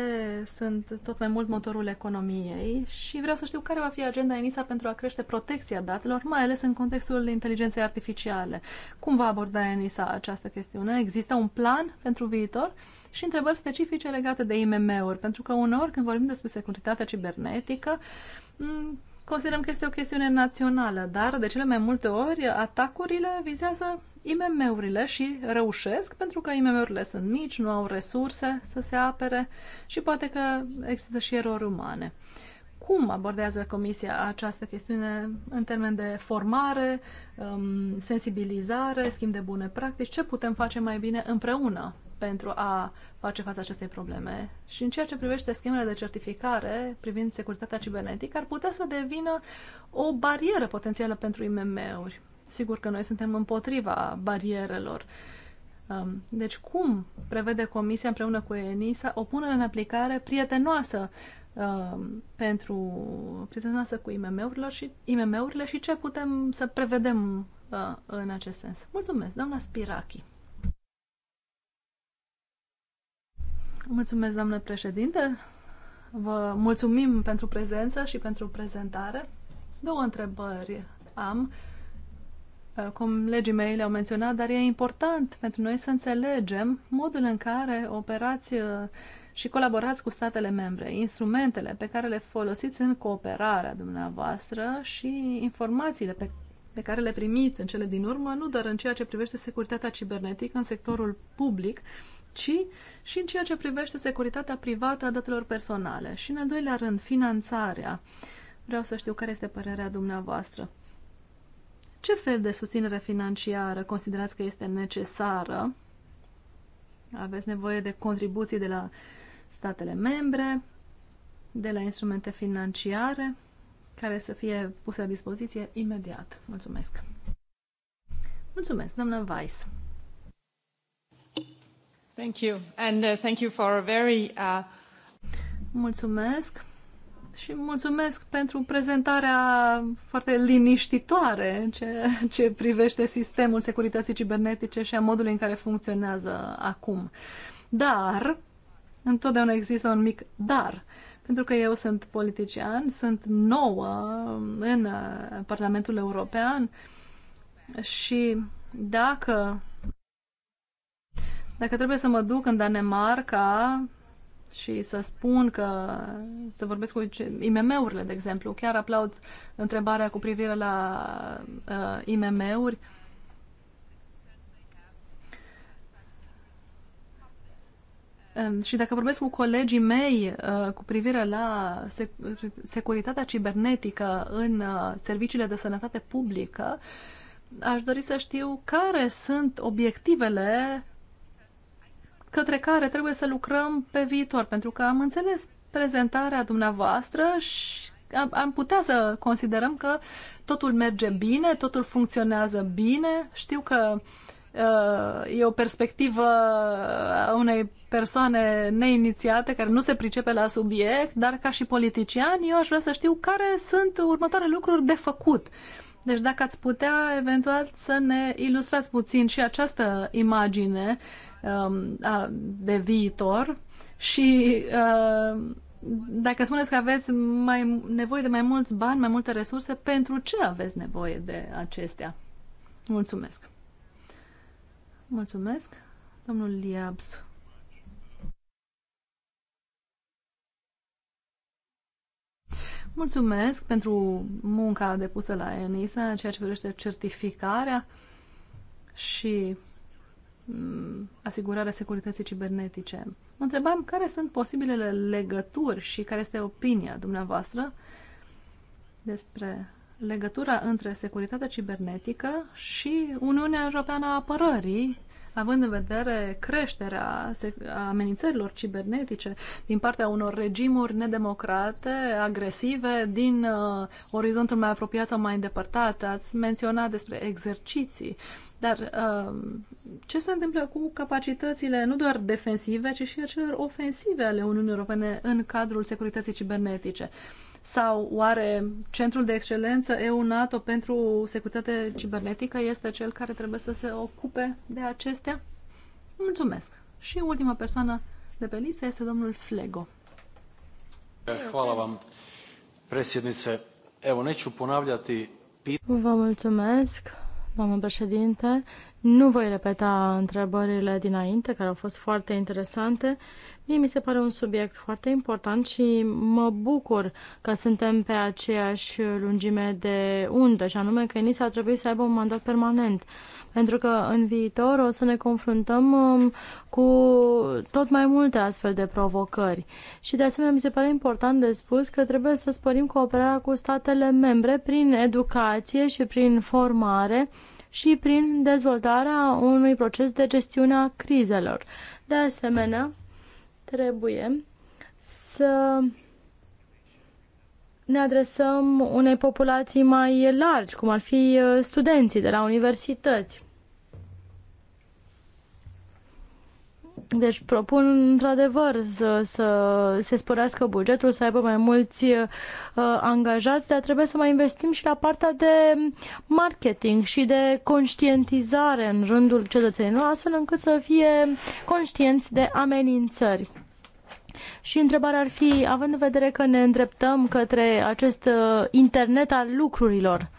sunt tot mai mult motorul economiei și vreau să știu care va fi agenda ENISA pentru a crește protecția datelor, mai ales în contextul inteligenței artificiale. Cum va aborda ENISA această chestiune? Există un plan pentru viitor? Și întrebări specifice legate de IMM-uri, pentru că uneori când vorbim despre securitatea cibernetică, uh, Mm, considerăm că este o chestiune națională, dar de cele mai multe ori atacurile vizează IMM-urile și reușesc pentru că IMM-urile sunt mici, nu au resurse să se apere și poate că există și erori umane. Cum abordează Comisia această chestiune în termen de formare, um, sensibilizare, schimb de bune practici? Ce putem face mai bine împreună pentru a face față acestei probleme. Și în ceea ce privește schemele de certificare privind securitatea cibernetică, ar putea să devină o barieră potențială pentru IMM-uri. Sigur că noi suntem împotriva barierelor. Um, deci cum prevede Comisia împreună cu ENISA o punere în aplicare prietenoasă um, pentru prietenoasă cu IMM-urilor și IMM-urile și ce putem să prevedem uh, în acest sens. Mulțumesc, doamna Spirachi. Mulțumesc, doamnă președinte. Vă mulțumim pentru prezență și pentru prezentare. Două întrebări am. Uh, Cum legii mei le-au menționat, dar e important pentru noi să înțelegem modul în care operați uh, și colaborați cu statele membre, instrumentele pe care le folosiți în cooperarea dumneavoastră și informațiile pe, pe care le primiți în cele din urmă, nu doar în ceea ce privește securitatea cibernetică în sectorul public, ci și în ceea ce privește securitatea privată a datelor personale. Și în al doilea rând, finanțarea. Vreau să știu care este părerea dumneavoastră. Ce fel de susținere financiară considerați că este necesară? Aveți nevoie de contribuții de la statele membre, de la instrumente financiare, care să fie puse la dispoziție imediat. Mulțumesc! Mulțumesc, doamna Weiss! Mulțumesc și mulțumesc pentru prezentarea foarte liniștitoare în ce, ce privește sistemul securității cibernetice și a modului în care funcționează acum. Dar, întotdeauna există un mic dar, pentru că eu sunt politician, sunt nouă în Parlamentul European și dacă dacă trebuie să mă duc în Danemarca și să spun că, să vorbesc cu IMM-urile, de exemplu, chiar aplaud întrebarea cu privire la uh, IMM-uri, um, Și dacă vorbesc cu colegii mei uh, cu privire la securitatea cibernetică în uh, serviciile de sănătate publică, aș dori să știu care sunt obiectivele către care trebuie să lucrăm pe viitor, pentru că am înțeles prezentarea dumneavoastră și am, am putea să considerăm că totul merge bine, totul funcționează bine. Știu că uh, e o perspectivă a unei persoane neinițiate care nu se pricepe la subiect, dar ca și politician eu aș vrea să știu care sunt următoarele lucruri de făcut. Deci dacă ați putea eventual să ne ilustrați puțin și această imagine uh, Um, de viitor și uh, dacă spuneți că aveți mai nevoie de mai mulți bani, mai multe resurse, pentru ce aveți nevoie de acestea? Mulțumesc! Mulțumesc, domnul Liabs. Mulțumesc pentru munca depusă la ENISA ceea ce privește certificarea și Mm, asigurarea securității cibernetice. Mă întrebam care sunt posibilele legături și care este opinia dumneavoastră despre legătura între securitatea cibernetică și Uniunea Europeană a Apărării, având în vedere creșterea amenințărilor cibernetice din partea unor regimuri nedemocrate, agresive, din uh, orizontul mai apropiat sau mai îndepărtat. Ați menționat despre exerciții. Dar uh, ce se întâmplă cu capacitățile nu doar defensive, ci și acelor ofensive ale Uniunii Europene în cadrul securității cibernetice? Sau oare Centrul de Excelență EU-NATO pentru Securitate Cibernetică este cel care trebuie să se ocupe de acestea? Mulțumesc! Și ultima persoană de pe listă este domnul Flego. Hvala vam, predsjednice. Evo, neću ponavljati... Vă mulțumesc, doamnă președinte. Nu voi repeta întrebările dinainte, care au fost foarte interesante. Mie mi se pare un subiect foarte important și mă bucur că suntem pe aceeași lungime de undă, și anume că ENISA trebuie să aibă un mandat permanent. Pentru că în viitor o să ne confruntăm um, cu tot mai multe astfel de provocări. Și de asemenea mi se pare important de spus că trebuie să spărim cooperarea cu statele membre prin educație și prin formare și prin dezvoltarea unui proces de gestiune a crizelor. De asemenea, Trebuie să ne adresăm unei populații mai largi, cum ar fi uh, studenții de la universități. Deci propun într-adevăr să, să se sporească bugetul, să aibă mai mulți uh, angajați, dar trebuie să mai investim și la partea de marketing și de conștientizare în rândul cetățenilor, astfel încât să fie conștienți de amenințări. Și întrebarea ar fi, având în vedere că ne îndreptăm către acest uh, internet al lucrurilor,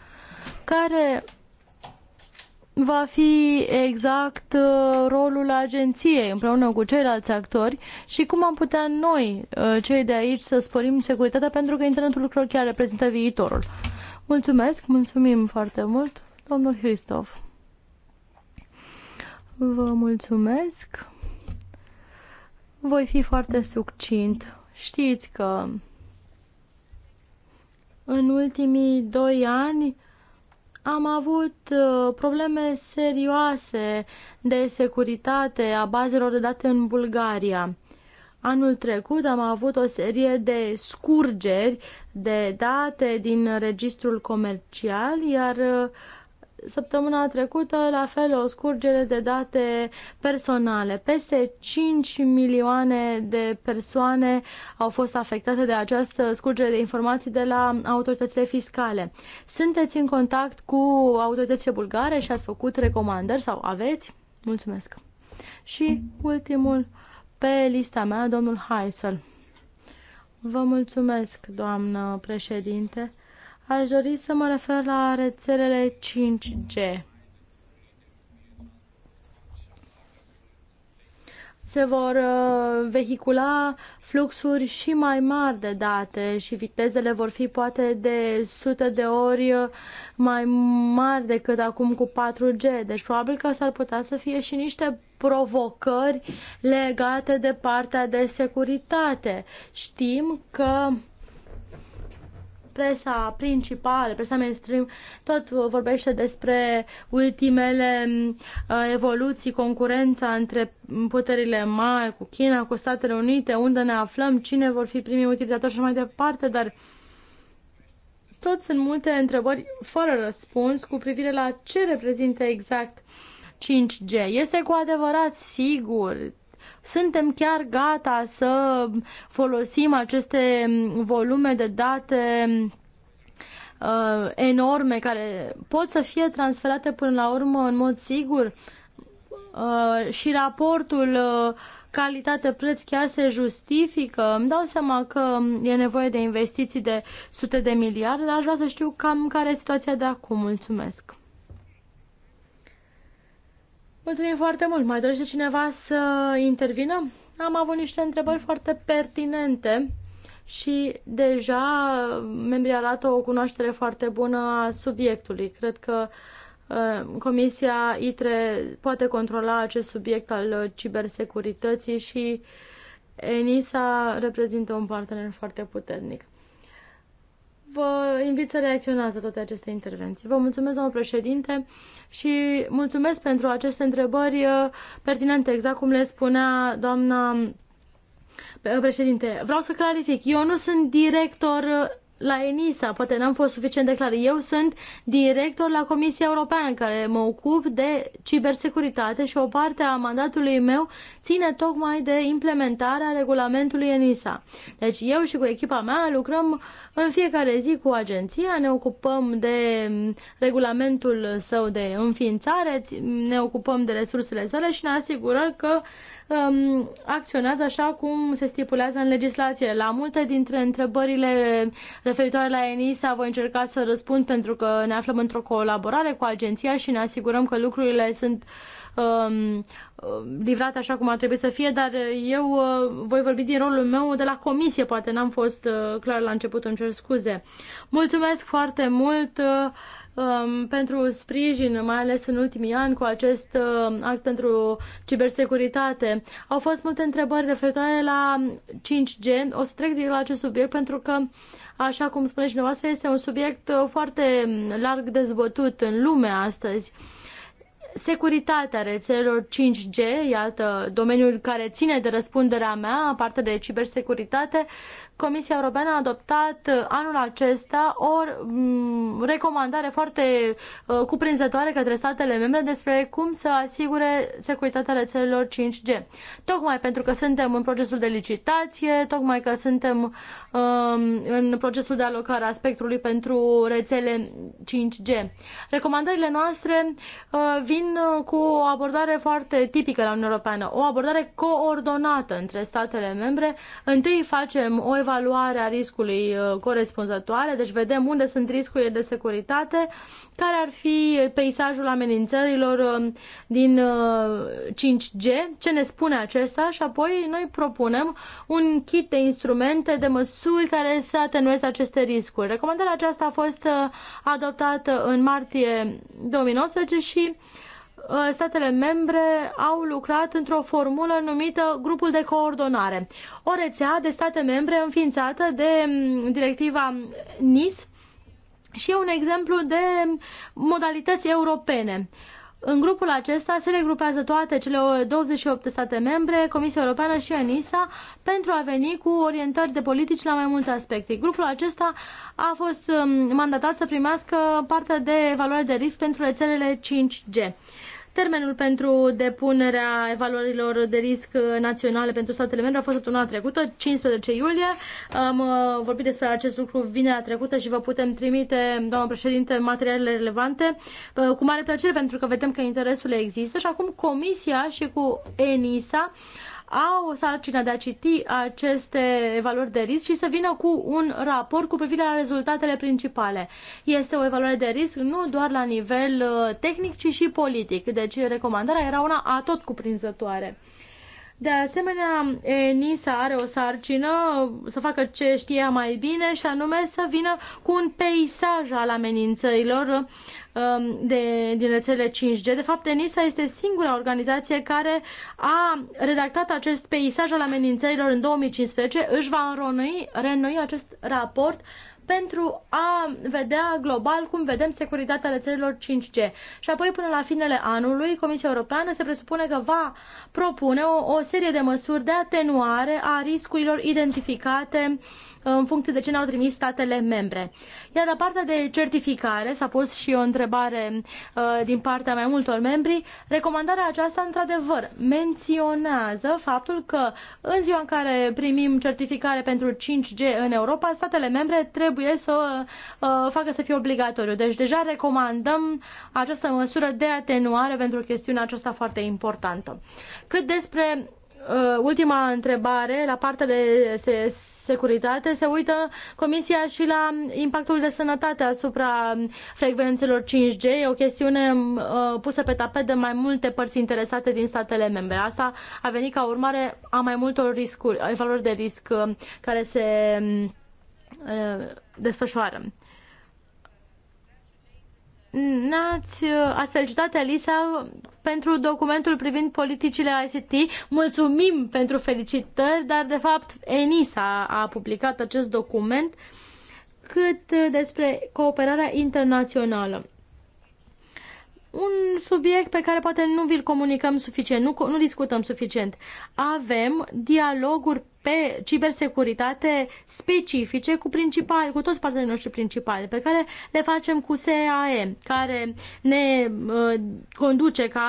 care va fi exact uh, rolul agenției împreună cu ceilalți actori și cum am putea noi, uh, cei de aici, să sporim securitatea pentru că internetul lucrurilor chiar reprezintă viitorul. Mulțumesc, mulțumim foarte mult, domnul Hristov. Vă mulțumesc. Voi fi foarte succint. Știți că în ultimii doi ani am avut uh, probleme serioase de securitate a bazelor de date în Bulgaria. Anul trecut am avut o serie de scurgeri de date din registrul comercial, iar uh, Săptămâna trecută, la fel, o scurgere de date personale. Peste 5 milioane de persoane au fost afectate de această scurgere de informații de la autoritățile fiscale. Sunteți în contact cu autoritățile bulgare și ați făcut recomandări sau aveți? Mulțumesc! Și ultimul pe lista mea, domnul Heisel. Vă mulțumesc, doamnă președinte. Aș dori să mă refer la rețelele 5G. se vor uh, vehicula fluxuri și mai mari de date și vitezele vor fi poate de sute de ori uh, mai mari decât acum cu 4G. Deci probabil că s-ar putea să fie și niște provocări legate de partea de securitate. Știm că presa principală, presa mainstream, tot vorbește despre ultimele mm, uh, evoluții, concurența între puterile mari, cu China, cu Statele Unite, unde ne aflăm, cine vor fi primii utilizatori și mai departe, dar tot sunt multe întrebări fără răspuns cu privire la ce reprezintă exact 5G. Este cu adevărat sigur suntem chiar gata să folosim aceste volume de date uh, enorme care pot să fie transferate până la urmă în mod sigur uh, și raportul uh, calitate-preț chiar se justifică. Îmi dau seama că e nevoie de investiții de sute de miliarde, dar aș vrea să știu cam care e situația de acum. Mulțumesc! Mulțumim foarte mult. Mai dorește cineva să intervină? Am avut niște întrebări foarte pertinente și deja membrii arată o cunoaștere foarte bună a subiectului. Cred că uh, Comisia ITRE poate controla acest subiect al cibersecurității și ENISA reprezintă un partener foarte puternic vă invit să reacționați la toate aceste intervenții. Vă mulțumesc, domnul președinte, și mulțumesc pentru aceste întrebări uh, pertinente, exact cum le spunea doamna uh, președinte. Vreau să clarific, eu nu sunt director uh, la ENISA, poate n-am fost suficient de clar. Eu sunt director la Comisia Europeană care mă ocup de cibersecuritate și o parte a mandatului meu ține tocmai de implementarea regulamentului ENISA. Deci eu și cu echipa mea lucrăm în fiecare zi cu agenția, ne ocupăm de regulamentul său de înființare, ne ocupăm de resursele sale și ne asigurăm că um, acționează așa cum se stipulează în legislație. La multe dintre întrebările Referitoare la ENISA, voi încerca să răspund pentru că ne aflăm într-o colaborare cu agenția și ne asigurăm că lucrurile sunt um, livrate așa cum ar trebui să fie, dar eu uh, voi vorbi din rolul meu de la comisie, poate n-am fost uh, clar la început, îmi cer scuze. Mulțumesc foarte mult! Uh, um, pentru sprijin, mai ales în ultimii ani, cu acest uh, act pentru cibersecuritate. Au fost multe întrebări referitoare la 5G. O să trec direct la acest subiect pentru că uh, Așa cum spuneți dumneavoastră, este un subiect uh, foarte mm, larg dezbătut în lume astăzi. Securitatea rețelelor 5G, iată domeniul care ține de răspunderea mea, aparte de cibersecuritate, Comisia Europeană a adoptat uh, anul acesta o mm, recomandare foarte uh, cuprinzătoare către statele membre despre cum să asigure securitatea rețelelor 5G. Tocmai pentru că suntem în procesul de licitație, tocmai că suntem um, în procesul de alocare a spectrului pentru rețele 5G. Recomandările noastre uh, vin cu o abordare foarte tipică la Uniunea Europeană, o abordare coordonată între statele membre. Întâi facem o evaluare a riscului uh, corespunzătoare, deci vedem unde sunt riscurile de securitate, care ar fi peisajul amenințărilor uh, din 5G, uh, ce ne spune acesta și apoi noi propunem un kit de instrumente, de măsuri care să atenueze aceste riscuri. Recomandarea aceasta a fost adoptată în martie 2019 și Uh, statele membre au lucrat într-o formulă numită grupul de coordonare, o rețea de state membre înființată de mm, directiva NIS și e un exemplu de modalități europene. În grupul acesta se regrupează toate cele 28 state membre, Comisia Europeană și ANISA pentru a veni cu orientări de politici la mai multe aspecte. Grupul acesta a fost mm, mandatat să primească partea de evaluare de risc pentru rețelele 5G. Termenul pentru depunerea evaluărilor de risc naționale pentru statele membre a fost săptămâna trecută, 15 iulie. Am uh, vorbit despre acest lucru vinerea trecută și vă putem trimite, doamnă președinte, materialele relevante uh, cu mare plăcere pentru că vedem că interesul există și acum Comisia și cu ENISA au sarcina de a citi aceste evaluări de risc și să vină cu un raport cu privire la rezultatele principale. Este o evaluare de risc nu doar la nivel uh, tehnic, ci și politic. Deci recomandarea era una tot cuprinzătoare. De asemenea, ENISA are o sarcină să facă ce știa mai bine și anume să vină cu un peisaj al amenințărilor um, de, din rețele 5G. De fapt, ENISA este singura organizație care a redactat acest peisaj al amenințărilor în 2015. Își va înroi, acest raport pentru a vedea global cum vedem securitatea rețelelor 5G. Și apoi, până la finele anului, Comisia Europeană se presupune că va propune o, o serie de măsuri de atenuare a riscurilor identificate uh, în funcție de ce ne-au trimis statele membre. Iar la partea de certificare s-a pus și o întrebare uh, din partea mai multor membri. Recomandarea aceasta, într-adevăr, menționează faptul că în ziua în care primim certificare pentru 5G în Europa, statele membre trebuie să uh, facă să fie obligatoriu. Deci deja recomandăm această măsură de atenuare pentru chestiunea aceasta foarte importantă. Cât despre uh, ultima întrebare, la partea de securitate, se uită Comisia și la impactul de sănătate asupra frecvențelor 5G, e o chestiune uh, pusă pe tapet de mai multe părți interesate din statele membre. Asta a venit ca urmare a mai multor riscuri, valori de risc uh, care se uh, desfășoară. ați ați felicitat Elisa pentru documentul privind politicile ICT. Mulțumim pentru felicitări, dar de fapt ENISA a publicat acest document cât despre cooperarea internațională un subiect pe care poate nu vi-l comunicăm suficient, nu, nu discutăm suficient. Avem dialoguri pe cibersecuritate specifice cu, principal, cu toți partenerii noștri principali, pe care le facem cu SAE, care ne uh, conduce ca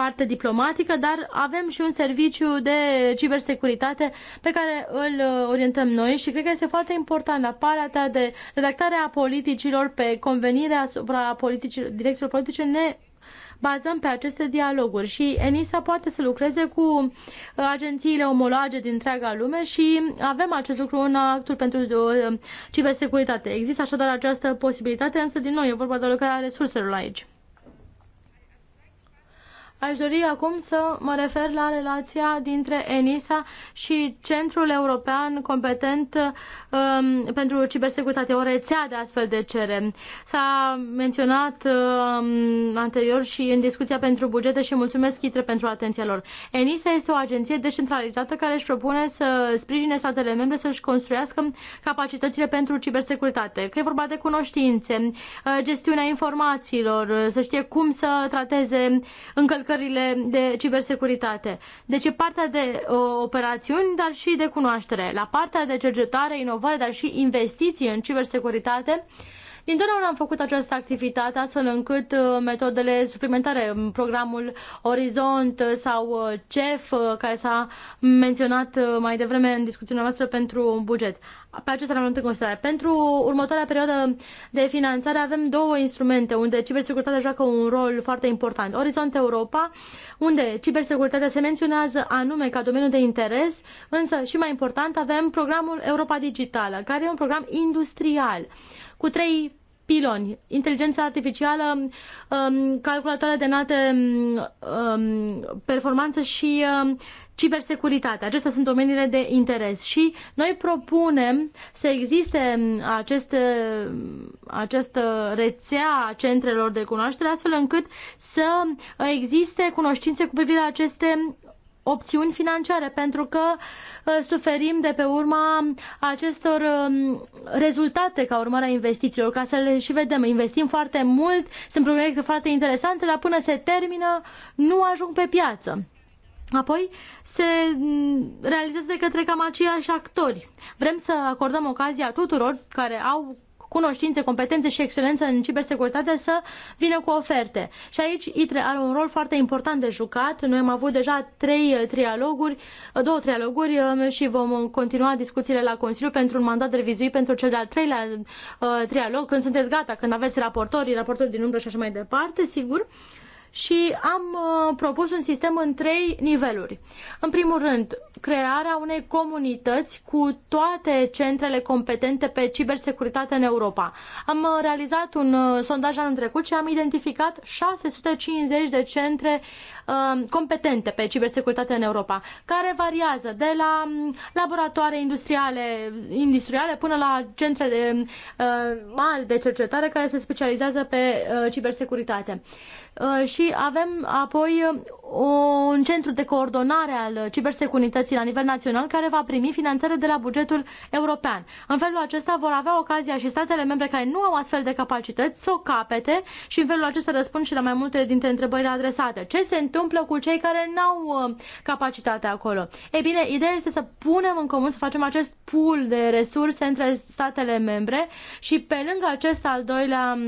parte diplomatică, dar avem și un serviciu de cibersecuritate pe care îl uh, orientăm noi și cred că este foarte important la partea de redactare a politicilor, pe convenirea asupra politicilor, direcțiilor politice, ne bazăm pe aceste dialoguri și ENISA poate să lucreze cu uh, agențiile omologe din întreaga lume și avem acest lucru în actul pentru uh, cibersecuritate. Există așadar această posibilitate, însă din nou e vorba de alocarea resurselor aici. Aș dori acum să mă refer la relația dintre ENISA și Centrul European Competent um, pentru Cibersecuritate, o rețea de astfel de cere. S-a menționat um, anterior și în discuția pentru bugete și mulțumesc Chitre pentru atenția lor. ENISA este o agenție descentralizată care își propune să sprijine statele membre să-și construiască capacitățile pentru cibersecuritate, că e vorba de cunoștințe, uh, gestiunea informațiilor, uh, să știe cum să trateze încălcările încercările de cibersecuritate. Deci e partea de uh, operațiuni, dar și de cunoaștere. La partea de cercetare, inovare, dar și investiții în cibersecuritate, uh, Dintotdeauna am făcut această activitate astfel încât uh, metodele suplimentare, um, programul Orizont uh, sau uh, CEF, care s-a menționat mai devreme în discuția noastră pentru buget. Pe acestea le-am luat în considerare. Pentru următoarea perioadă de finanțare avem două instrumente unde cibersecuritatea joacă un rol foarte important. Orizont Europa, unde cibersecuritatea se menționează anume ca domeniu de interes, însă și mai important avem programul Europa Digitală, care e un program industrial cu trei piloni, inteligența artificială, um, calculatoare de înaltă um, um, performanță și cibersecuritate. Acestea sunt domeniile de interes și noi propunem să existe aceste, această rețea a centrelor de cunoaștere astfel încât să existe cunoștințe cu privire la aceste opțiuni financiare pentru că uh, Ă, suferim de pe urma acestor um, rezultate ca urmare a investițiilor, ca să le și vedem. Investim foarte mult, sunt proiecte foarte interesante, dar până se termină nu ajung pe piață. Apoi se mm, realizează de către cam aceiași actori. Vrem să acordăm ocazia tuturor care au cunoștințe, competențe și excelență în cibersecuritate să vină cu oferte. Și aici ITRE are un rol foarte important de jucat. Noi am avut deja trei uh, trialoguri, uh, două trialoguri um, și vom uh, continua discuțiile la Consiliu pentru un mandat de revizuit pentru cel de-al treilea trialog, când sunteți gata, când aveți raportorii, raportori din umbră și așa mai departe, sigur. Uh, și am uh, propus un sistem în trei niveluri. În primul rând, crearea unei comunități cu toate centrele competente pe cibersecuritate în Europa. Am uh, realizat un uh, sondaj anul trecut și am identificat 650 de centre competente pe cibersecuritate în Europa, care variază de la mm, laboratoare industriale, industriale până la centre de, mari de cercetare care se specializează pe cibersecuritate. Uh, și avem apoi uh, un centru de coordonare al uh, cibersecurității la nivel național care va primi finanțare de la bugetul european. În felul acesta vor avea ocazia și statele membre care nu au astfel de capacități să o capete și în felul acesta răspund și la mai multe dintre întrebările adresate. Ce se întâmplă cu cei care nu au capacitatea acolo? Ei bine, ideea este să punem în comun, să facem acest pool de resurse între statele membre și pe lângă acest al doilea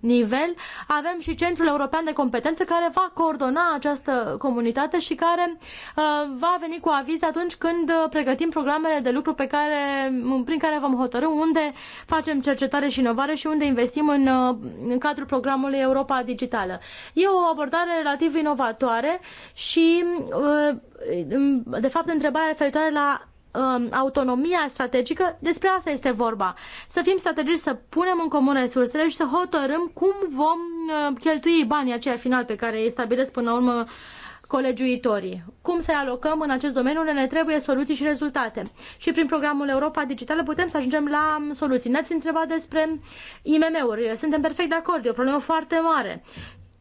nivel avem și Centrul European European de Competență care va coordona această comunitate și care uh, va veni cu aviz atunci când uh, pregătim programele de lucru pe care, prin care vom hotărâ unde facem cercetare și inovare și unde investim în, uh, în cadrul programului Europa Digitală. E o abordare relativ inovatoare și de fapt întrebarea referitoare la um, autonomia strategică, despre asta este vorba. Să fim strategici, să punem în comun resursele și să hotărâm cum vom uh, cheltui banii aceia final pe care îi stabilesc până la urmă colegiuitorii. Cum să-i alocăm în acest domeniu, ne trebuie soluții și rezultate. Și prin programul Europa Digitală putem să ajungem la um, soluții. Ne-ați întrebat despre IMM-uri. Suntem perfect de acord, e o problemă foarte mare.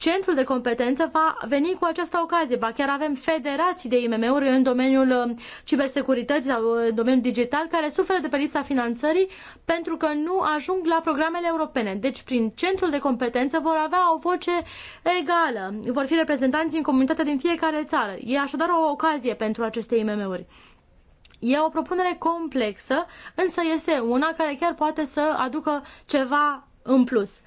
Centrul de competență va veni cu această ocazie. Ba chiar avem federații de IMM-uri în domeniul uh, cibersecurității sau uh, în domeniul digital care suferă de pe lipsa finanțării pentru că nu ajung la programele europene. Deci prin centrul de competență vor avea o voce egală. Vor fi reprezentanți în comunitatea din fiecare țară. E așadar o ocazie pentru aceste IMM-uri. E o propunere complexă, însă este una care chiar poate să aducă ceva în plus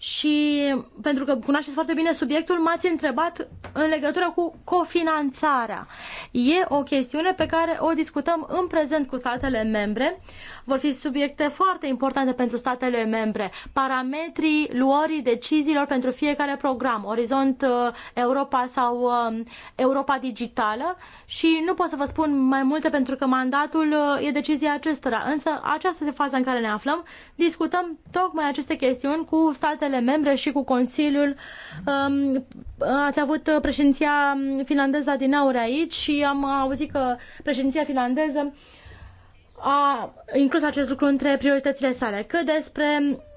și pentru că cunoașteți foarte bine subiectul, m-ați întrebat în legătură cu cofinanțarea. E o chestiune pe care o discutăm în prezent cu statele membre. Vor fi subiecte foarte importante pentru statele membre. Parametrii luării deciziilor pentru fiecare program, Orizont uh, Europa sau um, Europa Digitală și nu pot să vă spun mai multe pentru că mandatul uh, e decizia acestora. Însă această este faza în care ne aflăm. Discutăm tocmai aceste chestiuni cu statele statele membre și cu Consiliul. Um, ați avut președinția finlandeză din aur aici și am auzit că președinția finlandeză a inclus acest lucru între prioritățile sale. Cât despre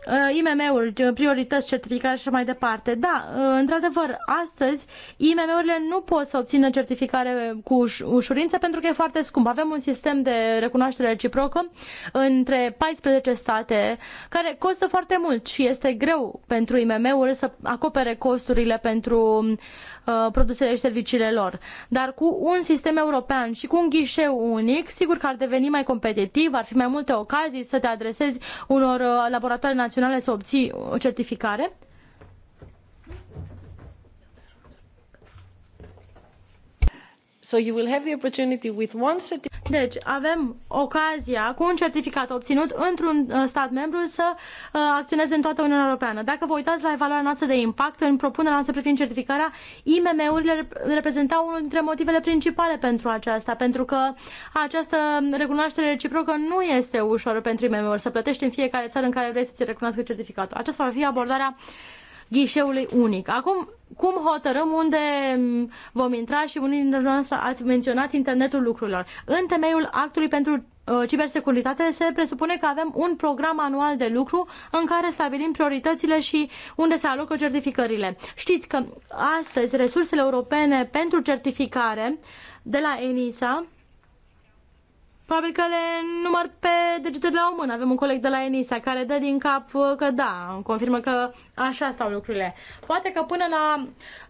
Uh, IMM-uri, uh, priorități, certificare și mai departe. Da, uh, într-adevăr, astăzi IMM-urile nu pot să obțină certificare cu ușurință pentru că e foarte scump. Avem un sistem de recunoaștere reciprocă între 14 state care costă foarte mult și este greu pentru IMM-uri să acopere costurile pentru uh, Uh, produsele și serviciile lor. Dar cu un sistem european și cu un ghișeu unic, sigur că ar deveni mai competitiv, ar fi mai multe ocazii să te adresezi unor uh, laboratoare naționale să obții o uh, certificare So you will have the opportunity with one deci avem ocazia cu un certificat obținut într-un uh, stat membru să uh, acționeze în toată Uniunea Europeană. Dacă vă uitați la evaluarea noastră de impact în propunerea noastră privind certificarea, IMM-urile reprezentau unul dintre motivele principale pentru aceasta, pentru că această recunoaștere reciprocă nu este ușoară pentru IMM-uri, să plătești în fiecare țară în care vrei să-ți recunoască certificatul. Aceasta va fi abordarea uh, ghișeului unic. Acum, cum hotărâm unde mm, vom intra și unii dintre noastre ați menționat internetul lucrurilor. În temeiul actului pentru uh, cibersecuritate se presupune că avem un program anual de lucru în care stabilim prioritățile și unde se alocă certificările. Știți că astăzi resursele europene pentru certificare de la ENISA Probabil că le număr pe degetele la o mână. Avem un coleg de la Enisa care dă din cap că da, confirmă că așa stau lucrurile. Poate că până la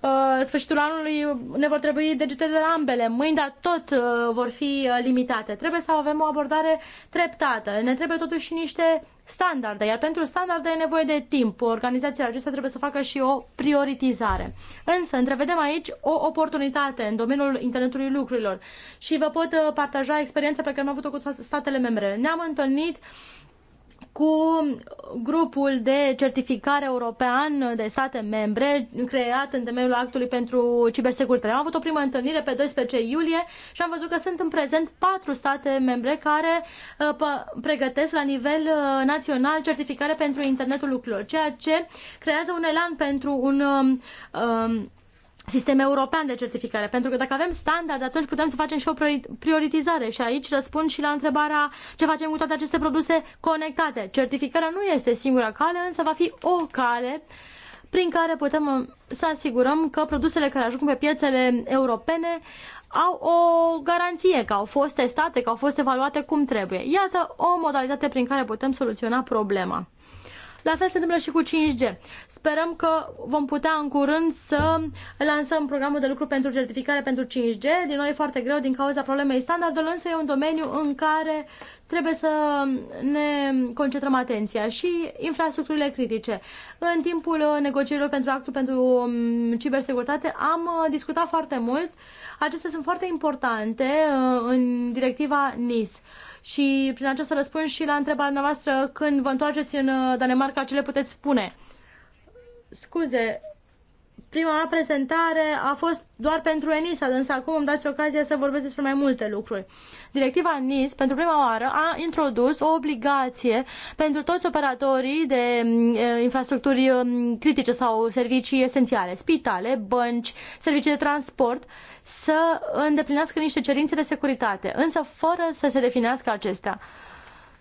uh, sfârșitul anului ne vor trebui degetele la ambele mâini, dar tot uh, vor fi uh, limitate. Trebuie să avem o abordare treptată. Ne trebuie totuși niște standarde, iar pentru standarde e nevoie de timp. Organizațiile acestea trebuie să facă și o prioritizare. Însă, întrevedem aici o oportunitate în domeniul internetului lucrurilor și vă pot uh, partaja experiența pe care am avut-o cu statele membre. Ne-am întâlnit uh, cu grupul de certificare european de state membre creat în temeiul actului pentru cibersecuritate. Am avut o primă întâlnire pe 12 iulie și am văzut că sunt în prezent patru state membre care uh, pregătesc la nivel uh, național certificare pentru internetul lucrurilor, ceea ce creează un elan pentru un um, um sistem european de certificare, pentru că dacă avem standarde, atunci putem să facem și o prioritizare și aici răspund și la întrebarea ce facem cu toate aceste produse conectate. Certificarea nu este singura cale, însă va fi o cale prin care putem uh, să asigurăm că produsele care ajung pe piețele europene au o garanție că au fost testate, că au fost evaluate cum trebuie. Iată o modalitate prin care putem soluționa problema. La fel se întâmplă și cu 5G. Sperăm că vom putea în curând să lansăm programul de lucru pentru certificare pentru 5G. Din nou e foarte greu din cauza problemei standardului, însă e un domeniu în care trebuie să ne concentrăm atenția și infrastructurile critice. În timpul negocierilor pentru actul pentru um, cibersecuritate am uh, discutat foarte mult. Acestea sunt foarte importante uh, în directiva NIS. Nice și prin aceasta răspund și la întrebarea noastră când vă întoarceți în uh, Danemarca, ce le puteți spune? Scuze, prima mea prezentare a fost doar pentru ENISA, însă acum îmi dați ocazia să vorbesc despre mai multe lucruri. Directiva NIS, pentru prima oară, a introdus o obligație pentru toți operatorii de mm, eh, infrastructuri mm, critice sau servicii esențiale, spitale, bănci, servicii de transport, să îndeplinească niște cerințe de securitate, însă fără să se definească acestea.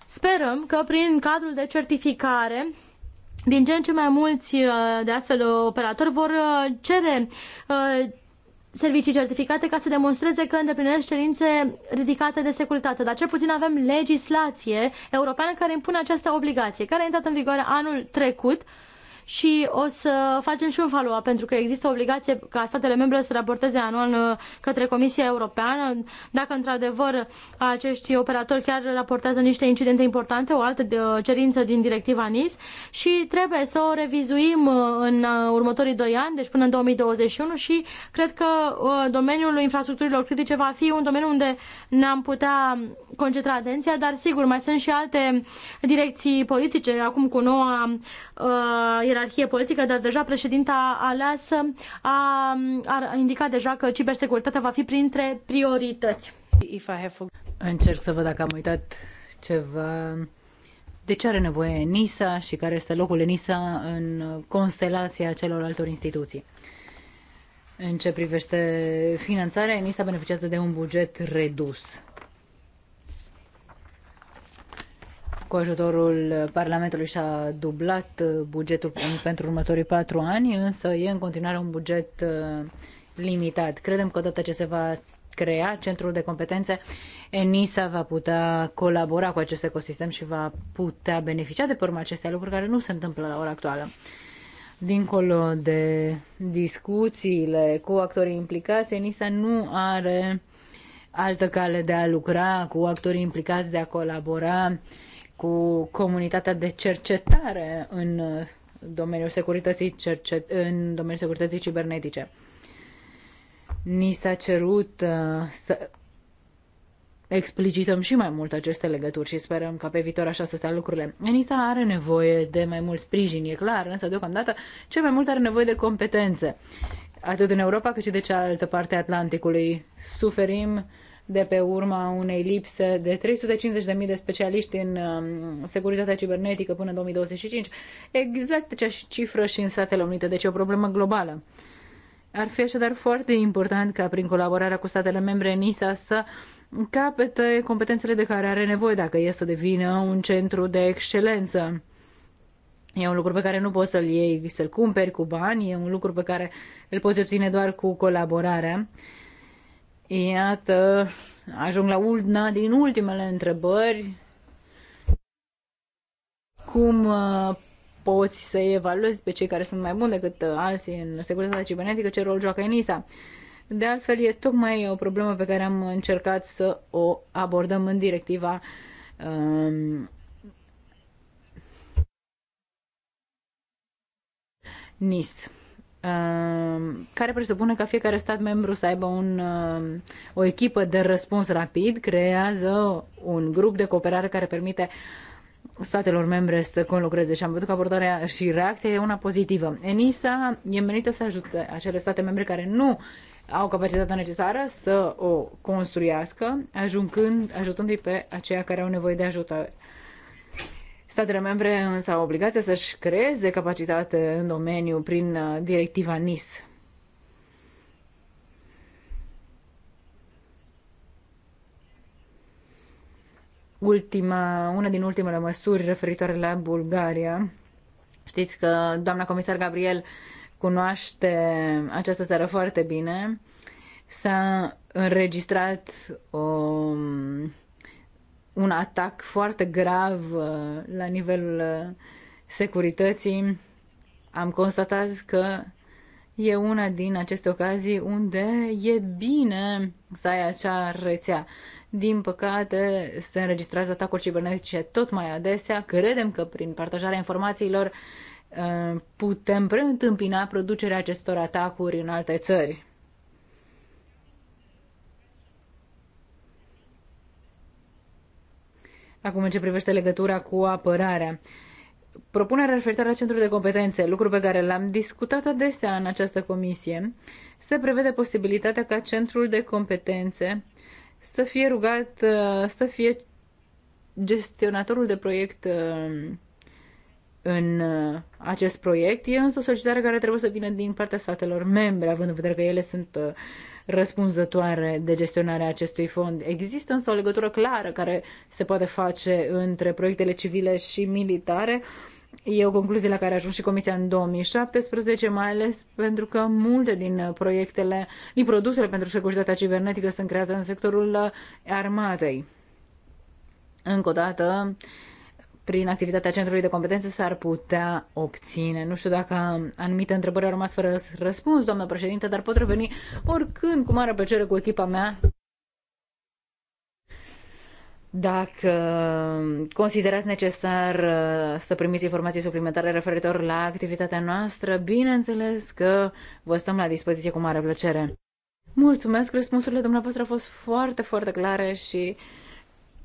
Sperăm că prin cadrul de certificare din ce în ce mai mulți uh, de astfel de operatori vor uh, cere uh, servicii certificate ca să demonstreze că îndeplinesc cerințe ridicate de securitate, dar cel puțin avem legislație europeană care impune această obligație, care a intrat în vigoare anul trecut și o să facem și un follow pentru că există obligație ca statele membre să raporteze anual uh, către Comisia Europeană. Dacă într-adevăr acești operatori chiar raportează niște incidente importante, o altă uh, cerință din directiva NIS și trebuie să o revizuim uh, în următorii doi ani, deci până în 2021 și cred că domeniul infrastructurilor critice va fi un domeniu unde ne-am putea concentra atenția, dar sigur, mai sunt și alte direcții politice, acum cu noua uh, ierarhie politică, dar deja președinta aleasă a, a indicat deja că cibersecuritatea va fi printre priorități. Încerc să văd dacă am uitat ceva. De ce are nevoie Nisa și care este locul Nisa în constelația celorlalte instituții? În ce privește finanțarea, Nisa beneficiază de un buget redus. cu ajutorul Parlamentului și-a dublat bugetul pentru următorii patru ani, însă e în continuare un buget uh, limitat. Credem că odată ce se va crea centrul de competențe, ENISA va putea colabora cu acest ecosistem și va putea beneficia de pe urma acestea lucruri care nu se întâmplă la ora actuală. Dincolo de discuțiile cu actorii implicați, ENISA nu are altă cale de a lucra cu actorii implicați, de a colabora cu comunitatea de cercetare în uh, domeniul securității, cercet, în domeniul securității cibernetice. Ni s-a cerut uh, să explicităm și mai mult aceste legături și sperăm ca pe viitor așa să stea lucrurile. ENISA are nevoie de mai mult sprijin, e clar, însă deocamdată cel mai mult are nevoie de competențe. Atât în Europa cât și de cealaltă parte a Atlanticului. Suferim uh, de pe urma unei lipse de 350.000 de specialiști în um, securitatea cibernetică până în 2025, exact aceeași cifră și în Statele Unite, deci e o problemă globală. Ar fi așadar foarte important ca prin colaborarea cu statele membre NISA să capete competențele de care are nevoie dacă e să devină un centru de excelență. E un lucru pe care nu poți să-l iei, să-l cumperi cu bani, e un lucru pe care îl poți obține doar cu colaborarea. Iată, ajung la una din ultimele întrebări. Cum uh, poți să evaluezi pe cei care sunt mai buni decât uh, alții în securitatea cibernetică, ce rol joacă ENISA? De altfel, e tocmai o problemă pe care am încercat să o abordăm în directiva um, NIS. Ehm, care presupune ca fiecare stat membru să aibă un, ehm, o echipă de răspuns rapid, creează un grup de cooperare care permite statelor membre să conlucreze și am văzut că abordarea și reacția e una pozitivă. ENISA e menită să ajute acele state membre care nu au capacitatea necesară să o construiască, ajungând, ajutându-i pe aceia care au nevoie de ajutor. Statele membre însă au obligația să-și creeze capacitate în domeniu prin uh, directiva NIS. Ultima, una din ultimele măsuri referitoare la Bulgaria. Știți că doamna comisar Gabriel cunoaște această țară foarte bine. S-a înregistrat o un atac foarte grav uh, la nivelul uh, securității, am constatat că e una din aceste ocazii unde e bine să ai acea rețea. Din păcate, se înregistrează atacuri cibernetice tot mai adesea. Credem că prin partajarea informațiilor uh, putem preîntâmpina producerea acestor atacuri în alte țări. Acum, în ce privește legătura cu apărarea, propunerea referitoare la centrul de competențe, lucru pe care l-am discutat adesea în această comisie, se prevede posibilitatea ca centrul de competențe să fie rugat uh, să fie gestionatorul de proiect uh, în uh, acest proiect. E însă o solicitare care trebuie să vină din partea statelor membre, având în vedere că ele sunt răspunzătoare de gestionarea acestui fond. Există însă o legătură clară care se poate face între proiectele civile și militare. E o concluzie la care a ajuns și Comisia în 2017, mai ales pentru că multe din proiectele, din produsele pentru securitatea cibernetică sunt create în sectorul armatei. Încă o dată, uh, prin activitatea centrului de competențe s-ar putea obține. Nu știu dacă anumite întrebări au rămas fără răspuns, doamnă președinte, dar pot reveni oricând cu mare plăcere cu echipa mea. Dacă considerați necesar uh, să primiți informații suplimentare referitor la activitatea noastră, bineînțeles că vă stăm la dispoziție cu mare plăcere. Mulțumesc, răspunsurile dumneavoastră au fost foarte, foarte clare și uh,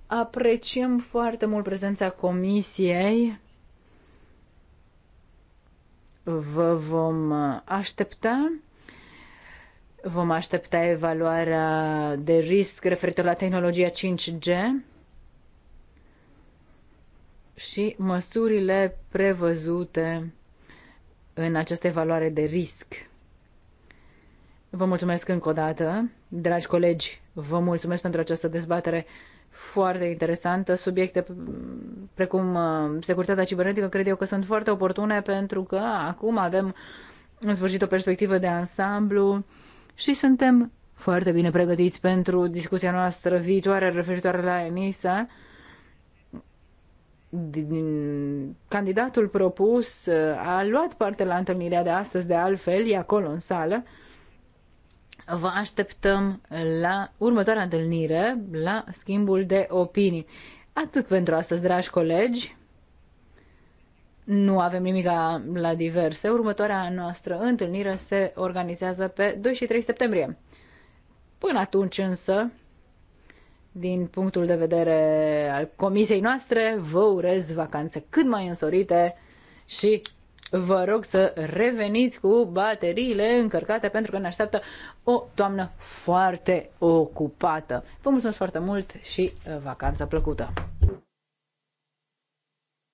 Apreciem foarte mult prezența comisiei. Vă vom aștepta. Vom aștepta evaluarea de risc referitor la tehnologia 5G și măsurile prevăzute în această evaluare de risc. Vă mulțumesc încă o dată, dragi colegi, vă mulțumesc pentru această dezbatere foarte interesantă. Subiecte precum uh, securitatea cibernetică cred eu că sunt foarte oportune pentru că acum avem în sfârșit o perspectivă de ansamblu și suntem foarte bine pregătiți pentru discuția noastră viitoare referitoare la ENISA. Candidatul propus uh, a luat parte la întâlnirea de astăzi, de altfel, e acolo în sală. Vă așteptăm la următoarea întâlnire, la schimbul de opinii. Atât pentru astăzi, dragi colegi. Nu avem nimic la diverse. Următoarea noastră întâlnire se organizează pe 2 și 3 septembrie. Până atunci însă, din punctul de vedere al comisiei noastre, vă urez vacanțe cât mai însorite și vă rog să reveniți cu bateriile încărcate pentru că ne așteaptă o toamnă foarte ocupată. Vă mulțumesc foarte mult și uh, vacanță plăcută!